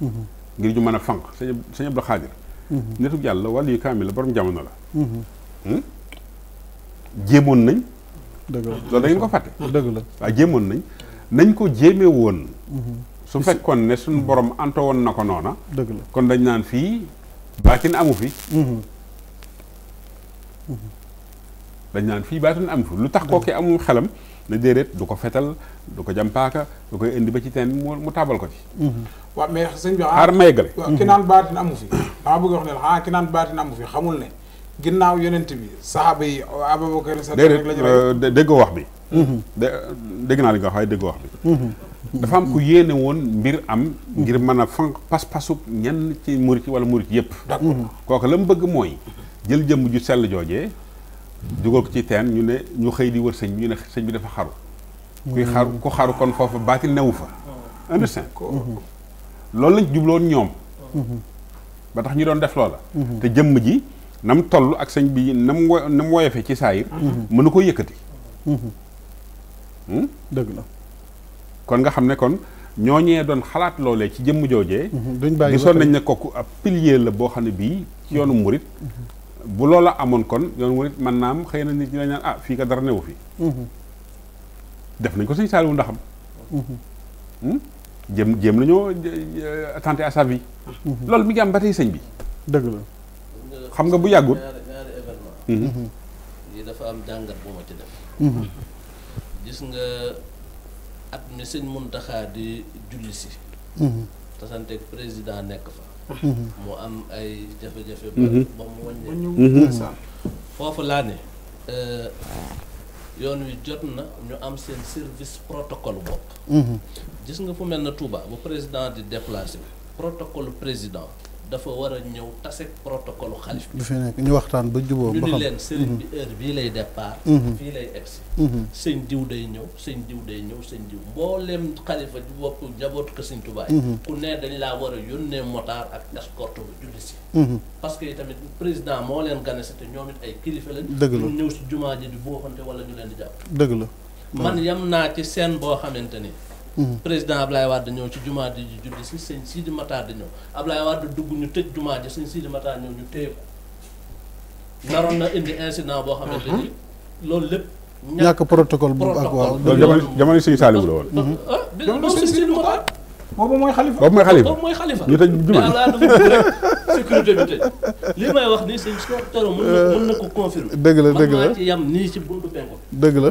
Mhm. ngir ñu mën a fànq sëñ sëñ Abdou Khadir. Mhm. nitu yàlla wàllu yu kaamil la borom jamono la. Hmm? jéemoon nañ. dëgg la loolu da ko fàtte. dëgg la waaw jéemoon nañ nañ ko jéeme woon. su fekkoon ne suñu borom anto woon na ko noona. dëgg kon dañ naan fii baatin amu fi. dañ naan fii baatuñ am fu lu tax kookee amul xelam ne déedéet du ko fetal du ko jàmpaaka du koy indi ba ci teen mu taabal ko ci mm-hmm. waaw mais sëñ bi ah, xaar maygale ki naan baatin amu fi dama bëgg wax ne la ah, ki naan baatin amu fi xamul ne ginnaaw yonent bi saxaaba yi Abubakar déedéet euh, déggoo wax bi mm-hmm. dégg naa li nga mm-hmm. dafa am ku yéene woon mbir am ngir mën a fanq pas-pasub ñenn ci murit wala murit yëpp d'accord kooku la mu bëgg mooy jël jëmm ju sell joojee dugal ko ci teen ñu ne ñu xëy di wër sëñ bi ñu ne sëñ bi dafa xaru kuy xaru ku kon foofu baatil newu fa understand loolu lañ jubloon ñoom ba tax ñu doon def loola te jëmm ji nam toll ak sëñ bi nam wo nam woyofe ci saayir mënu ko yëkkati hmm? dëgg la kon nga xam ne kon ñoo ñooñee doon xalaat loolee ci jëmm joojee gisoon nañ ne kooku ab pilier la boo xam ne bii ci yoonu murit bu loola amoon kon yoon murit man naam xëy na nit ñi la ñaan ah fii ka dara newu fi mhm. def nañ ko sëñ Saaliwu ndaxam mhm. hmm? jëm jéem nañoo attenté à sa vie mhm. loolu mi ngi am ba tey sëñ bi dëgg la xam nga bu yàggut ñaari yi dafa am jàngat bu ma ci def gis nga at mi sëñ Muntaxa di julli si te santeeg président nekk fa mu am ay jafe-jafe. ba mhm. mu wàññeeku. Mhm. foofu laa ne euh, yoon wi jot na ñu am seen service protocole bopp. Mhm. gis nga fu mel na Touba bu président di déplacé protocole président. dafa war a ñëw tase protocole xalif bi fi nekk ñu waxtaan ba juboo ba xam ñu leen sëriñ bi mhm. heure bii lay départ mhm. fii lay egsi mhm. sëñ diw day ñëw sëñ diw day ñëw sëñ diw mbooleem xalifa bu bopp njabootu ko sëñ Tuubaa ku ne dañ laa war a yónnee motard ak escorte bu julli si parce que tamit président moo leen ganesi te ñoom it ay kilifa lañ dëgg la ñëw si jumaa ji di booxante wala ñu leen di jàpp dëgg la man yam naa ci seen boo xamante ni président Ablaye Wade ñëw ci jumaa ji di julli si sëñ Sidi Matar di ñëw Ablaye Wade dugg ñu tëj jumaa ji sëñ Sidi ñëw ñu téye ko naroon na indi incident boo xamante ni mhm. loolu lépp. ñàkk protocole bu ak waaw. loolu jamono jamono sëñ la woon. bi loolu boobu mooy xalifa boobu mooy xalifa boobu mooy xalifa ñu tëj jumaa ji li may wax nii sëñ Sow Toro mën na ko confirmer. dëgg la dëgg la ci yam nii ci buntu penku. dëgg la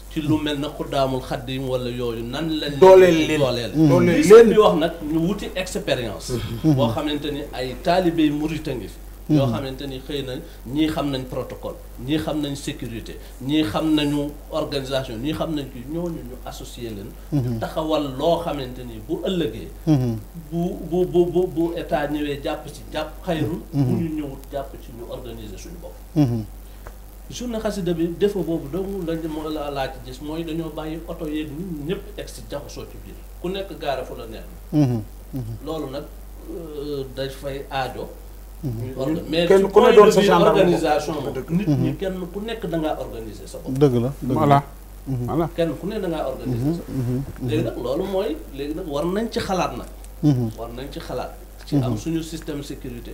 ci lu mel na xuddaamul xaddim wala yooyu nan lañ. dooleel leen dooleel dooleel leen li wax nag ñu wuti expérience. boo xamante ni ay taalibe murit a ngi fi. yoo xamante ni xëy na ñii xam nañ protocole ñii xam nañ sécurité ñii xam nañu organisation ñii xam nañ kii ñooñu ñu associé leen. taxawal loo xamante ni bu ëllëgee. bu bu bu bu bu état ñëwee jàpp ci jàpp xayru. bu ñu ñëwut jàpp ci ñu organiser suñu bopp. journée xasida bi défaut boobu dong lañ moo la laaj gis mooy dañoo bàyyi oto yeeg nit ñëpp teg si jaxasoo ci biir ku nekk gaara fu la mhm, mhm. loolu nag euh, dafay aajo. Mhm. ñuy mais kenn ku ne doon sa gendarme organisation nit ñi kenn ku nekk da ngaa organiser sa bopp. dëgg la dëgg kenn ku ne da ngaa loolu mooy léegi nag war nañ ci xalaat nag. war nañ ci xalaat. ci am suñu système sécurité.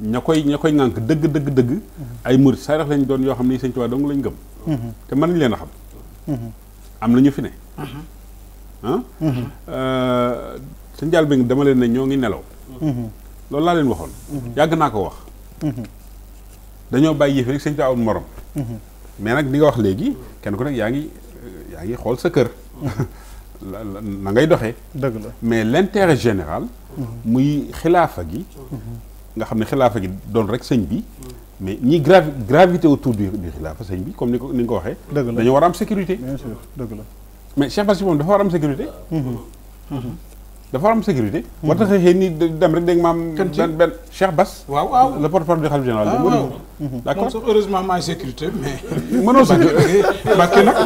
ña koy ña koy ŋànk dëgg dëgg dëgg ay murit sarex lañ doon yoo xam ne sëñ Tuubaa dong lañ gëm te man leen a xam am na ñu fi ne ah sa njaal bi dama leen ne ñoo ngi nelaw loolu laa leen waxoon yàgg naa ko wax dañoo bàyyi yëf rek sëñ Tuubaa amul morom mais nag di nga wax léegi kenn ko nekk yaa ngi yaa ngi xool sa kër na ngay doxe dëgg la mais l'intérêt général muy xilaafa gi nga xamné khilafa gi don rek sëñ bi mais ni gravité autour du du xilaafa sëñ bi comme ni ko ni nga ko waxee. dëgg am sécurité. bien sûr deug la mais Cheikh bassi mom dafa wara am sécurité. Mm-hmm. Mm-hmm. dafa war am sécurité. war na xëy ni dem rek dégg maam. kan ci benn benn Cheikh Bass. waaw waaw le porte-parole du xalif général. waaw ah, waaw d'accord moom heureusement maay sécurité mais. mënoo sécurité Bakke nag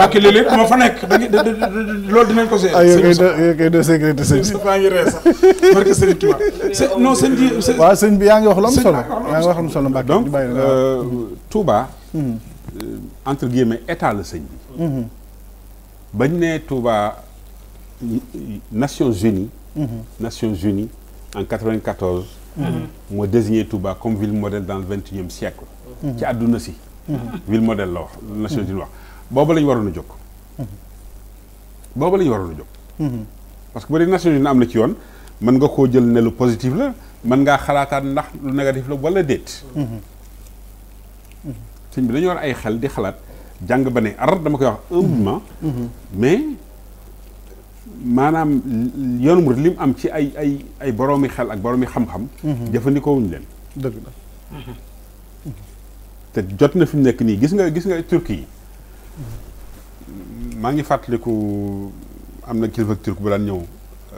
Bakke léeg-léeg ku ma fa nekk da loolu dinañ ko seet. sëñ bi ah yow kay de sécurité sëñ bi. maa ngi ree sax barke sëñ Tuubaa. non sëñ bi waaw sëñ bi yaa ngi wax lu am solo. yaa ngi wax lu am solo Bakke. donc euh, Touba. Hmm. Euh, entre guillemets état la sëñ bi. Hmm. bañ ne Touba. Nations Unies. Mhm. Nations Unies en 94. Mhm. moo désigné Touba comme ville modèle dans le vingt et siècle. Mhm. ci àdduna si. ville modèle la Nations Unies wax booba la ñu waroon a jóg. booba parce que bu dee Nations Unies am na ci yoon mën nga koo jël ne lu positif la mën ngaa xalaataat ndax lu négatif la wala déet. sëñ bi dañu war ay xel di xalaat jàng ba ne ar dama koy wax humblement mais. manam yonum lim am ci ay ay ay boromi xel ak boromi xam-xam. jëfandikoo wuñ len deug la. te jot na fi nek ni gis nga gis nga turki ma ngi fatlikou am na kilifa turk bu lan ñëw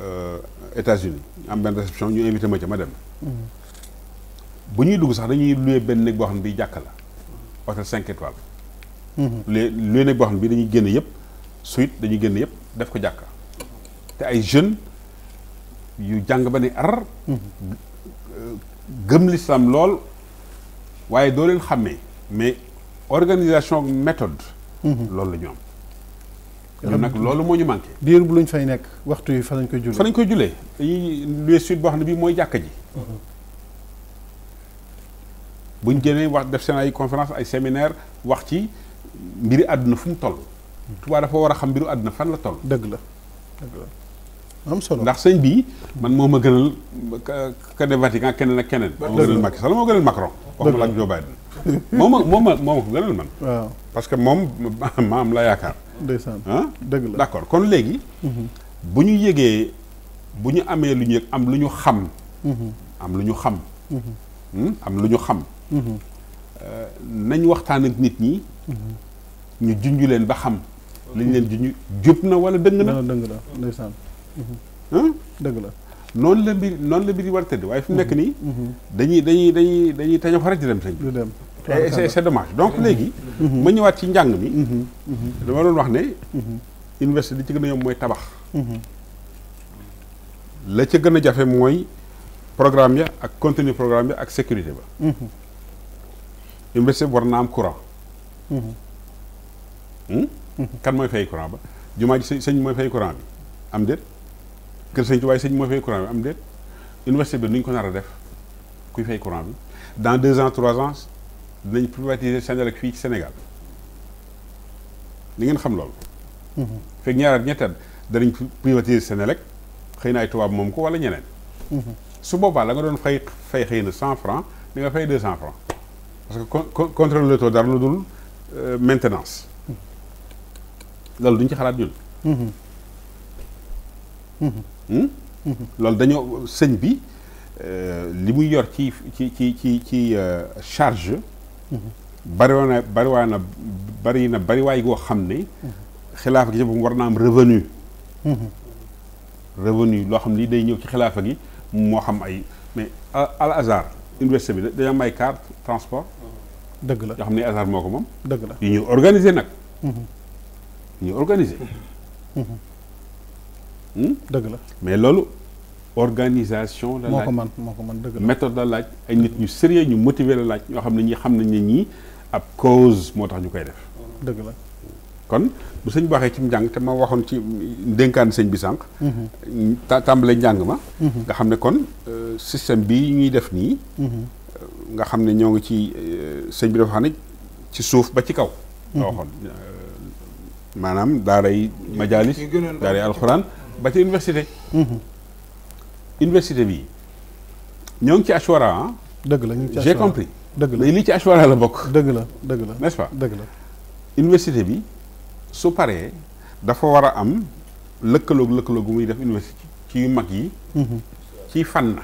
euh États-Unis am ben réception ñu invité ma ci ma dem. bu ñuy dugg sax dañuy loué ben nek bo xam bi bii jàkka la hôtel 5 étoiles. loué nek bo xam bi dañuy génn yëpp suite dañuy génn yëpp def ko jàkka. te ay jeunes yu jàng ba ne ar gëm l'islam lool waaye doo leen xàmmee mais organisation méthode mhm. loolu la ñu ñoom nag loolu moo ñu manqué diir bu luñ fay nekk waxtu yi fa lañ koy julee fa lañ koy julee dañuy luwe suite boo xam ne bii mooy jàkka ji mhm. buñ génnee wax def seen ay conférence ay séminaire wax ci mbiri àdduna fu mu toll mhm. tubaab dafa war a xam mbiru àdduna fan la toll dëgg dëgg la am solo ndax sëñ bii man moo ma gënal ka dem Vatican keneen ak keneen. moo gënal Macky Sall moo gënal Macron. waxuma la ak Joe Biden. moom moo ma moo ma ko gënal man. waaw parce que moom maam la yaakaar. ndeysaan ah? dëgg la d'accord kon léegi. Mhm. bu ñu yëgee bu ñu amee lu ñu yëg am lu ñu xam. Mhm. am lu ñu xam. Mhm. Hmm? am lu ñu xam. Euh, nañ waxtaan ak nit ñi. ñu junj leen ba xam. li ñu leen junj jub na wala dëng na. wala dëng na ndeysaan dëgg la noonu la mbir noonu la mbir yi war a tëdd waaye fu mu nekk nii. Mhm. Mhm. dañuy dañuy dañuy dañuy tañoo xarit di dem sëñ bi. dem c'est c'est dommage donc mhm. léegi. ma ñëwaat ci njàng mi. dama doon wax ne. université li ci gën a yomb mooy tabax. la ca gën a jafe mooy programme ya ak continue programme ya ak sécurité ba. université war naa am courant. Hmm? kan mooy fay courant ba jumaa ji sëñ mooy fay courant bi am déet. kër sëñ waaye Seigne mooy fay courant am déet université bi nu ko nara def kuy fay courant bi dans deux ans trois ans dinañ privatiser Senelec fii ci Sénégal ni ngeen xam lool loolu. Mhm. fek ñaar ñettal danañ privatiser Senelec xëy na ay tubaab mom ko wala ñeneen. Mhm. su boba la nga doon fay fay xëy 100 francs ni nga fay 200 francs parce que contrôle le taux dar lu dul euh, maintenance. Mhm. lool duñ ci xalaat ñun loolu dañoo sëñ bi euh muy yor ci ci ci ci euh, charge. bariwaa na bariwaa na bari na bariwaay goo xam ne. xilaafa gi bu naa am revenu. revenu lo xam li day ñew ci khilafa gi mo xam ay mais al azar université bi dañoo am ay carte transport. deug la yoo xam ne azar moko mom deug la ñu organiser nak yu ñuy organiser. Hmm? dëgg la mais loolu organisation. la laaj moo ko man moo ko man dëgg la méthode laaj ay nit ñu sérieux ñu motivé la laaj ñoo xam ne ñi xam nañ ne ñii ab cause moo tax ñu koy def. dëgg la kon bu sëñ bi waxee ci njàng te ma waxoon ci dénkaan sëñ bi sànq. Mhm. tàmbale njàng ma. Mhm. nga xam ne kon euh, système bi ñuy def nii. Mhm. Euh, nga xam ne ñoo ngi ci euh, sëñ bi dafa xam ci suuf ba ci kaw. nga waxoon maanaam daaray majaalis daaray alxuraan. ba ci université. université bi ñoo ngi ci Ashwara ah. dëgg la ñu ngi ci Ashwara j'ai compris. dëgg la mais lii ci Ashwara la bokk. dëgg la dëgg la n'est-ce pas. dëgg la université bi su paree dafa war a am lëkkaloog lëkkaloog bu muy def université ci yu mag yi. Mhm. ci fànn.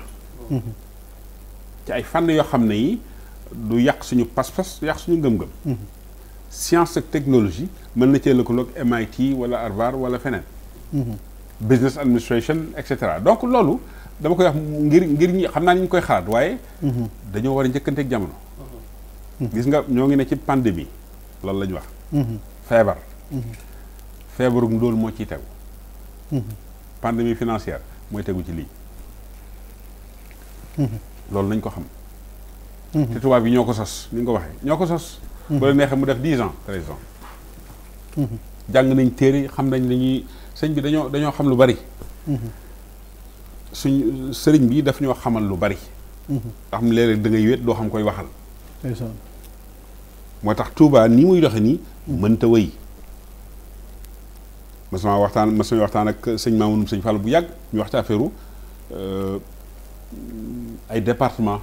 Mhm. ci ay fànn yoo xam ne yi du yàq suñu pas-pas yàq suñu ngëm-ngëm. Mhm. science ak technologie mën na cee lëkkaloog MIT wala Harvard wala feneen. business administration et cetera donc loolu dama koy wax ngir ngir ñi xam naa ni ñu koy xalaat waaye. Mhm. dañoo war a njëkkanteeg jamono. Mhm. gis nga ñoo ngi ne ci pandémie loolu lañu wax. Mhm. feebar. feebaru ndóol moo ciy tegu. pandémie financière mooy tegu ci lii. loolu nañ ko xam. te tubaab yi ñoo ko sos ni nga ko waxee ñoo ko sos. bu la neexee mu def dix ans treize ans. jàng nañ téere xam nañ lañuy sëñ bi dañoo dañoo xam lu bari. suñ sëriñ bi daf ñoo xamal lu bari. nga xam léeg-léeg da ngay wéet doo xam koy waxal. moo tax Touba nii muy doxe nii. mënta wëy. mas ma waxtaan mas ma waxtaan ak sëñ Mamounum sëñ Fall bu yàgg ñu wax ci affaire ay département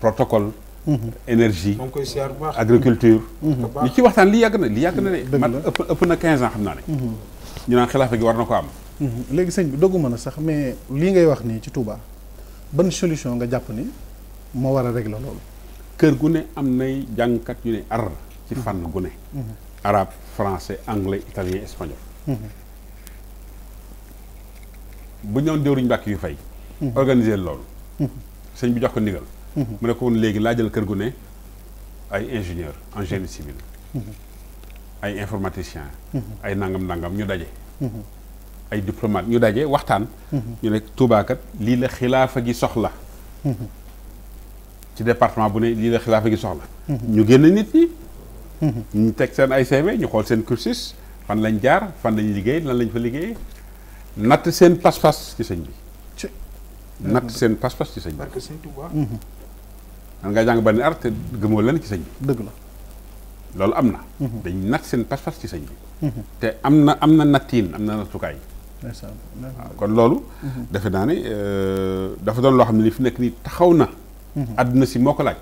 protocole. énergie agriculture. li ci waxtaan li yàgg na li yàgg na de. mat ëpp ëpp na 15 ans xam naa ne. ñu nan xilaafa gi na ko am. Mhm. légui bi na sax mais li ngay wax ci Touba ban solution nga japp ni mo régler loolu. kër gu am nay mhm. mhm. arabe français anglais italien espagnol. bu on organiser jëwriñ fay. organiser bi jox ko ndigal. mu ko ingénieur en génie civil. ay informaticien mhm. ay nangam-nangam ñu daje mhm. ay diplomate ñu daje waxtaan mhm. ñu nekk tuubaakat lii la xilaafa gi soxla ci departement bu ne lii la xilaafa gi soxla ñu génn nit ñi ñu teg seen ay CV ñu xool seen cursus fan lañ jaar fan lañ liggéey lan lañ fa liggéey natt seen pas-pas ci sëñ bi natt seen pas-pas ci sëñ bi dan nga jàng benn ar te gëmoo leen ci sëñ bi dëgg la lol amna dañ nak seen pass pass ci sëñ bi. te amna amna natin amna nattiin na nattukaay. kon lolou defe naa ne dafa don lo xamni li fi nek ni taxawna na. ci moko laaj.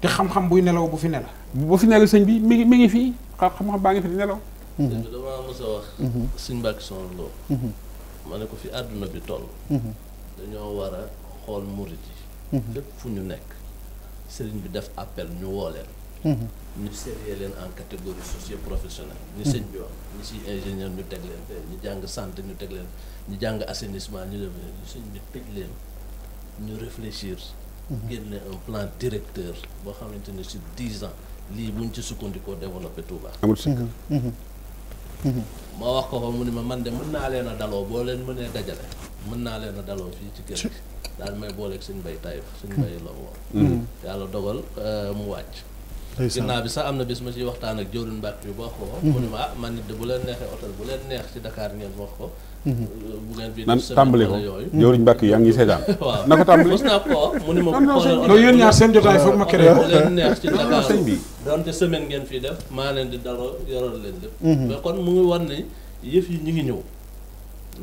te xam-xam buy nelaw bu fi nela bu fi nela sëñ bi mi ngi fi xam-xam baa ngi fi di nelaw. dama damaa mos wax. señ bak son lo mané ko fi aduna bi toll. dañu wara xol mouride murit fu ñu nek señ bi def appel ñu woo Mm-hmm. ñu série leen en catégorie socio-professionnelle ñu sëñ bi wax ñu si ingénieur ñu teg leen fee ñu jàng santé ñu teg leen ñu jàng assainissement ñu dem leen ñu sëñ bi tëj leen ñu réfléchir mm-hmm. génne un plan directeur boo xamante ne si dix ans lii buñ ci sukkandikoo développé Touba amul sikk moo mm-hmm. wax ko ko mu ni ma man de mën naa leen a daloo boo leen mënee dajale mën naa leen a daloo fii ci kër gi daal may booleeg suñ bay tayif suñ bay loo yàlla dogal euh, mu wàcc ginnaaw bi sax am na bis ma waxtaan ak jëwriñ Mbàkke bi boo wax ko mhm. mu ne ma ah man nit de bu leen neexee hôtel bu leen neex ci Dakar ngeen wax ko mhm. nan tàmbali ko jëwriñ Mbàkke yi yaa ngi seetaan waaw na ko tàmbali mos naa ko mu ne ma loolu yéen ñaar seen jotaay foog ma créé bu leen neex ci Dakar sëñ bi semaine ngeen fii def maa leen di daro yoral leen lépp mhm. mais kon mu ngi war ni yëf yi ñu ngi ñëw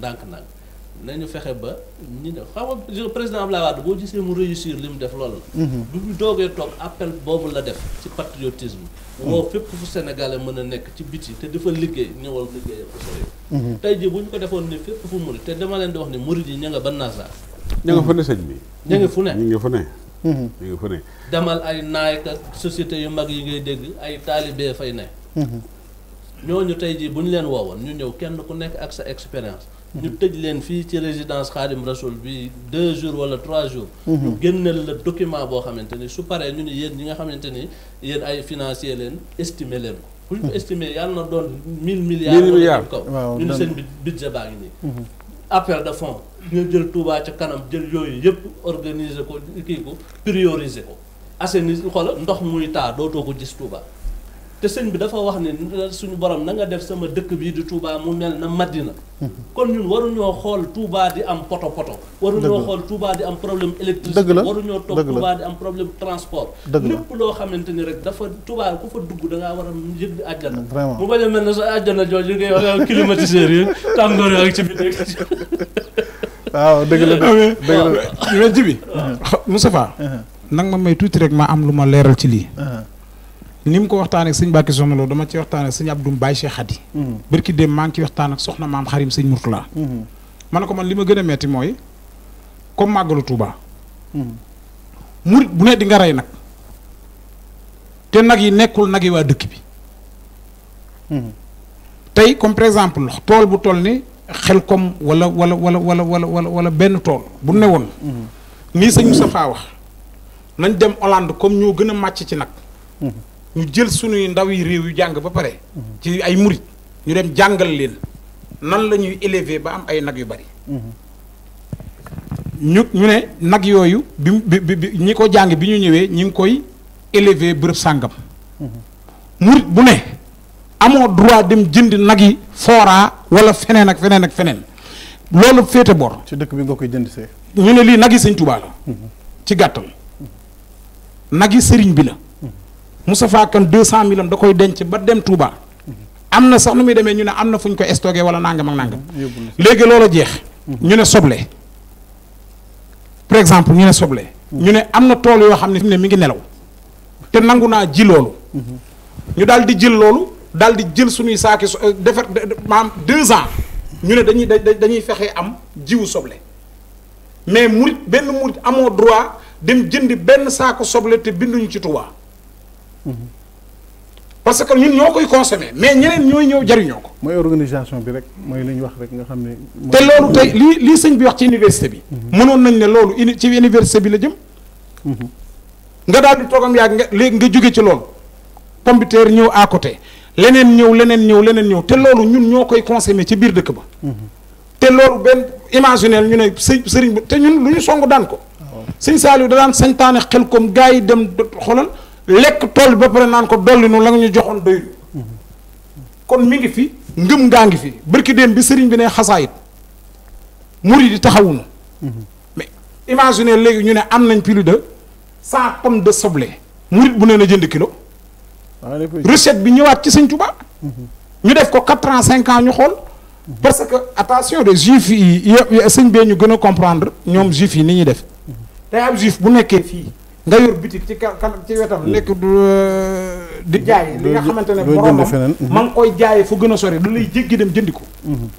ndànk-ndànk ñu fexe ba ñu xaw xam nga président Abdoulaye Wade boo gisee mu réussir li mu def loolu la. Mhm. bu ñu doogee toog appel boobu la def ci patriotisme. Mhm. woo fépp fu Sénégalais mën a nekk ci biti te dafa liggéey ñëwal liggéeyal ko sa réew. Mhm. tey jii bu ko defoon ni fu murid te dama leen di wax ni murid yi ña nga ba Nazar. ña nga fu ne sëñ bi. ña nga fu ne ña nga fu ne. demal ay naay ak société yu mag yi ngay dégg ay taalibe fay ne. ñooñu tey jii bu ñu leen woowoon ñu ñëw kenn ku nekk ak sa expérience. ñu tëj leen fii ci résidence Xaadim Rasoul bi deux jours wala trois jours. ñu génneel la document boo xamante ni su paree ñu ni yéen ñi nga xamante ni yéen ay financier leen estimer leen ko. ko estimer yàlla na doon mille milliards. mille milliards waaw ñu seen budget baa ngi nii. appel de fonds ñu jël Touba ca kanam jël yooyu yëpp organiser ko kii ko prioriser ko assainir xoolal ndox muy taa dootoo ko gis Touba. te sëñ bi dafa wax ne suñu borom na nga def sama dëkk bii di Touba mu mel na Madina. kon ñun waruñoo xool tuubaa di am poto poto. waruñoo xool Touba di am problème électricité. dëgg la waruñoo toog Touba di am problème transport. dëgg la loo xamante ni rek dafa tuubaa ku fa dugg da ngaa war a yëg di àjjana. vraiment mu bañ a mel ne sa àjjana jooju ngay wax climatiseur yi tàngoor yi ak ci biir waaw dëgg la dëgg la dëgg la. Moustapha. Uh-huh. nag ma may tuuti rek ma am lu ma leeral ci lii. Uh-huh. ni mu ko waxtaan ak sëñ Mbàkke Soxna Lo dama ci waxtaan ak sëñ Abdou Mbaye Cheikh Khady mhm. bërki dem maa ngi ci waxtaan ak soxna maam xarim sëñ Murtala mhm. ma ne ko man li ma gën a metti mooy comme màggalu Touba mhm. murit bu ne dinga nga rey nag te nag yi nekkul nag yi waa dëkk bi tey comme par exemple tool bu toll ni xel comme wala wala wala wala wala wala wala benn tool bu ne woon nii sëñ Moustapha wax nañ dem Hollande comme ñoo gën a màcc ci nag ñu jël suñuy ndaw yi réew yu jàng ba pare ci ay murit ñu dem jàngal leen nan la ñuy élever ba am ay nag yu bari ñu ñu ne nag yooyu bi bi bi ñi ko jàng bi ñu ñëwee ñi ngi koy élever bërëb sàngam murit bu ne amoo droit dem jënd nag yi fooraa wala feneen ak feneen ak feneen loolu féete bor ci dëkk bi nga koy jënd see ñu ne lii nag yi sëñ Tuubaa mhm. ci gàttal nag yi sëriñ bi la Moustapha Kane 200000 am da koy denc ba dem Touba am na sax nu muy demee ñu ne am na fu ñu ko stocké wala nangam ak nangam. léegi loola jeex. ñu ne soble. par exemple ñu ne soble. ñu ne am na tool yoo xam ne fi ne mi ngi nelaw. te nangu naa ji loolu. ñu daal di jël loolu daal di jël suñuy saaki so euh, defar maam deux ans ñu ne dañuy dañuy fexe am jiwu soble mais murit benn murit amoo droit dem jëndi benn saako soble te binduñu ci Touba. parce que ñun ñoo koy consommé mais ñeneen ñooy ñëw jariñoo ko. mooy organisation bi rek mooy li ñu wax rek nga xam ne. te loolu tey lii lii sëñ bi wax ci université bi. Mhm. mënoon nañ ne loolu uni ci université bi la jëm. Mhm. nga daal di toogam yàgg nga léegi nga jóge ci loolu. computer ñëw à côté leneen ñëw leneen ñëw leneen ñëw te loolu ñun ñoo koy consommé ci biir dëkk ba. Mhm. te loolu benn imaginel ñu ne së sëriñ te ñun lu ñu song daan ko. Ah. sëñ Saliou da daan santaane xel comme gars yi dem xoolal. lekk tool ba naan ko dolli nu la nga ñu joxoon doylu kon mi ngi fi ngëm gaa ngi fi barki démb bi sëriñ bi ne xasaayit murid yi taxawuñu mais imaginez léegi ñu ne am nañ plus de cent tonnes de soble murid bu ne na jënd kilo recette bi ñëwaat ci sëñ Tuubaa mhm. ñu def ko quatre ans cinq ñu xool mhm. parce que attention de juif yi sëñ bee ñu gën a comprendre ñoom juif yi ni ñuy def mhm. tey ab juif bu nekkee fii nga yor bitik ci kanam ci wetam mm. nekk du euh, di jaay li nga xamante ne boromam mm-hmm. ma ngi koy jaayee fu gën a sore da lay jéggi dem jëndi ko mm-hmm.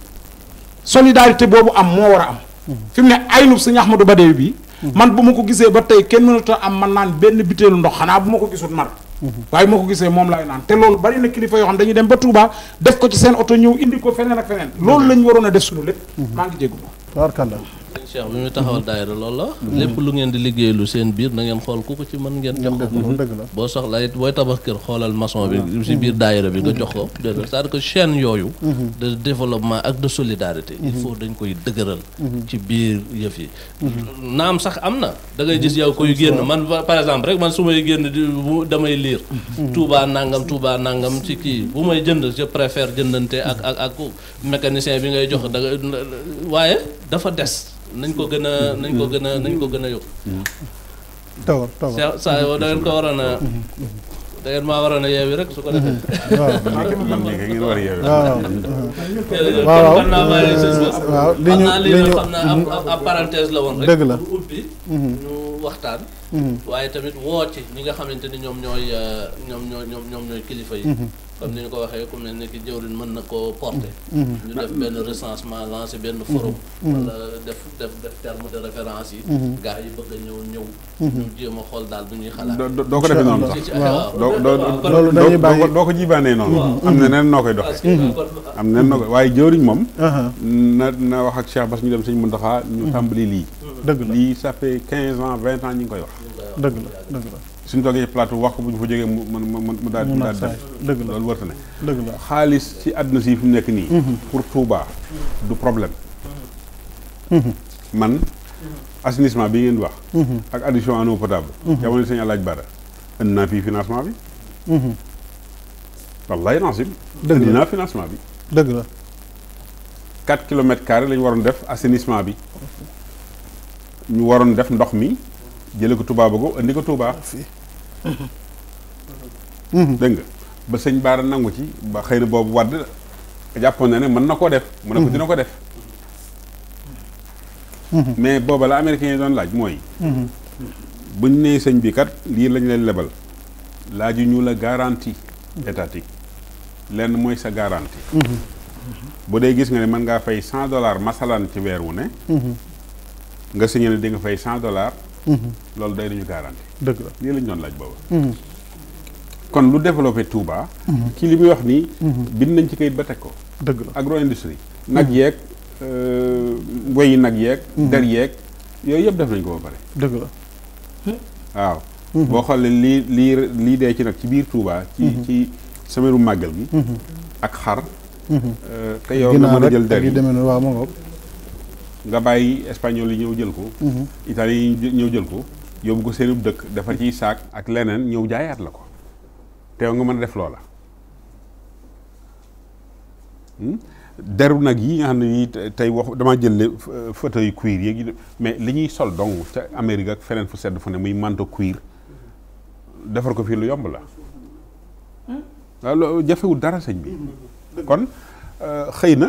solidarité boobu am moo war a am mm-hmm. fi mu ne aynub sëñ Ahmadou Badawi bi man bu ma ko gisee ba tey kenn mënut a am man naan benn butéelu ndox xanaa bu ma ko gisul mar waaye bu ma ko gisee moom laay naan te loolu bari na kilifa yoo xam dañuy dem ba Touba def ko ci seen oto ñëw indi ko feneen ak feneen loolu la ñu waroon a def suñu maa ngi jégu ma cheikh bi mu taxawal daayira loolu la lépp lu ngeen di liggéey lu seen biir na ngeen xool ku ko ci mën ngeen jox ko boo soxla booy tabax kër xoolal maçon bi si biir daayira bi nga mm-hmm. jox ko c'est-à-dire que yooyu mm-hmm. de développement ak de solidarité il mm-hmm. faut dañ koy dëgëral ci biir yëf yi naam sax am na da ngay gis yow koy génn man par exemple rek man su may génn damay liir Touba nangam Touba nangam ci kii bu may jënd je préfère jëndante ak ak ak bi ngay jox da ngay waaye dafa des nañ ko gën a nañ ko gën a nañ ko gën a yokk tawar tawar sa da ngeen ko waroon a mhm. da ngeen maa waroon a yeewi rek su ko defee mhm. waaw waaw li xam naa li ñu xam naa ab parenthèse la woon rek dëgg la ubbi mhm. ñu waxtaan Mm-hmm. waaye tamit woo ci ñi nga xamante ni ñoom ñooy euh, ñoom ñooy ñoom ñooy kilifa yi. Mm-hmm. comme ni ñu ko waxee ku mel ni ki jëwriñ mën na koo porter. Mm-hmm. ñu def benn recensement lancer benn forum. wala def def terme de référence yi. gars yi bëgg a ñëw ñëw. ñu jéem a xool daal bu ñuy xalaat. doo doo ko defee noonu sax waaw loolu doo ko jibaanee noonu. am na neneen noo koy doxee. am na neneen noo koy waaye jëwriñ moom. Uh-huh. na na wax ak Cheikh Bass ñu dem sëñ Mountakha ñu tàmbali lii. dëgg lii ça quinze ans vingt ans ñu ngi koy wax. dëgg la dëgg la suñu toogee plateau wax ko bu ñu fa jógee mu man mu daal mu daal def dëgg la loolu wërta ne dëgg xaalis ci àdduna si fi mu nekk nii mm-hmm. pour Touba du problème mm-hmm. man assainissement bi ngeen di wax mm-hmm. ak addition en eau potable jamono ne sëñ Alaaj Bara indi naa fii financement bi wallaay nancim indi naa financement bi dëgg la quatre kilomètres carrés la ñu waroon def assainissement bi ñu waroon def ndox mi jële ko Touba Bogo andi ko Touba. Mhm. dégg nga ba sëñ Baara nangu ci ba xëy na boobu wadd jàppoon na ne mën na koo def. mën na ko mhm. dina ko def. Mhm. mais booba la américain yi doon laaj mooy. buñ nee sëñ bi kat lii lañ leen lebal laaju ñu la garantie étatique lenn mooy sa garantie. bu dee gis nga ne mën ngaa fay cent dollars masalaan ci weer wu ne. nga signé ne di nga fay cent dollars. Mm-hmm. loolu day nañu garanti. dëgg la lii lañ doon laaj booba. Mm-hmm. kon lu développé Touba. Mm-hmm. ci li muy wax nii. bind nañ ci kayit ba teg ko. dëgg la agro industrie. nag yeeg euh, yi nag yeeg. der yeeg yooyu yëpp def nañ ko ba pare. dëgg la waaw. boo xoolee lii lii lii dee ci nag ci biir Touba. ci ci semaine màggal gi. ak xar. Euh, te yow nga mën a jël der yi waaw nga bàyyi espagnol yi ñëw jël ko. Mhm. italien yi ñëw jël ko. yóbbu ko seenub dëkk dafa ciy saak ak leneen ñëw jaayaat la ko teew nga mën a def loola. Hmm? deru nag yi nga xam ne nii tey wax damaa jël fauteuil cuir yeeg mais li ñuy sol dong ca Amérique ak feneen fu sedd fu ne muy manteau cuir defar ko fii lu yomb la. waaw hmm? ah, jafewul dara sëñ bi. kon euh, xëy na.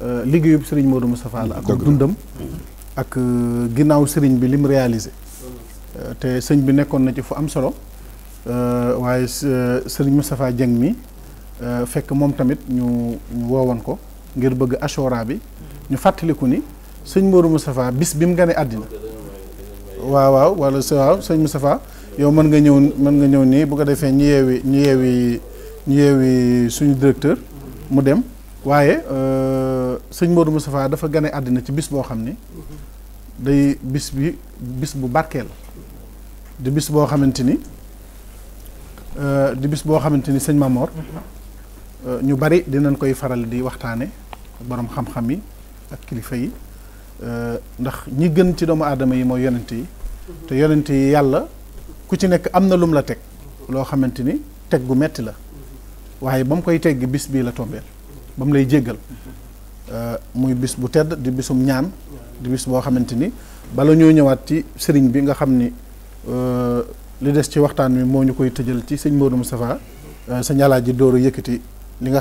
Euh, liggéeyub Serigne Modou Moustapha la ak dundam ak euh, ginnaaw sëriñ bi lim réalisé euh, te sëñ bi nekkoon na ci fu am solo waaye mu Moustapha Dieng mi fekk moom tamit ñu ñu ko ngir bëgg ashora bi ñu fàttaliku ni sëñ Modou Moustapha bis bi mu gane àddina waaw waaw wala waaw sëñ Moustapha yow mën nga ñëw mën nga ñëw nii bu ko defee ñu yeewi ñu yeewi ñu yeewi suñu directeur mu dem waaye euh, sëñ Modou Moustapha dafa gane àddina ci bis boo xam ni day bis bi bis bu barkeel di bis boo xamante ni euh, di bis boo xamante ni sëñ Mamor euh, ñu bari dinañ koy faral di waxtaane borom xam-xam yi ak kilifa yi ndax ñi gën ci doomu aadama yi mooy yonent yi te yonent yi yàlla ku ci nekk am na lum la teg loo xamante ni teg gu metti la waaye ba mu koy tegg bis bii la tombeel ba Jegal, lay jéggal euh, muy bis bu tedd di bisum ñaan di bis boo xamante ni bala ñoo ñëwaat ci sëriñ bi nga xam ni euh, li des ci waxtaan wi moo ñu koy tëjal ci sëñ Modou Moustapha euh, sëñ Alaaji Dóoru yëkkati li nga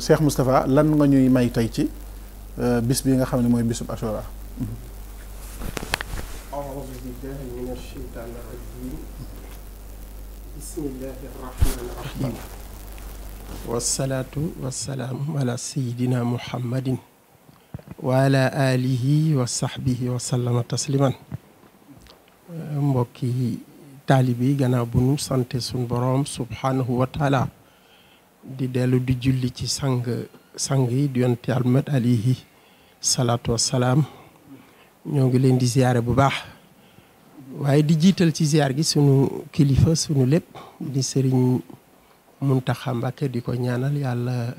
Cheikh lan nga ñuy may ci bis bi nga xam ne mooy Ashura wasalaatu wasalaamu ala sayidina muhammadin wa ala alihi wa sahbihi wa sallama tasliman mbokki taalibi gannaaw bu nu sante sun boroom subhaanahu wa taala di dellu di julli ci sang sang yi di yonte almat alihi salatu wasalaam ñoo ngi leen di ziyaare bu baax waaye di jiital ci ziyaar gi sunu kilifa sunu lépp di sëriñ mun Muntaxa Mbàkke di ko ñaanal yàlla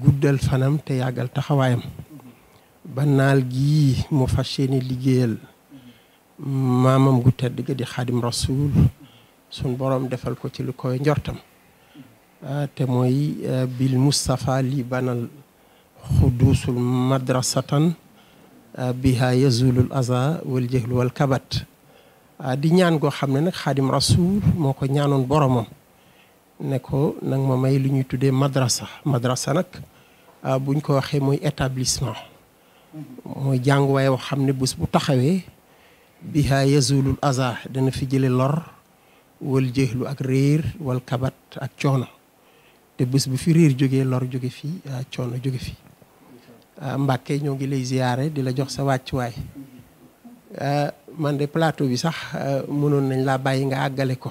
guddal fanam te yàggal taxawaayam ba naal gii mu fas yéene liggéeyal maamam gu tedd ga di xaadim rasuul sun boroom defal ko ci lu koy njortam ah, te mooy eh, bil Mustafa li banal xuduusul madrasatan eh, biha yazulul aza wal jëhlu wal kabat ah, di ñaan goo xam ne nag xaadim rasuul moo ko ñaanoon boromam ne ko nag ma may lu ñuy tuddee madrasa madrasa nag ah, buñ ko waxee mooy établissement mooy jànguwaay wax xam ne bés bu taxawee biha yazulul aza dana fi jële lor wal jeexlu ak réer wal kabat ak coono te bés bu fi réer jógee lor jóge fii ah, coono jóge fi ah, Mbàkke ñoo ngi lay ziyaare di la jox sa wàccuwaay man de plateau bi sax mënoon nañ laa bàyyi nga àggale ko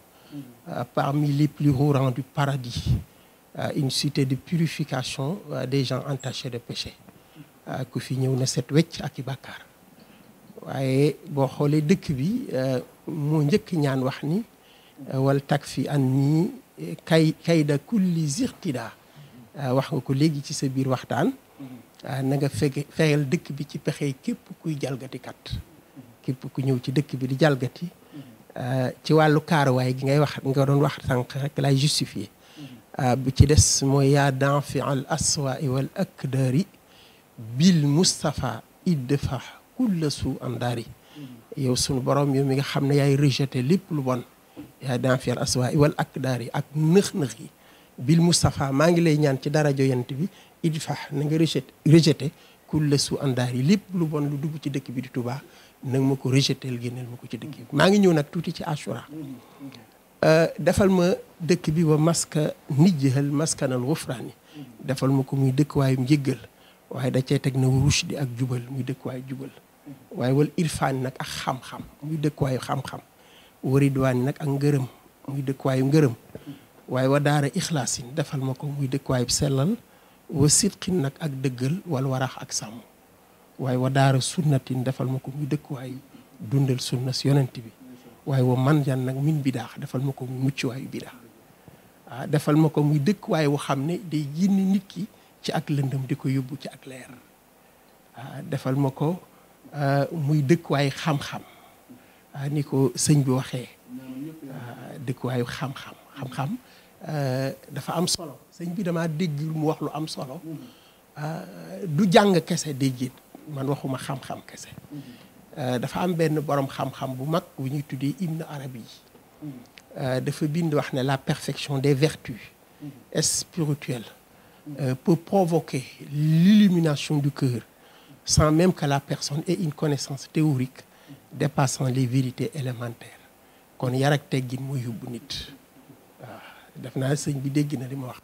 Euh, parmi les plus hauts rangs du paradis, euh, une cité de purification euh, des gens entachés de péché ku fi ñëw na set wecc ak i bàkkaar waaye boo xoolee dëkk bi moo njëkk ñaan wax ni wal takfi an nii kay kayda kulli zirtida wax nga ko léegi ci sa bir waxtaan na nga fege fexeel dëkk bi ci pexe képp kuy kat képp ku ñew ci dëkk bi di jalgati ci walu kar way gi ngay wax nga doon wax sànq rek lay justifier bu ci dess moy ya dan fi al aswa wal akdari bil mustafa idfa kull su andari yow sunu borom yow mi nga xamne yay rejeter lépp lu bon ya dan fi al aswa wal akdari ak nekh nekh yi bil mustafa ma ngi lay ñaan ci darajo yant bi idfa na nga rejeter rejeter kull su andari lépp lu bon lu dugg ci dëkk bi di tuba nag ma ko rejetel génneel ma ci dëkk bi ngi ñëw nag tuuti ci Ashura defal ma dëkk bi wa maska nijjal maskanal wufraani defal ma ko muy dëkkuwaayu njëggal waaye da cee teg na rush di ak jubal muy dëkkuwaayu jubal waaye wal irfaan nag ak xam-xam muy dëkkuwaayu xam-xam waridwaani nag ak ngërëm muy dëkkuwaayu ngërëm waaye wa daara ixlaasin defal ma ko muy dëkkuwaayu sellal wa sidqin nag ak dëggal wal warax ak sàmm waaye wa daara sunnatin defal ma ko muy dëkkuwaayu dundal sunna si yonent bi waaye wa man jan nag min bidaax defal ma ko muy muccuwaayu waay ah defal ma ko muy dëkkuwaay woo xam ne day génne nit ki ci ak lëndëm di ko yóbbu ci ak leer ah defal ma ko ah, muy dëkkuwaay xam-xam ah, ni ko sëñ bi waxee ah, dëkkuwaayu xam-xam xam-xam dafa am solo sëñ bi damaa dégg mu wax lu am solo du jàng kese day génn man waxuma xam-xam kese euh, dafa am ben borom xam-xam bu mag bu ñuy tuddee Ibn Arabi euh, dafa bind wax ne la perfection des vertus spirituelles euh, peut provoquer l'illumination du cœur sans même que la personne ait une connaissance théorique dépassant les vérités élémentaires kon yar ak teggin mo yóbbu nit waaw def naa sëñ bi dégg na li ma wax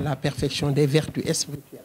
la perfection des vertus spirituelles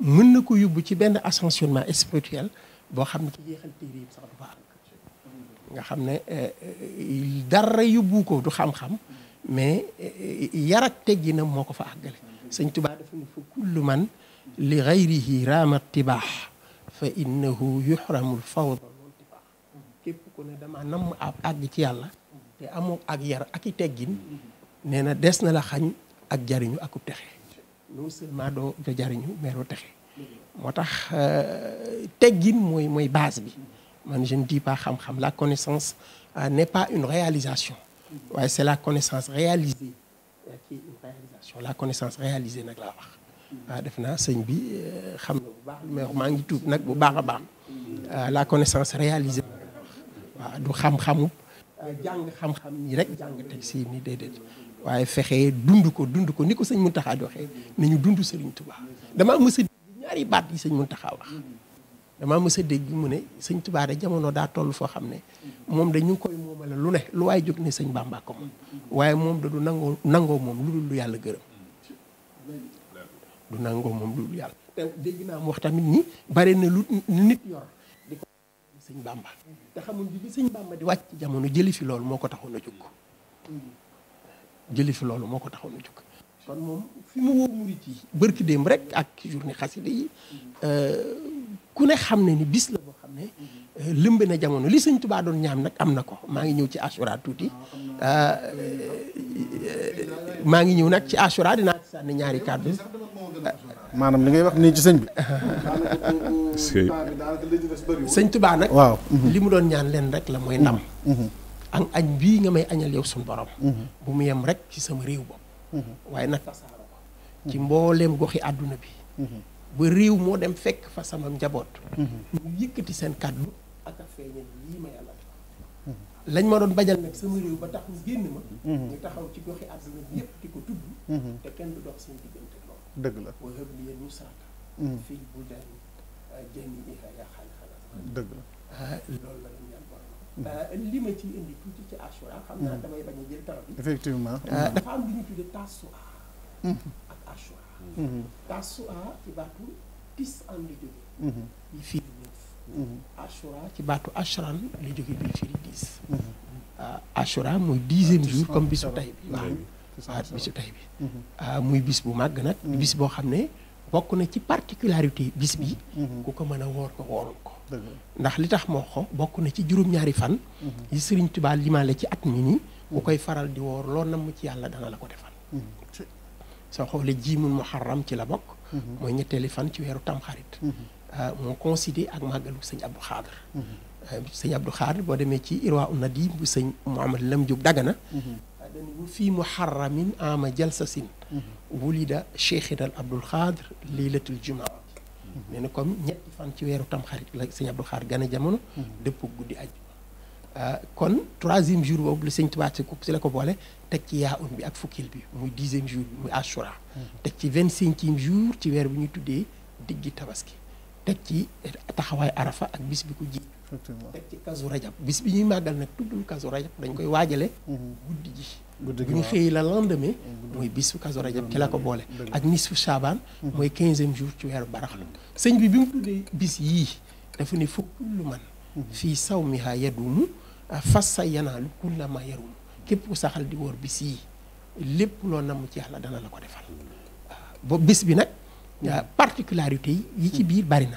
mën na ko yóbbu ci benn ascensionnement spirituel boo xam ne ci jeexal téere yi sax xam ne euh, euh, dara yóbbu ko du xam-xam mais euh, yar ak tegginam moo ko fa àggale sëñ Tuubaa dafa ne fa kullu man li gayrihi raama tibaax fa innahu yuxramul fawda képp ku ne dama yàlla te amoo ak yar ak i teggin nee na des na la xañ ak jariñu akub texe non seulement do doo jariñu mais doo texe moo tax euh, moy moy base bi man je ne dis pas xam-xam la connaissance euh, n'est pas une réalisation waaye c'est la connaissance réalisée euh, qui est une réalisation la connaissance réalisée nak la wax waaw def naa sëñ bi xam na bu baax mais may wax maa ngi tuub nag bu baax baax la connaissance réalisée wa du xam-xamu jang xam-xam ni rek jang teg si ni déedéet waaye fexe dund ko dund ko ni ko sëñ Muntaxa di waxee nañu dund Sëriñ Tuubaa damaa mës a dégg baat sëñ Muntaxa wax damaa mës dégg mu ne sëñ Tuubaa da jamono daa toll foo xam ne moom dañu koy moomale lu lu waaye jóg ne sëñ Bàmba ko waaye moom da du nangoo moom lu dul lu yàlla gërëm du nangoo moom lu dul yàlla dégg naa mu wax tamit nii bare na lu nit yor di ko sëñ Bàmba te xamul bi bi sëñ Bàmba di wàcc jamono jëli fi loolu moo ko taxoon na jóg jëli fi loolu moo ko taxoon a jóg kon moom fi mu woo bërki démb rek ak journée xasida yi euh, ku ne xam ne ni bis la boo xam ne euh, lëmbe na jamono li sëñ Tuubaa doon ñaan nag am na ko maa ngi ñëw ci Achoura tuuti euh, maa ngi ñëw nag ci Achoura dinaa ci sànni ñaari kàddu maanaam li ngay wax nii ci sëñ bi waaw li mu doon ñaan leen rek la mooy ndam mm-hmm. ak añ bii nga may añal yow suñu borom mhm. bu mu yem rek ci sama réew bopp mhm. waaye nag tasaara ci mbooleem goxi àdduna bi mhm. ba réew moo dem fekk fa sama njaboot ñu seen kàddu ak a feeñal lii ma lañ ma doon bajal nag sama réew ba tax mu génn ma ñu taxaw ci goxi àdduna bi yëpp di ko tudd te kenn du dox seen diggante lool dëgg la Euh, li ma ci Achoura xam naa mm. damay bañ a jël temps bi. Euh, mm. lu ñu tuddee Tasua. Mm. Mm-hmm. ci baatu tis an mm-hmm. li yi firi neuf. Mm-hmm. Achoura ci euh, mooy dixième jour comme bisu ah, tay bi waaw. Ah, muy bis bu màgg nag bis boo xam ne bokk na ci particularité bis bi ku ko mën woor ko woorul ko ndax li tax moko bokku na ci juróom-ñaari fan yi serigne touba limalé ci at mini nii bu koy faral di wor lo nam ci yàlla da dana la ko defal sa xolé jimul muharram ci la bok moy ñetteeli fan ci wéru tam tamxarit mo coïncide ak màggalu serigne Abdou Khadr serigne Abdou Khadr bo démé ci irwa un nadim bu serigne mohammed Lam Diop Dagana dañu fii muharramin ama jalsasin wulida cheikhina Abdul Khadr laylatul jumaa nee na comme ñetti fan ci weeru tamxarit la sëñ Abdou Khadr gane jamono. dëpp guddi ajjuma. Ah, kon troisième jour boobu la sëñ Tuubaa ci si la ko boole teg ci yaa un bi ak fukkil bi muy dixième jour bi muy Ashura. Mhm. teg ci vingt cinquième jour ci weer bi ñuy tuddee diggi tabaski. teg ci taxawaay arafa ak bis bi ko ji. teg ci kasu rajab bis bi ñuy màggal nag tuddul kasu rajab dañ koy waajale. Mhm. guddi ji. bu ñu xëyee la lendemain mooy bisu Kazu Rajab ci la ko boole ak nisfu Chaban mooy quinzième jour ci weeru baraxlu sëñ bi bi mu tuddee bis yii dafa ne fa kullu man fii saw mi miha yadumu fassa yanaalu kulla ma yarumu képp ku saxal di woor bis yii lépp loo namm ci yàlla dana la ko defal ba bis bi nag particularité yi ci biir bari na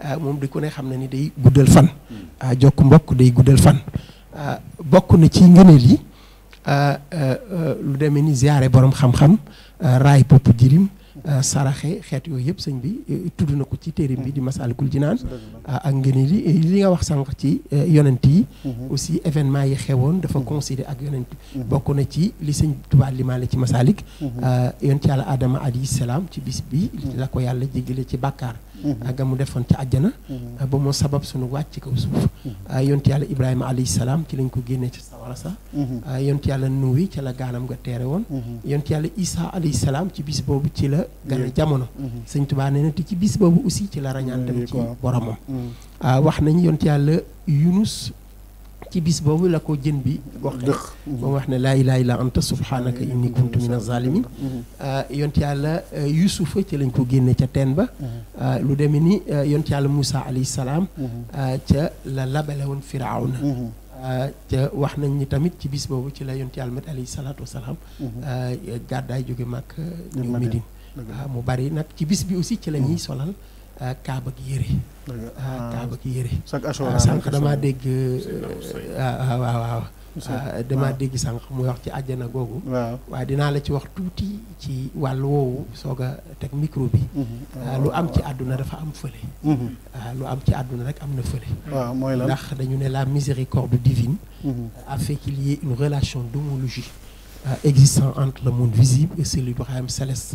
Ah, moom di ko ne xam na ni day guddal fan hmm. ah, jokk mbokk day guddal fan ah, bokk na ci ngëneel yi eh, eh, lu demee ni ziare borom xam-xam raay popp jirim saraxe xeet yooyu yëpp sëñ bi eh, tudd na ko ci téerim bi di Masaalikul Jinaan hmm. ak ngëneel yi li nga wax sànq ci yonent yi hmm. aussi événement yi xewoon dafa considéré ak yonent bokk na ci li sëñ Tuubaa limaale ci Masaalik yonent yàlla Adama alayhi salaam ci bis bi la ko yàlla jéggale ci bàkkaar Mm-hmm. ga mu defoon ca àjjana mm-hmm. ba moo sabab suñu wàcc kaw suuf mm-hmm. ah, yont yàlla ibrahima alayhi salaam ci lañ ko génnee ca sawara sa ah, yont yàlla nuuwi ca la gaanam nga teere woon yont yàlla isa alayhi salaam ci biis boobu ci la gën a jamono sëñ tubaa nee na te ci biis boobu aussi ci la rañaan dem ci boromam ah, wax nañ yont yàlla yunus ci bis boobu la ko jën bi wax ba wax ne laa ilaaha illa anta subhaanaka inni kuntu mina zalimin mm-hmm. euh, yont yàlla euh, yusufa ci lañ ko génne ca teen ba mm-hmm. euh, lu demee ni yont yàlla moussa alayhi salaam mm-hmm. ca la labale woon firawna ca wax nañ ni tamit ci bis boobu ci la yont yàlla mat alayhi salaatu wasalaam gàddaay jóge màkk ñëw Médine ah, mu bari nag ci bis bi aussi ci la ñuy solal Euh, kaaba ak yëre. Euh, kaaba ak yëre. Ah, chaque assurance euh, sànq damaa dégg. Ah, waaw waaw dama ah. dégg sànq muy wax ci àjjana googu. waaw waaye dinaa la ci wax tuuti ci wàllu woowu soog a teg micro bi. Mhm. lu am ci àdduna dafa am fële. Mhm. lu am ci àdduna rek am na fële. waaw mooy lan ndax dañu ne la miséricorde divine. Mhm. a fait qu'il y ait une relation d'homologie existant entre le monde visible et celui du royaume céleste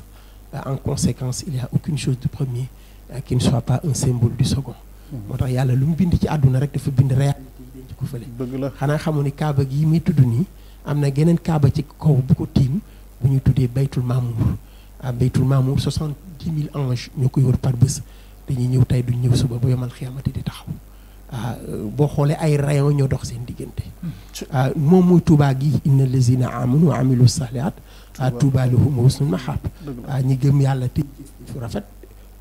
en conséquence il y a aucune chose de premier. Euh, qui ne soit pas un symbole du second hmm. Moi, tax yàlla lu mu bind ci àdduna rek dafa bind réalité yi denc ko fële dëgg la xanaa xamu ni kaaba gi mi tudd nii Amna genen geneen kaaba ci kaw bu ko tiim bu baytul maamour ah baytul maamour soixante dix mille anges ñoo par bus. dañuy ñëw tay duñ ñëw suba ba yomal xiyaamati di taxaw ah bo xolé ay rayon ñoo dox seen digënté hmm. ah moom muy tuubaa gi inna lazina amanu wa salihat ah tuubaa lahum wa husnul mahab ah ñi gëm yalla te rafet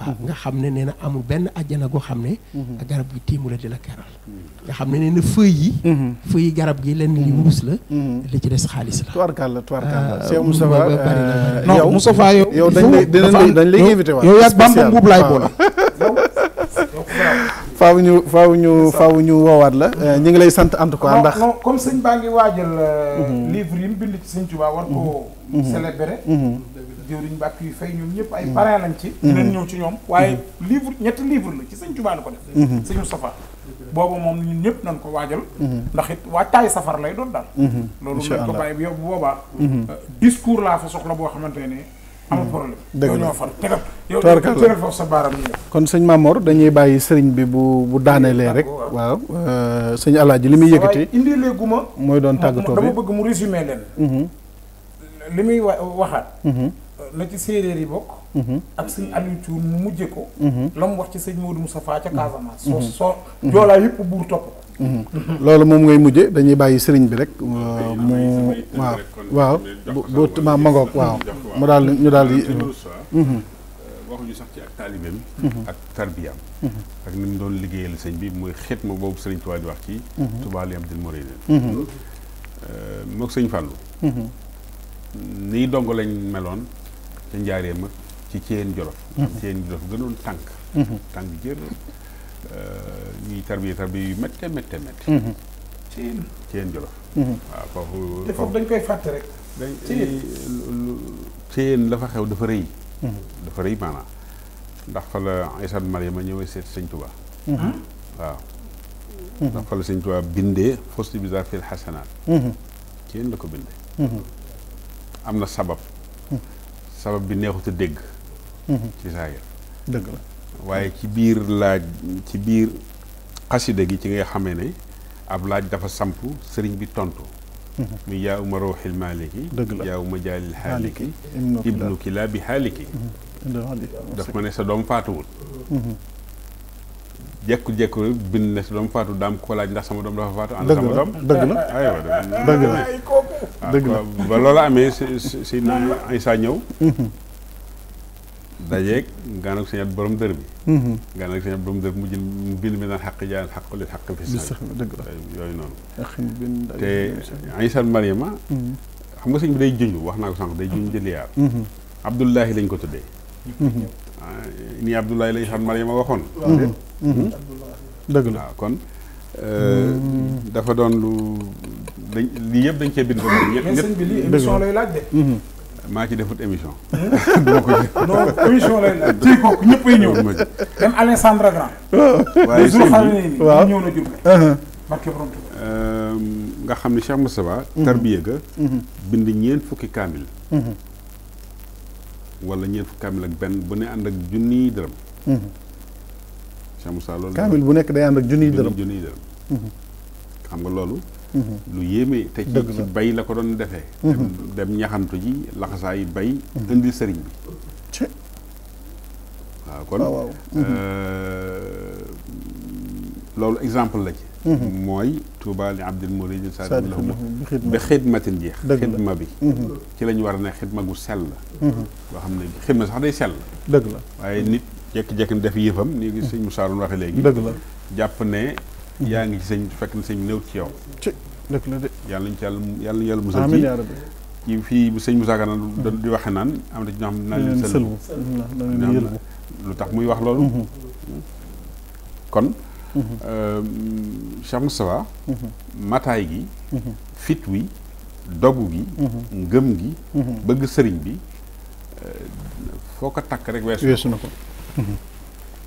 waaw mm-hmm. nga xam ne nee na amul benn ajjana goo xam ne mm-hmm. garab gi tiimu la di la keral mm-hmm. nga xam ne nee na fëy yi fëy yi garab gi lenn li wurus la li ci des xaalis la tubarkàlla tubarkàlla Cheikh ah, Moustapha bari na euh, yow yow yow dañ lay dañ lay invité waat yow yaa bamba mbuub laay boole ah. faaw ñu faaw la euh, ñu ngi lay sant en tout cas ndax comme sëñ baa ngi waajal euh, livre yi mu bind ci sëñ Tuubaa war ko célébrer jëwriñ mbàkk yu fay ñoom ñëpp ay mm-hmm. parrain lañ ci mm-hmm. dinañ ñëw ci ñoom waaye mm-hmm. livre ñetti livre la ci sëñ Tuubaa ko def sëñ Moustapha boobu moom ñun ñëpp nañ ko waajal ndax it waa taay safar lay doon daal loolu nañ ko bàyyi bi yow bu boobaa euh, discours laa fa soxla boo xamante ne amul problème sa bi bu bu daanelee rek waaw euh, sëñ li muy yëkkati indi léegu ma mooy doon tàggatoo bi dama bëgg mu résumé li muy waxaat la ci séeréer yi bokk. Mhm. ak sëñ Aliou Thioune mu mujje ko. Mhm. la mu wax ci sëñ Modou Moustapha ca mhm. Casamance. soo soo joolaa yëpp buur topp ko. loolu moom ngay mujje dañuy bàyyi sëriñ bi rek euh, mu waaw waaw bu bu ma ngoog waaw mu daal ñu daal di. Euh, euh, waxuñu sax ci ak taalibeem ak tarbiyaam ak ni mu doon liggéeyal sëñ bi mooy xet ma boobu sëriñ Tuubaa di wax ci Tuubaa li Abdul Muriid mook sëñ Fàllu nii dong lañ meloon ca mag ci ceen jolof ceen mhm. jolof gënoon tànk mhm. tànk jër euh, ñuy tarbiya tarbiya yu métte métte métte ceen mhm. ceen jolof waaw foofu dañ koy fàtte rek dañ la fa xew dafa rëy dafa rëy maanaam ndax fa la Aysatu Mariama ñëwee seet sëñ Tuubaa ah. waaw ndax fa la sëñ Tuubaa bindee fosti bisa fil xasanaat ceen la ko bindee am na sabab sabab bi neexut a dégg mhm. ci saayir dëgg la waaye ci biir laaj ci biir xasida gi ci ngay xamee ne ab laaj dafa samp sëriñ bi tontu mhm. mu yaa uma maaliki dëgg la jaalil xaaliki ibnu kilaa bi xaaliki daf ma ne sa doom faatuwul mhm. jekkul jekkul bind na si doom faatu daam ko laaj ndax sama doom dafa faatu ànd sama doom dëgg la ah, aywa dëgg la dëgg la ah, ba loolu amee si na Isaa ñëw mhm. dajeeg gaanak sëñ borom dër bi mhm. gaanak sëñ borom dër bi mujj bind bi naan xaq jaan xaq li xaq fi dëgg la yooyu noonu te Isaa Mariama mhm. xam nga sëñ bi day junj wax naa ko sànq day junj jëliyaar Abdullahi lañ ko tuddee ah, nii Abdullahi lañ xam Mariama waxoon Mhm. dëgg la waaw kon. Euh, dafa doon lu lii yëpp dañ cee bind. ñett mhm. maa ci defut émission. Mhm. duma ko ci non émission lay laaj. tey waaye sëñ bi waaw ñëw euh, nga xam ne Cheikh Moustapha. tarbiya ga bind ñeent fukki kaamil. wala ñeent fukki kaamil ak benn bu ne ànd ak junniy dërëm. Cheikh Moussa loolu. kaamil bu nekk day ànd ak junniy dërëm junniy dërëm. xam nga loolu. lu yéeme te ci ci bay la ko doon defee. dem ñaxantu ji laxasaayu bay. indil sëriñ bi. waaw kon. loolu exemple la ci. mooy Touba li Abdul Murid Sadil bi xidmatin jeex xidma bi ci lañu war a ne xidma gu sell la. loo xam ne xidma sax day sell. dëgg la waaye nit. jékki-jékki ni def yëfam ni ngi sëñ Moussa doon waxee léegi dëgg la jàpp ne yaa ngi ci sëñ fekk na sëñ néew ci yow dëgg la de yàlla nañu ci yàlla yàlla nañu yàlla musal ci ci fii sëñ Moussa Ka naan di waxe naan am na ci ñoo xam ne naa leen lu tax muy wax loolu mhm. kon mhm. Euh, Cheikh Moustapha mhm. mataay gi fit wi dogu gi ngëm gi bëgg sëriñ bi euh, foo ko takk rek weesu weesu na ko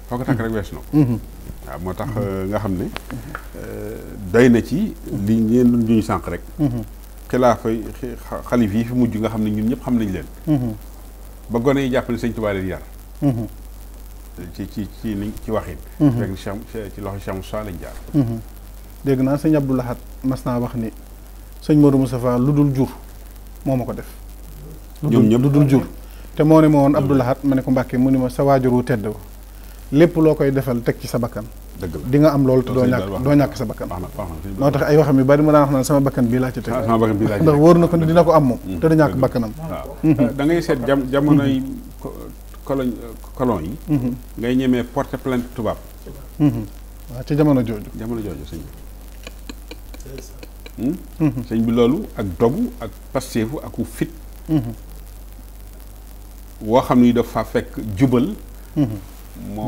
foo ko takk rek wees na ko mhm. waaw moo tax euh, nga xam ne euh, doy na ci li ñeen doon juñu sànq rek mhm. xilaafa xalif yi fi mujj nga xam ne ñun ñëpp xam nañ leen mhm. ba gone yi jàpp ne sëñ Tuubaa yar ci ci ci niñ ci waxin fekk ni ci loxo Cheikh Moussa lañ jaar dégg naa sëñ Abdou Lahad mas naa wax ni sëñ Modou Moustapha lu dul jur moo ma ko def ñoom ñëpp lu dul jur te mo ne mo won abdullah hat mané ko Mbàkke mu ni ma sa wajuru wu tedd lépp loo koy defal tek ci sa bakkan di nga am lol to do ñak do ñak sa bakkan moo tax ay waxam yu bari ma na wax na sama bakkan bi la ci tek ah, sama bakkan bi la ci ndax wóor na ko dina ko am mo mm. te do ñak bakkanam euh, da ngay set jam yi colon colon yi mm-hmm. ngay ñëmé porte plainte tubaab mm-hmm. wa ci jamono jojo jamono jojo señ bi sëñ bi hmm? mm-hmm. lolou ak dogu ak passeefu aku fit woo xam ni dafa fekk jubal. Mm-hmm.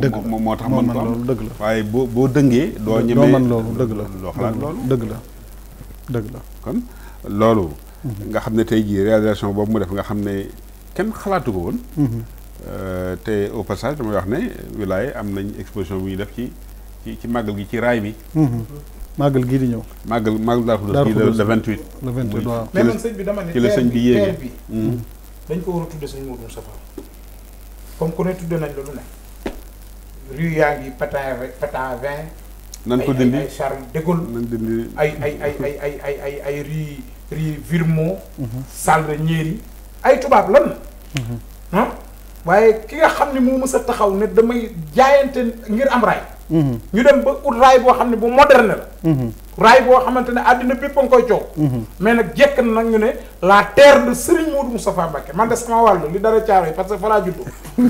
dëgg la moom moo tax man ko am dëgg la waaye boo boo dëngee. doo ñemee man loolu dëgg la doo xalaat loolu dëgg la dëgg la. kon loolu. Mm-hmm. nga xam ne tey jii réalisation boobu mu def nga xam ne kenn xalaatu ko woon. Mm-hmm. Euh, te au passage damay wax ne wilaaye am nañ exposition bu ñuy def ci ci ci màggal gi ci raay bi. màggal gii di ñëw. màggal màggal Daaru Xudoos le 28. le 28 waaw mais man sëñ bi dama ne. ci la sëñ bi yéegee dañ ko war a tudde sëñ Modou comme ku ne nañ la ne rue yaa ngi patin patin vingt nan ko dindi ay Charles de Gaulle dindi ay ay ay ay ay ay ay ay rue rue Virmont mhm. ay tubaab lan ah waaye ki nga xam ne moo mës a taxaw ne damay jaayante ngir am raay. Mhm. ñu dem ba ut raay boo xam ne bu moderne la. Mhm. raay boo xamante ne àddina bépp a nga koy coow. Mhm. mais nag jekk nag ñu ne la terre moo Serigne Modou Moustapha Mbacké man de sama wàllu li dara caaro yi parce que fa laa juddoo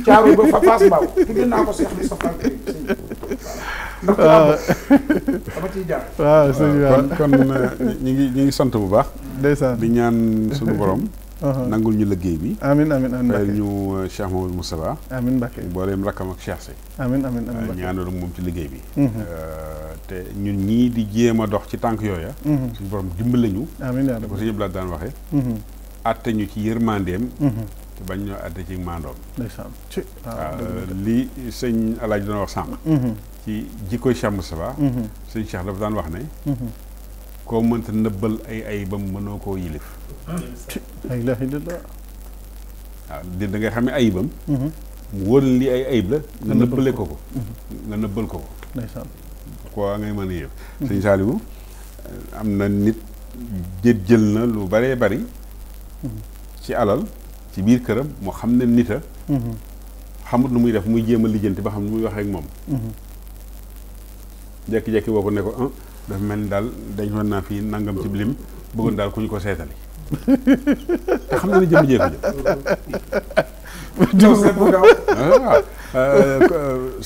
caaro yi ba fa Fass Mbaw tudd naa ko Cheikh Moustapha Mbacké waaw dama ciy jaar. waaw sëñ bi kon euh, ñu ngi ñu ngi sant bu baax. ndeysaan bi ñaan suñu borom. Uh-huh. nangul ñu liggéey bi. amiin amiin amiin Mbacke ñu euh, Cheikh Mamadou Moustapha. amiin Mbacke booleem rakkam ak Cheikh si. amiin amiin amiin euh, Mbacke ñaanal moom ci liggéey bi. Uh-huh. Euh, te ñu ñii di jéem a dox ci tànk yooya. Uh-huh. suñu borom dimbale ñu. amiin yaa ko si yëpp laa daan waxee. àtte ñu ci yërmandeem. te bañ ñoo àtte ci maandoom. ndeysaan li sëñ El Hadj doon wax sànq. ci jikkoy Cheikh Moustapha. sëñ Cheikh dafa daan wax ne. koo mënta nëbbal ay ayibam mënoo koo yilif la ilaha waaw ah, di da nga xam ne ayibam mhm. mu wóor lii ay ayib la nga nëbbale ko ko mhm. nga nëbbal ko ko ndeysaan koo ngay mën a yëf mhm. sëñ Saliou am na nit jël na lu baree bari ci alal ci biir këram mu xam ne nita xamut lu muy def muy jéem a lijjanti ba xam ne muy waxee ak moom jekki-jekki boo ko ne ko ah, dafa mel ni daal dañ woon naa fi nangam ci bilim bëggoon daal ku ñu ko seetali te xam na ne jëm jeeku jë waaw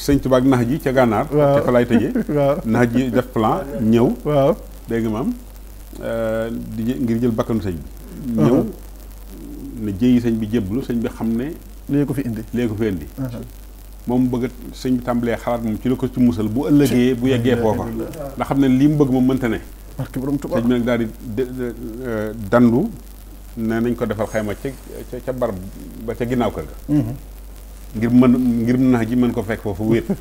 sëñ tubaab nax ji ca gànnaar te fa laay tëjee nax ji def plan ñëw waaw dégg nga maam ah, ngir jël bakkanu sëñ bi ñëw uh-huh. na jëyi sëñ bi jébbalu sëñ bi xam ne léegi ko fi indi léegi ko fi indi uh-huh. moom bëgg a sëñ bi tàmbalee xalaat moom ci la ko ci musal bu ëllëgee bu yeggee foofa ndax xam ne li mu bëgg moom mënta ne sëñ bi nag daal di dandu ne nañ ko defal xayma ca ca barab ba ca ginnaaw kër ga mhm. ngir mën ngir nax ji mën ko fekk foofu wéet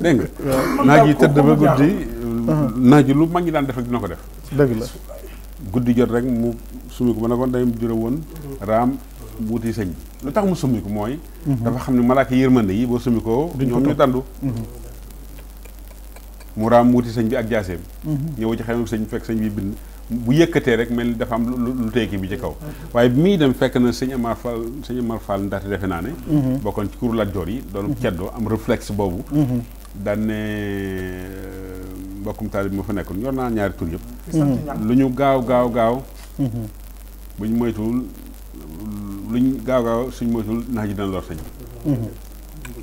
dégg nga naaj yi tëdd ba guddi uh-huh. naaj yi lu mag ñi daan def rek dina ko def dëgg la guddi jot rek mu sumi ko ba ne ko day jure woon raam mu wuti sëñ bi lu tax mu summi ko mooy dafa xam ne malaaka yërmande yi boo summi ko ñoom ñu dandu mhm. mu raam wuti sëñ bi ak jaaseem mhm. ñëw ci xew sëñ fekk sëñ bi bind bu yëkkatee rek mel ni dafa am lu teeki bi ci kaw waaye bi muy dem fekk na sëñ Amar Fall sëñ Amar Fall ndaxte defe naa ne mhm. bokkoon ci kuréel Lat Joor yi doon ceddoo am réflexe boobu daan ne euh, mbokkum taalib bi fa nekkoon yor naa ñaari tur yëpp lu ñu gaaw gaaw gaaw bu ñu moytuwul luñ gaaw gaaw suñ moytul nax ji dana lor sëñ bi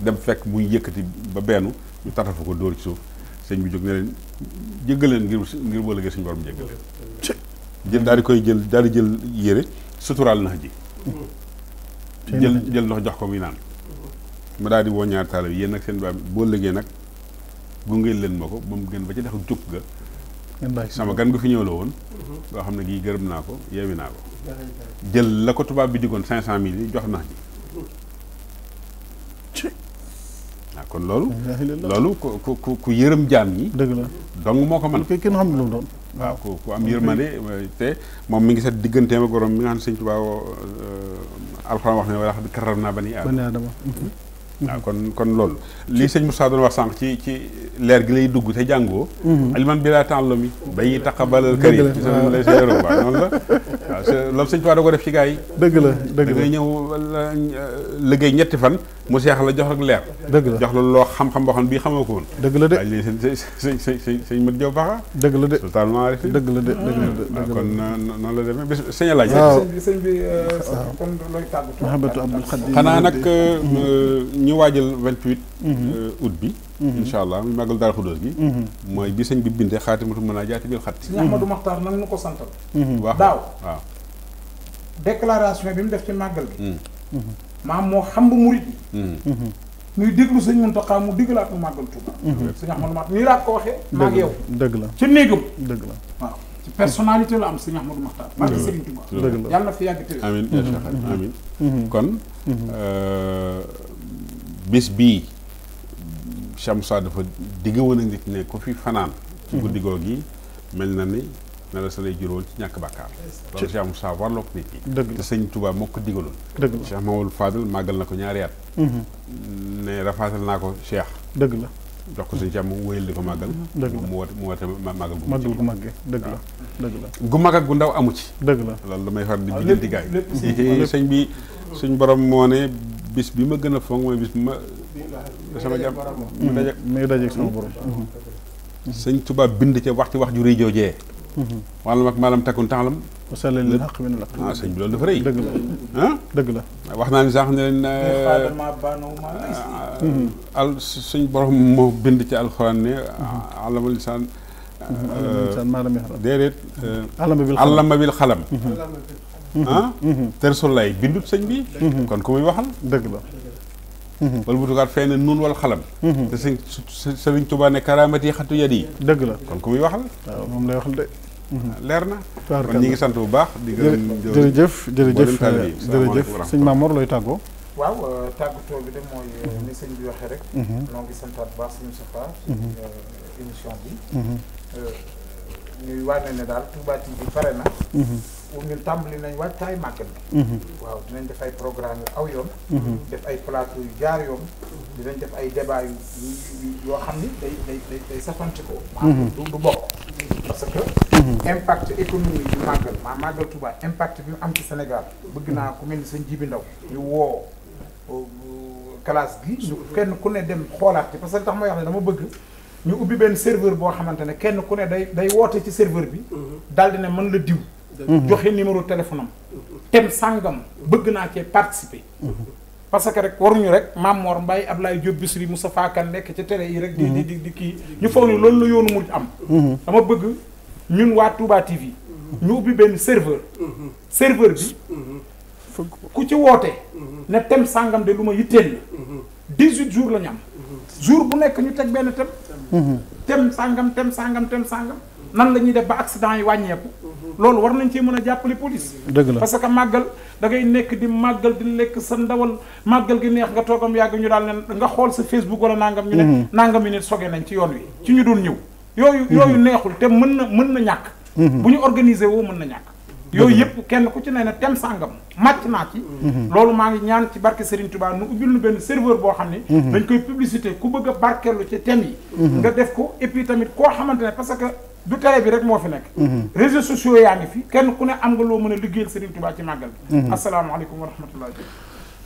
dem fekk muy yëkkati ba bennu ñu tatafa ko dóor ci suuf sëñ bi jóg ne leen jéggaleen ngir ngir boo liggéey suñu borom jéggaleen jël daal di koy jël daal di jël yére suturaal nax ji jël jël ndox jox ko muy naan mu daal di woo ñaar taalibe yi yéen nag seen baam boo liggéey nag gungeel leen ma ko ba mu gën ba ci dex jóg ga sama gan gu fi ñëw la woon mhm. loo xam ne gii gërëm naa ko yeewi naa ko jël la ko tubaab bi diggoon cinq cent mille yi jox naa ci waaw ah, kon loolu loolu ku ku ku yërëm jaam ñi dëgg la dong moo ko mën koy kenn xam lu doon waaw ku ku am yërmande te moom mi ngi set digganteem ak borom mi nga xam ne tubaab euh, alxuraan wax ne wala xam ne karam naa bani aadama mhm. waaw kon kon loolu li sëñ Moussa doon wax sànq ci ci leer gi lay dugg te jàngoo mhm. aliman bi laa temps lomi bañuy taqabalal kër yi bisam lay seeru waaw noonu la waaw loolu sëñ Tuubaa da ko def ci gars yi dëgg la dëgg la da ngay ñëw euh, liggéey ñetti fan mu seex la jox ak leer dëgg la jox la loo xam-xam boo xam bii xamoo ko woon dëgg la de waaye léegi sëñ sëñ sëñ sëñ sëñ Mat Jaw Baxa dëgg la de totalement arrêté dëgg la de dëgg la de kon noonu la demee bis sëñ laaj sëñ bi sëñ euh, bi kon looy tàggatu Mahamadou Abdoul Khadim xanaa nag mm. euh, ñuy waajal vingt huit mhm. euh, août bi mhm. incha allah muy màggal daal xudóos gi mhm. mooy bi sëñ bi bindee xaatimatu mën a jaati bil xat sëñ Ahmadou Maxtaar nag bi mu def ci màggal gi maam moo xam bu murit yi ñuy déglu sëñ Muntaxa mu digalaat mu màggal Tuuba sëñ Ahmadou Maxtaar nii laa ko waxee maa ngi yow dëgg la ci néegam dëgg la waaw ci personnalité la am sëñ Ahmadou Maxtaar maa ngi sëñ Tuuba yàlla na fi yàgg tëdd amiin amiin kon euh, bis bi chamsa dafa digg woon nit ne ko fi fanan ci guddi googi mel na ni na la sale lay ci ñak bakkar ci chamsa warlok nit yi te seigne Touba moo ko digaloon Cheikh Mamadou fadil magal nako ñaar yat mhm. ne rafatal nako Cheikh deug la jox ko seigne Cheikh mu diko magal mu woote mu woote magal gu màggal gu màgge dëgg la deug la gu mag ak gu ndaw amu ci deug la lolou damay far di diggante gaay seigne bi seigne borom mo ne bis bi ma gën a fonk mooy ma sama jàpp mu mm-hmm. daje mu dajeeg sama borom mm-hmm. Mm-hmm. sëñ Tuubaa bind ca wax ci wax ju rëy joojee wala mag maalam takkun taalam wasala lil haq min al haq ah, bi loolu dafa rëy ah? dëgg la wax naa ni sax ne leen ah, al suñ borom moo bind ci alxuraan ne alama lisaan déedéet alama bil xalam euh, ah te Rasulullah bindut sëñ bi kon ku muy waxal dëgg la wala bu tukaat fay na nun wal xalam te sëñ sëriñ Tuubaa ne karaamati yi xatu yat yi dëgg la kon ku muy waxal waaw moom lay waxal de leer na kon ñi ngi sant bu baax di gërëm jërëjëf jërëjëf jërëjëf sëñ Maamoor looy tàggoo waaw euh, tàggatoo bi de mooy euh, mhm. ni sëñ bi waxee rek mhm. noo ngi santaat bu baax sëñ Safa mhm. euh, émission bi ñuy wàññi ne daal Touba TV bi pare na ñun tàmbali nañ waajtaay màggal bi mhm. waaw dinañ def ay programme yu aw yoon mhm. def ay plateau yu jaar yoon dinañ def ay débat yu yoo xam ni day day day day ko mhm. maanaam du bokk parce que impact économique bi màggal maa màggal Tuuba impact bi mu am ci senegal bëgg naa ku mel ni sëñ Jibi Ndaw ñu woo euh, classe gi ñu kenn ku ne dem xoolaat ci parce que tax mooy wax ne dama bëgg ñu ubbi benn serveur boo xamante ne kenn ku ne day day woote ci serveur bi daal di ne mën la diw Mm-hmm. joxe numéro téléphone am tem sàngam bëgg naa cee participer mm-hmm. parce que rek waruñu rek maam Mamor Mbaye Ablaye Diop Bichri Moustapha Kane nekk ci tere yi rek di di di kii ñu foog ni loolu la yoonu murid am mm-hmm. dama bëgg ñun waa Touba TV ñu ubbi benn serveur serveur bi ku ci woote ne tem sàngam de lu ma yitteel la dix-huit jours la ñu am jour bu nekk ñu teg benn tem tem sàngam tem sàngam tem sàngam nan la ñuy def ba accident yi wàññeeku. Mhm. loolu war nañ cee mën a jàppale police. dëgg parce que màggal da ngay nekk di màggal di lekk sa ndawal màggal gi neex nga toogam yàgg ñu daal ne nga xool sa Facebook wala nangam. ñu ne mhm. nangam yi nit soge nañ ci yoon wi ci ñu doon ñëw. yooyu yooyu mhm. neexul te mën na mën na ñàkk. bu ñu organiser woo mën na ñàkk. yooyu yëpp kenn ku ci ne ne tem sàngam màcc naa ci mhm. loolu maa ngi ñaan ci barke Serigne Touba nu ubbil nu benn serveur boo xam ne mhm. dañ koy publicité ku bëgg a barkeelu ci thème yi mhm. nga def ko et tamit koo xamante ne parce que du télé bi rek moo fi nekk réseaux sociaux yaa ngi fi kenn ku ne am nga loo mën a liggéeyal Serigne Touba ci màggal bi asalaamaaleykum wa rahmatullahi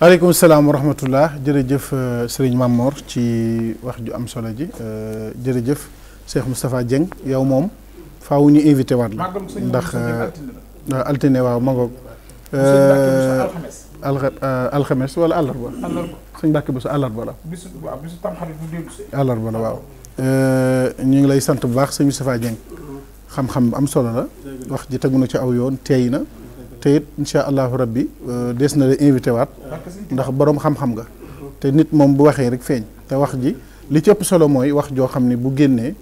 aleykum salaam wa jëf jërëjëf euh, Serigne Mamor ci wax ju am solo ji euh, jërëjëf Cheikh Moustapha Dieng yow moom faaw ñu invité waat la ndax Euh, altine waaw ma ngoog. Euh, euh, alxames wala àllarba. àllarba sëñ Mbàkke Buso àllarba la. bisu waaw bisu la waaw. ñu ngi lay sant bu baax sëñ Moustapha Dieng xam-xam am solo la. wax ji tegu ci aw yoon teey na. te it incha allahu rabbi des na la invité waat. ndax boroom xam-xam nga. te nit moom bu waxee rek feeñ. te wax ji li ci solo mooy wax joo xam ni bu génnee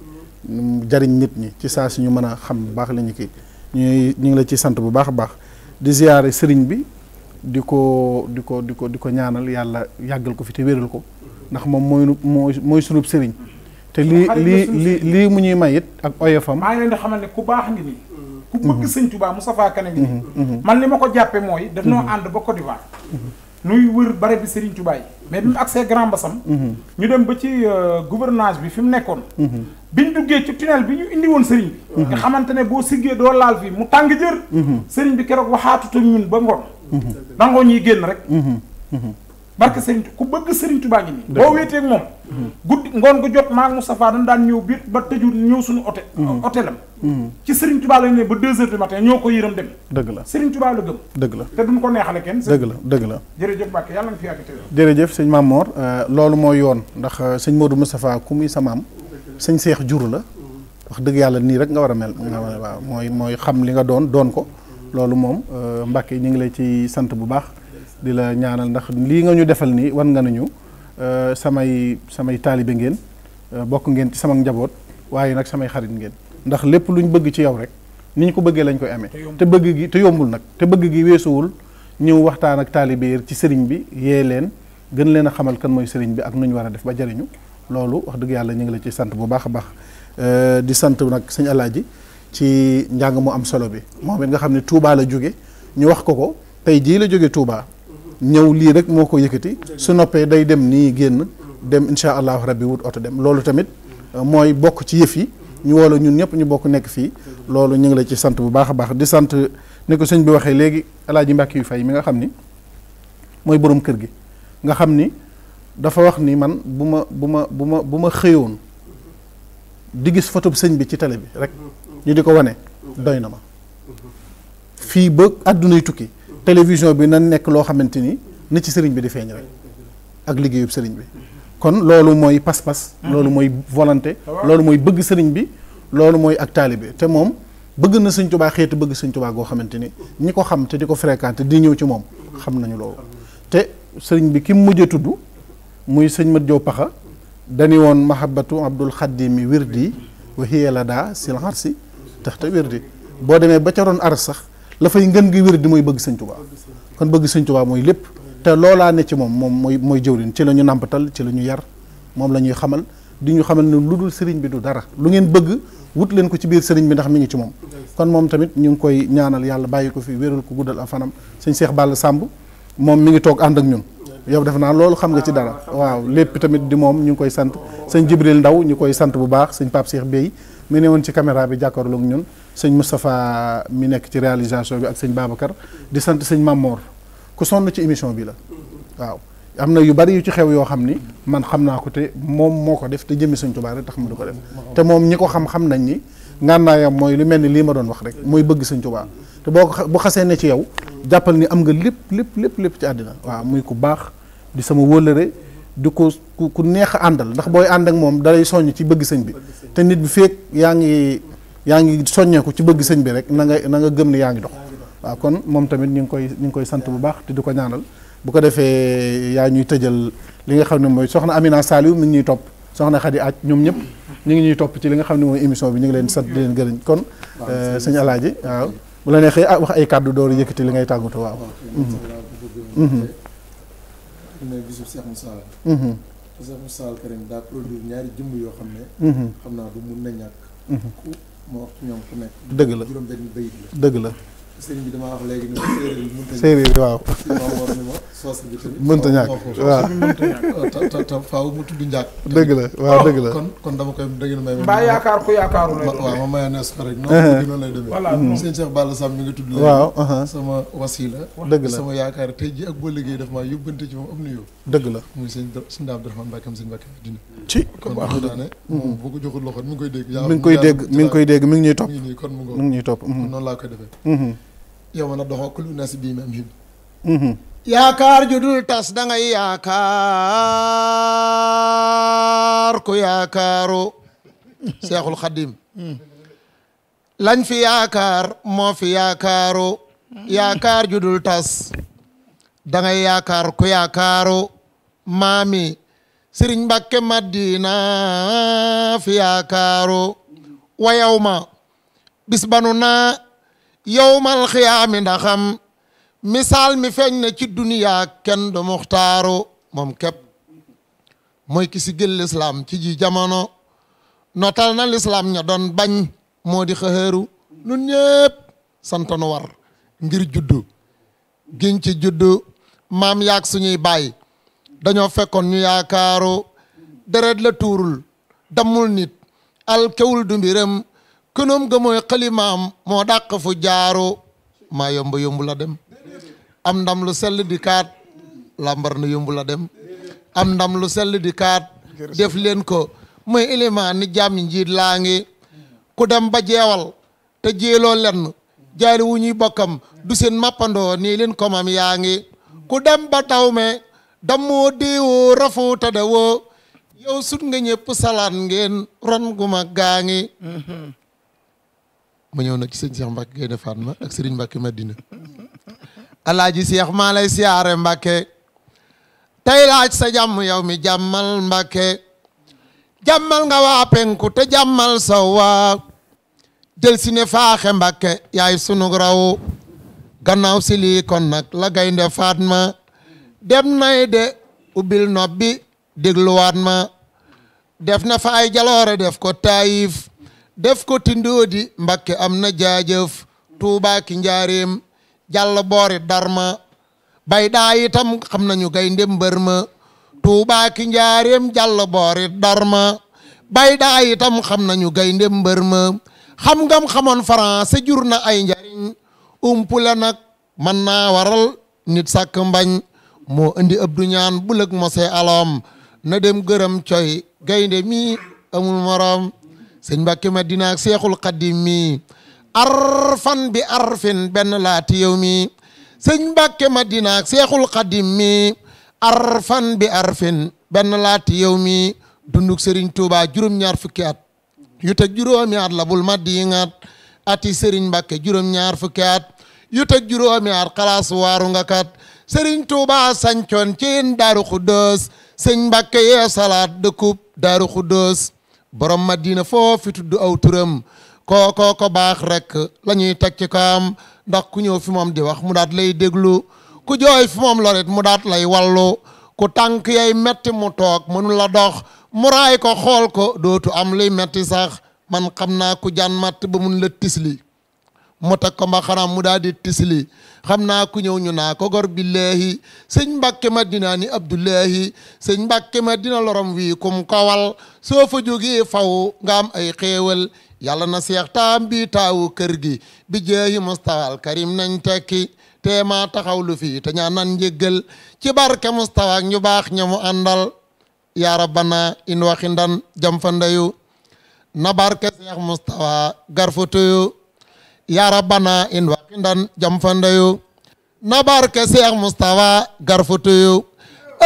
jariñ nit ñi ci saa si ñu mën a xam bu baax lañu ñu kii. ñuy ñu ngi la ciy sant bu baax a baax di ziyaare sëriñ bi di ko di ko di ko di ko ñaanal yàlla yàggal ko fi te wéral ko ndax moom mooy mooy mooy sunub sëriñ te lii lii lii lii mu ñuy may it ak oyofam. maa ngi leen di xamal ne ku baax ngi nii. ku bëgg mm-hmm. sëñ Touba Moustapha Kane ngi nii. Mm-hmm. Mm-hmm. man li ma ko jàppe mooy. daf noo ànd ba Côte d'Ivoire. nuy wër bare bi sëriñ Touba mais bi mu accès Grand Bassam mhm. ñu dem ba ci euh, gouvernance bi fi mu nekkoon mhm. bi ñu duggee ci tunnel bi ñu indi woon sëriñ bi mhm. nga xamante ne boo siggee doo laal fii mu tàng jër sëriñ bi keroog waxaatuta ñun ba ngoon dangoo ñuy génn rek barke Serigne ku bëgg Serigne Touba ngi nii. boo wéetee ak moom. Mm-hmm. guddi ngoon gu jot maag Moustapha dañ daan ñëw biir ba tëju ñëw suñu hôtel. Mm-hmm. hôtelam. Mm-hmm. ci Serigne Touba lañ ne ba deux heures du matin ñoo ko yëram dem. dëgg la Serigne Touba la gëm. dëgg la te duñ ko neexale kenn. dëgg la dëgg la. jërëjëf Mbacke yàlla na fi yàgg te jërëjëf sëñ Mame Mor euh, loolu mooy yoon ndax euh, sëñ Modou Moustapha ku muy sa maam. sëñ Seex jur la. wax dëgg yàlla nii rek nga war a mel. nga war a waaw mooy mooy xam li nga doon doon ko. loolu moom euh, Mbacke ñu ngi lay ci sant bu baax di la ñaanal ndax lii nga ñu defal nii wan nga nañu euh, samay samay taalibe ngeen euh, bokk ngeen ci sama njaboot waaye nag samay xarit ngeen ndax lépp lu ñu bëgg ci yow rek ni ñu ko bëggee lañ koy amee. te bëgg gi te yombul nag te bëgg gi weesuwul ñëw waxtaan ak taalibe ci sëriñ bi yee leen gën leen a xamal kan mooy sëriñ bi ak nu ñu war a def ba jariñu loolu wax dëgg yàlla ñu ngi la ci sant bu baax a baax euh, di sant nag sëñ ji ci njàng mu am solo bi moom nga xam ne Touba la jóge ñu wax ko ko tey jii la jóge Touba ñëw lii rek moo ko yëkkati su noppee day dem nii génn dem incha allahu rabbi wut oto dem loolu tamit euh, mooy bokk ci yëf yi ñu woola ñun ñëpp ñu bokk nekk fii loolu ñu ngi la ci sant bu baax a baax di sant ne ko sëñ bi waxee léegi alaaji Mbàkke yu fay mi nga xam ni mooy borom kër gi nga xam ni dafa wax ni man bu ma bu ma bu ma bu ma xëyoon di gis photo bu sëñ bi ci tale bi rek ñu di ko wane doy na ma fii ba àddunay tukki télévision bi na nekk loo xamante ni na ci sëriñ bi di feeñ rek ak liggéeyub sëriñ bi kon loolu mooy pas-pas loolu mooy volonté loolu mooy bëgg sëriñ bi loolu mooy ak taalibe te moom bëgg na sëñ tubaa xeetu bëgg sëñ tubaa goo xamante ni ñi ko xam te di ko fréquenté di ñëw ci moom xam nañu loolu te sëriñ bi ki mujj tudd muy sëñ mat jow paxa danuy woon mahabbatu abdul xaddimi wirdi wa hiya la daa sil harsi tax te wirdi boo demee ba ca roon ar sax la fay ngën gi wér di mooy bëgg sëñ Tuubaa kon bëgg sëñ Tuubaa mooy lépp te loolaa ne ci moom moom mooy mooy jëwriñ ci la ñu nàmpatal ci la ñu yar moom la ñuy xamal di ñu xamal ne lu dul sëriñ bi du dara lu ngeen bëgg wut leen ko ci biir sëriñ bi ndax mi ngi ci moom kon moom tamit ñu ngi koy ñaanal yàlla bàyyi ko fi wéral ko guddal a fanam sëñ Seex Balla Sàmb moom mi ngi toog ànd ak ñun yow def naa loolu xam nga ci dara waaw lépp tamit di moom ñu ngi koy sant sëñ Jibril Ndaw ñu koy sant bu baax sëñ Pape Cheikh Bey mi ne woon ci caméra bi jàkkaarloog ñun sëñ Moustapha mi nekk ci réalisation bi ak sëñ Babacar di sant sëñ Mamor ku sonn ci émission bi la waaw am na yu bari yu ci xew yoo xam ni man xam naa ko te moom moo ko def te jëmmi sëñ Tuubaa rek tax ma di ko def te moom ñi ko xam-xam nañ ni ngànnaayam mooy lu mel ni lii ma doon wax rek mooy bëgg sëñ Tuubaa te boo ko bu xase ne ci yow jàppal ni am nga lépp lépp lépp ci àddina waaw muy ku baax di sama wóllëre di ko ku neex a àndal ndax booy ànd ak moom dalay soññ ci bëgg sëñ bi te nit yaa ngi yaa ngi soññeeku ci bëgg sëñ bi rek na nga na nga gëm ne yaa ngi dox waaw kon moom tamit ñu ngi koy ñu ngi koy sant bu baax te di ko ñaanal bu ko defee yaa ñuy tëjal li nga xam ne mooy soxna Amina Saliou mi ngi ñuy topp soxna Khady Aj ñoom ñëpp ñu ngi ñuy topp ci li nga xam ne mooy émission bi ñu ngi leen sant di leen gërëm kon euh, sëñ Alaaji waaw bu la neexee ah wax ay kàddu door yëkkati li ngay tàggatu waaw mhm. mhm. ne bisu Cheikh Moussa mhm. Cheikh Moussa Karim daa produire ñaari jëmm yoo xam ne xam naa du mun na ñàkk moo wax ci ñoom ku nekk. dëgg la dëgg la. sëriñ bi damaa wax léegi ne ma séeréer bi waaw. soos bi tamit mënta ñàkk waaw mënta ñàkk te mu tudd njàkk. dëgg la waaw dëgg la kon kon dama koy dëgg na may. mbaa yaakaar ku yaakaaru lay waaw ma mayanees ko rek. noonu lay demee. voilà sëñ Cheikh Balla Sam mi nga dëgg la sama yaakaar tey ji ak boo liggéey daf maa am nuyoo. dëgg la muy sëñ sëñ Abdourahmane Mbacke am sëñ Mbacke dina. ci kon wax dëgg ne moom boo ko joxul loxo mi ngi koy dégg. mi ngi koy dégg mi ngi koy dégg mi ngi ñuy topp. mi ngi nii kon mu ngoog mi ngi ñuy topp noonu laa koy mm-hmm. defee mm-hmm. Ya wana doho kulu nasi bi ma am ya kar judul tas ya kar ko ya yaakaaru seexul khadim mhm. lañ fi ya, kar mo fi yaakaaru ya kar judul tas ya kar ko ku yaakaaru mami sëriñ Mbàkke Madina fi ya karu ma bis bisbanuna yowmal xiyaami ndaxam misaal mi feeñ na ci duniyaa kenn du muxtaaru moom képp mooy ki si gël lislaam ci ji jamono notal na lislaam ña doon bañ moo di xëxëru nun ñëpp santanu war ngir juddu giñ ci juddu maam yaag suñuy baay dañoo fekkoon ñu yaakaaru deret la tuurul dammul nit al kewul du kënoom ga mooy moo dàq fu jaaru maa yomba yombu dem am ndam lu sell di kaat làmbar na yombu dem am ndam lu sell di kaat def leen ko mooy élément ni njiit laa ngi ku dem ba jeewal te jéeloo lenn jaari wu ñuy bokkam du seen mappandoo nii leen komam yaa ngi ku dem ba taw me dammoo déewoo rafoo tadawoo yow sut nga ñëpp salaan ngeen ron gu gaa ngi mm-hmm. ma na nag ci sëñ Cheikh Mbacke Gaynde Fatma ak Serigne Mbacke Madina alaaji Cheikh maa lay siyaare Mbacke tey laaj sa jàmm yow mi jàmmal Mbacke jàmmal nga waa penku te jàmmal saw waa jël si ne faaxe Mbacke yaay sunu raw gannaaw si nag la Gaynde Fatma dem nay de ubbil nopp bi dégluwaat ma def na fa jaloore def ko taayif def ko tindoodi mbakki am na jaajëf tuubaa ki njaareem jàll darma bay daa itam xam nañu gaynde mbër ma tuubaa ki njaareem jàll boori darma bay daa itam xam nañu gaynde mbër ma xam ngam xamoon France jur na ay njariñ umpule nag mën naa waral nit sàkk mbañ moo indi ëb du ñaan bulëg mose aloom na dem gërëm coy gaynde mi amul moroom sëñ Mbàkke Madina ak Seexul Xadim mi arfan bi arfin benn laati yow mi sëñ Mbàkke Madina ak Seexul Xadim mi arfan bi arfin benn laati yow mi dunduk Serigne Touba juróom-ñaar fukki at yu teg juróomi at la bul ati Serigne Mbàkke juróom-ñaar fukki at yu teg at xalaas waaru kat Serigne Touba sancoon ci Daaru Xuddoos sëñ Mbàkke yee salaat dëkkub Daaru Xuddoos borom madina foofi tudd aw turam kookoo ko baax rek la ñuy teg ci kaam ndax ku ñëw fi moom di wax mu daat lay déglu ku jooy fi moom lorit mu daat lay wallu ku tànk yay metti mu toog mënula la dox mu raay ko xool ko dootu am luy metti sax man xam naa ku jaan matt ba mun la tisli mu teg ko mbaxanaam mu daal di tisli xam naa ku ñëw ñu naa ko gor billahi sëñ mbàkke madina ni abdullahi sëñ mbàkke dina lorom wii kum kawal soo fa jógee faw nga am ay xéewal yàlla na seex taam bi taawu kër gi bi jeeyi mustawal nañ tekki te maa taxaw lu fii te ñaa nan njéggal ci barke mustawa ak ñu baax ñamu àndal yaa rabbana in waxindan jam fa ndeyu na barke seex mustawa garfutuyu ya rabbana in wakindan jam fandayu na barke Seex Mustafa garfutuyu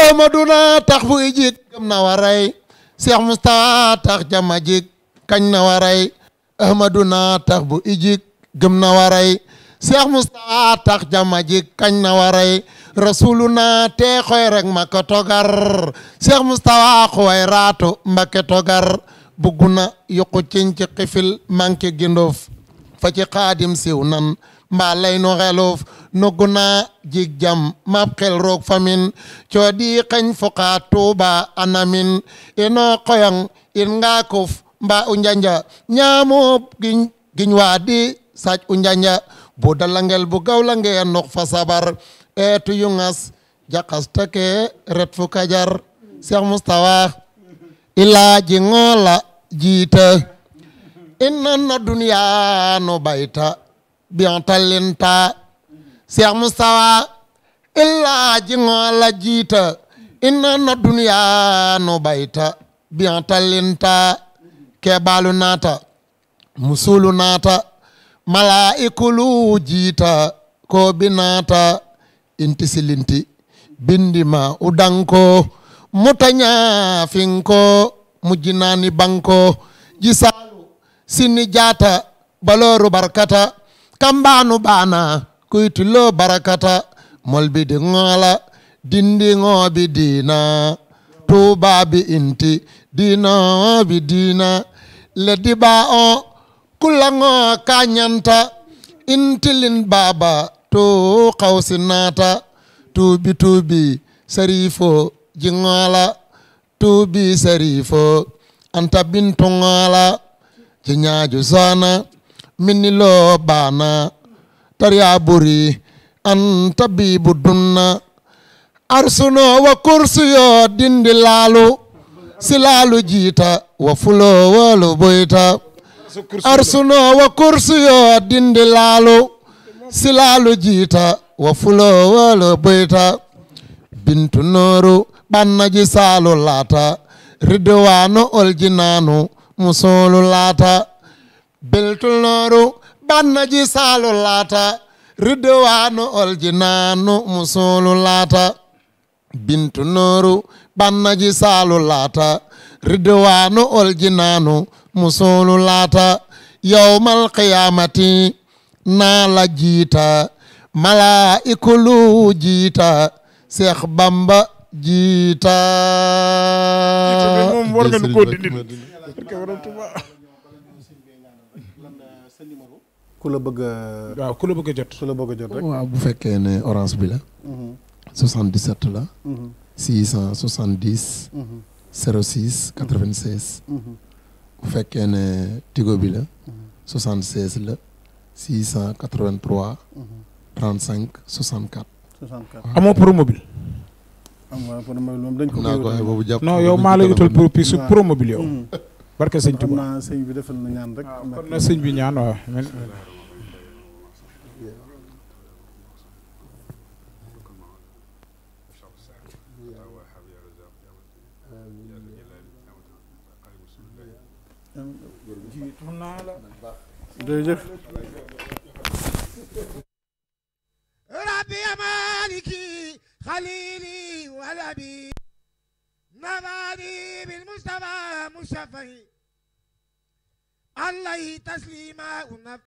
amaduna tax fu i jik gëm na waray Seex Mustafa tax jama jik kañ na waray amaduna tax bu i jik na waray Seex Mustafa tax jama jik kañ na waray rasuluna te xoy rek maka togar Seex Mustafa xuway raatu mbake togar bugguna yokku cinci xifil manke gindoof fa ci xaadim mbaa lay nu nu gunaa jig jam mab xel roog famin coodi xañ foqa tuuba anamin ino koyang in ngaakuf mbaa u njanja ñaamuub giñ giñ waa u njanja bu dalangel bu gawlangee nok fa sabar eetu yungas jakas take ret fu kajar Cheikh Moustapha ilaa ji ngoola jiite inna na duniyaa nu bayta biyon tallinta Cheikh Moustapha illaa jingoo la jiita inna na duniyaa nu bayta biyon tallinta keebaalu naata musulu naata malaa'ikulu jiita ko bi naata inti silinti bindima udanko mutaña finko mujjinaani banko ji sa sinni jaata balooru barkata kambaanu baana kuytilloo barakata molbidi ŋoola dindiŋoobi diina tuubaabi inti diinoobi diina leddi baa o kulaŋoo kañanta intilin baaba to kawsi naata tuubi tuubi sarifo jiŋoola tuubi sarifo anta bintuŋoola hinyaaju saana minni loo baana tariya buri an tabibu dunna arsuno wa kursiyo dindi laalu si jiita wa fulo boyta arsuno wa kursiyo dindi laalu si jiita wa fulo boyta bintu bannaji saalu laata ridwaanu oljinaanu musulu laata beltul nooru bannaji saalu laata ridwaanu oljinaanu musulu laata bintu nooru bannaji saalu laata ridwaanu oljinaanu musulu laata yawmal qiyamati naa la jiita malaikulu jiita seex bamba jiita Vous faites a. orange bi 77 la. 670. 06 96. Vous faites ne tigo bi 76 la. 683. 35 64. 64 amoo pro mobile. amoo pour mobile non yow maa pro mobile mhm. barke seigne Touba amna seigne bi defal na ñaan rek. kon na sëñ bi ñaan wa jërëjëf. ربي مالكي خليلي ولبي نماني بالمصطفى مشفي الله تسليما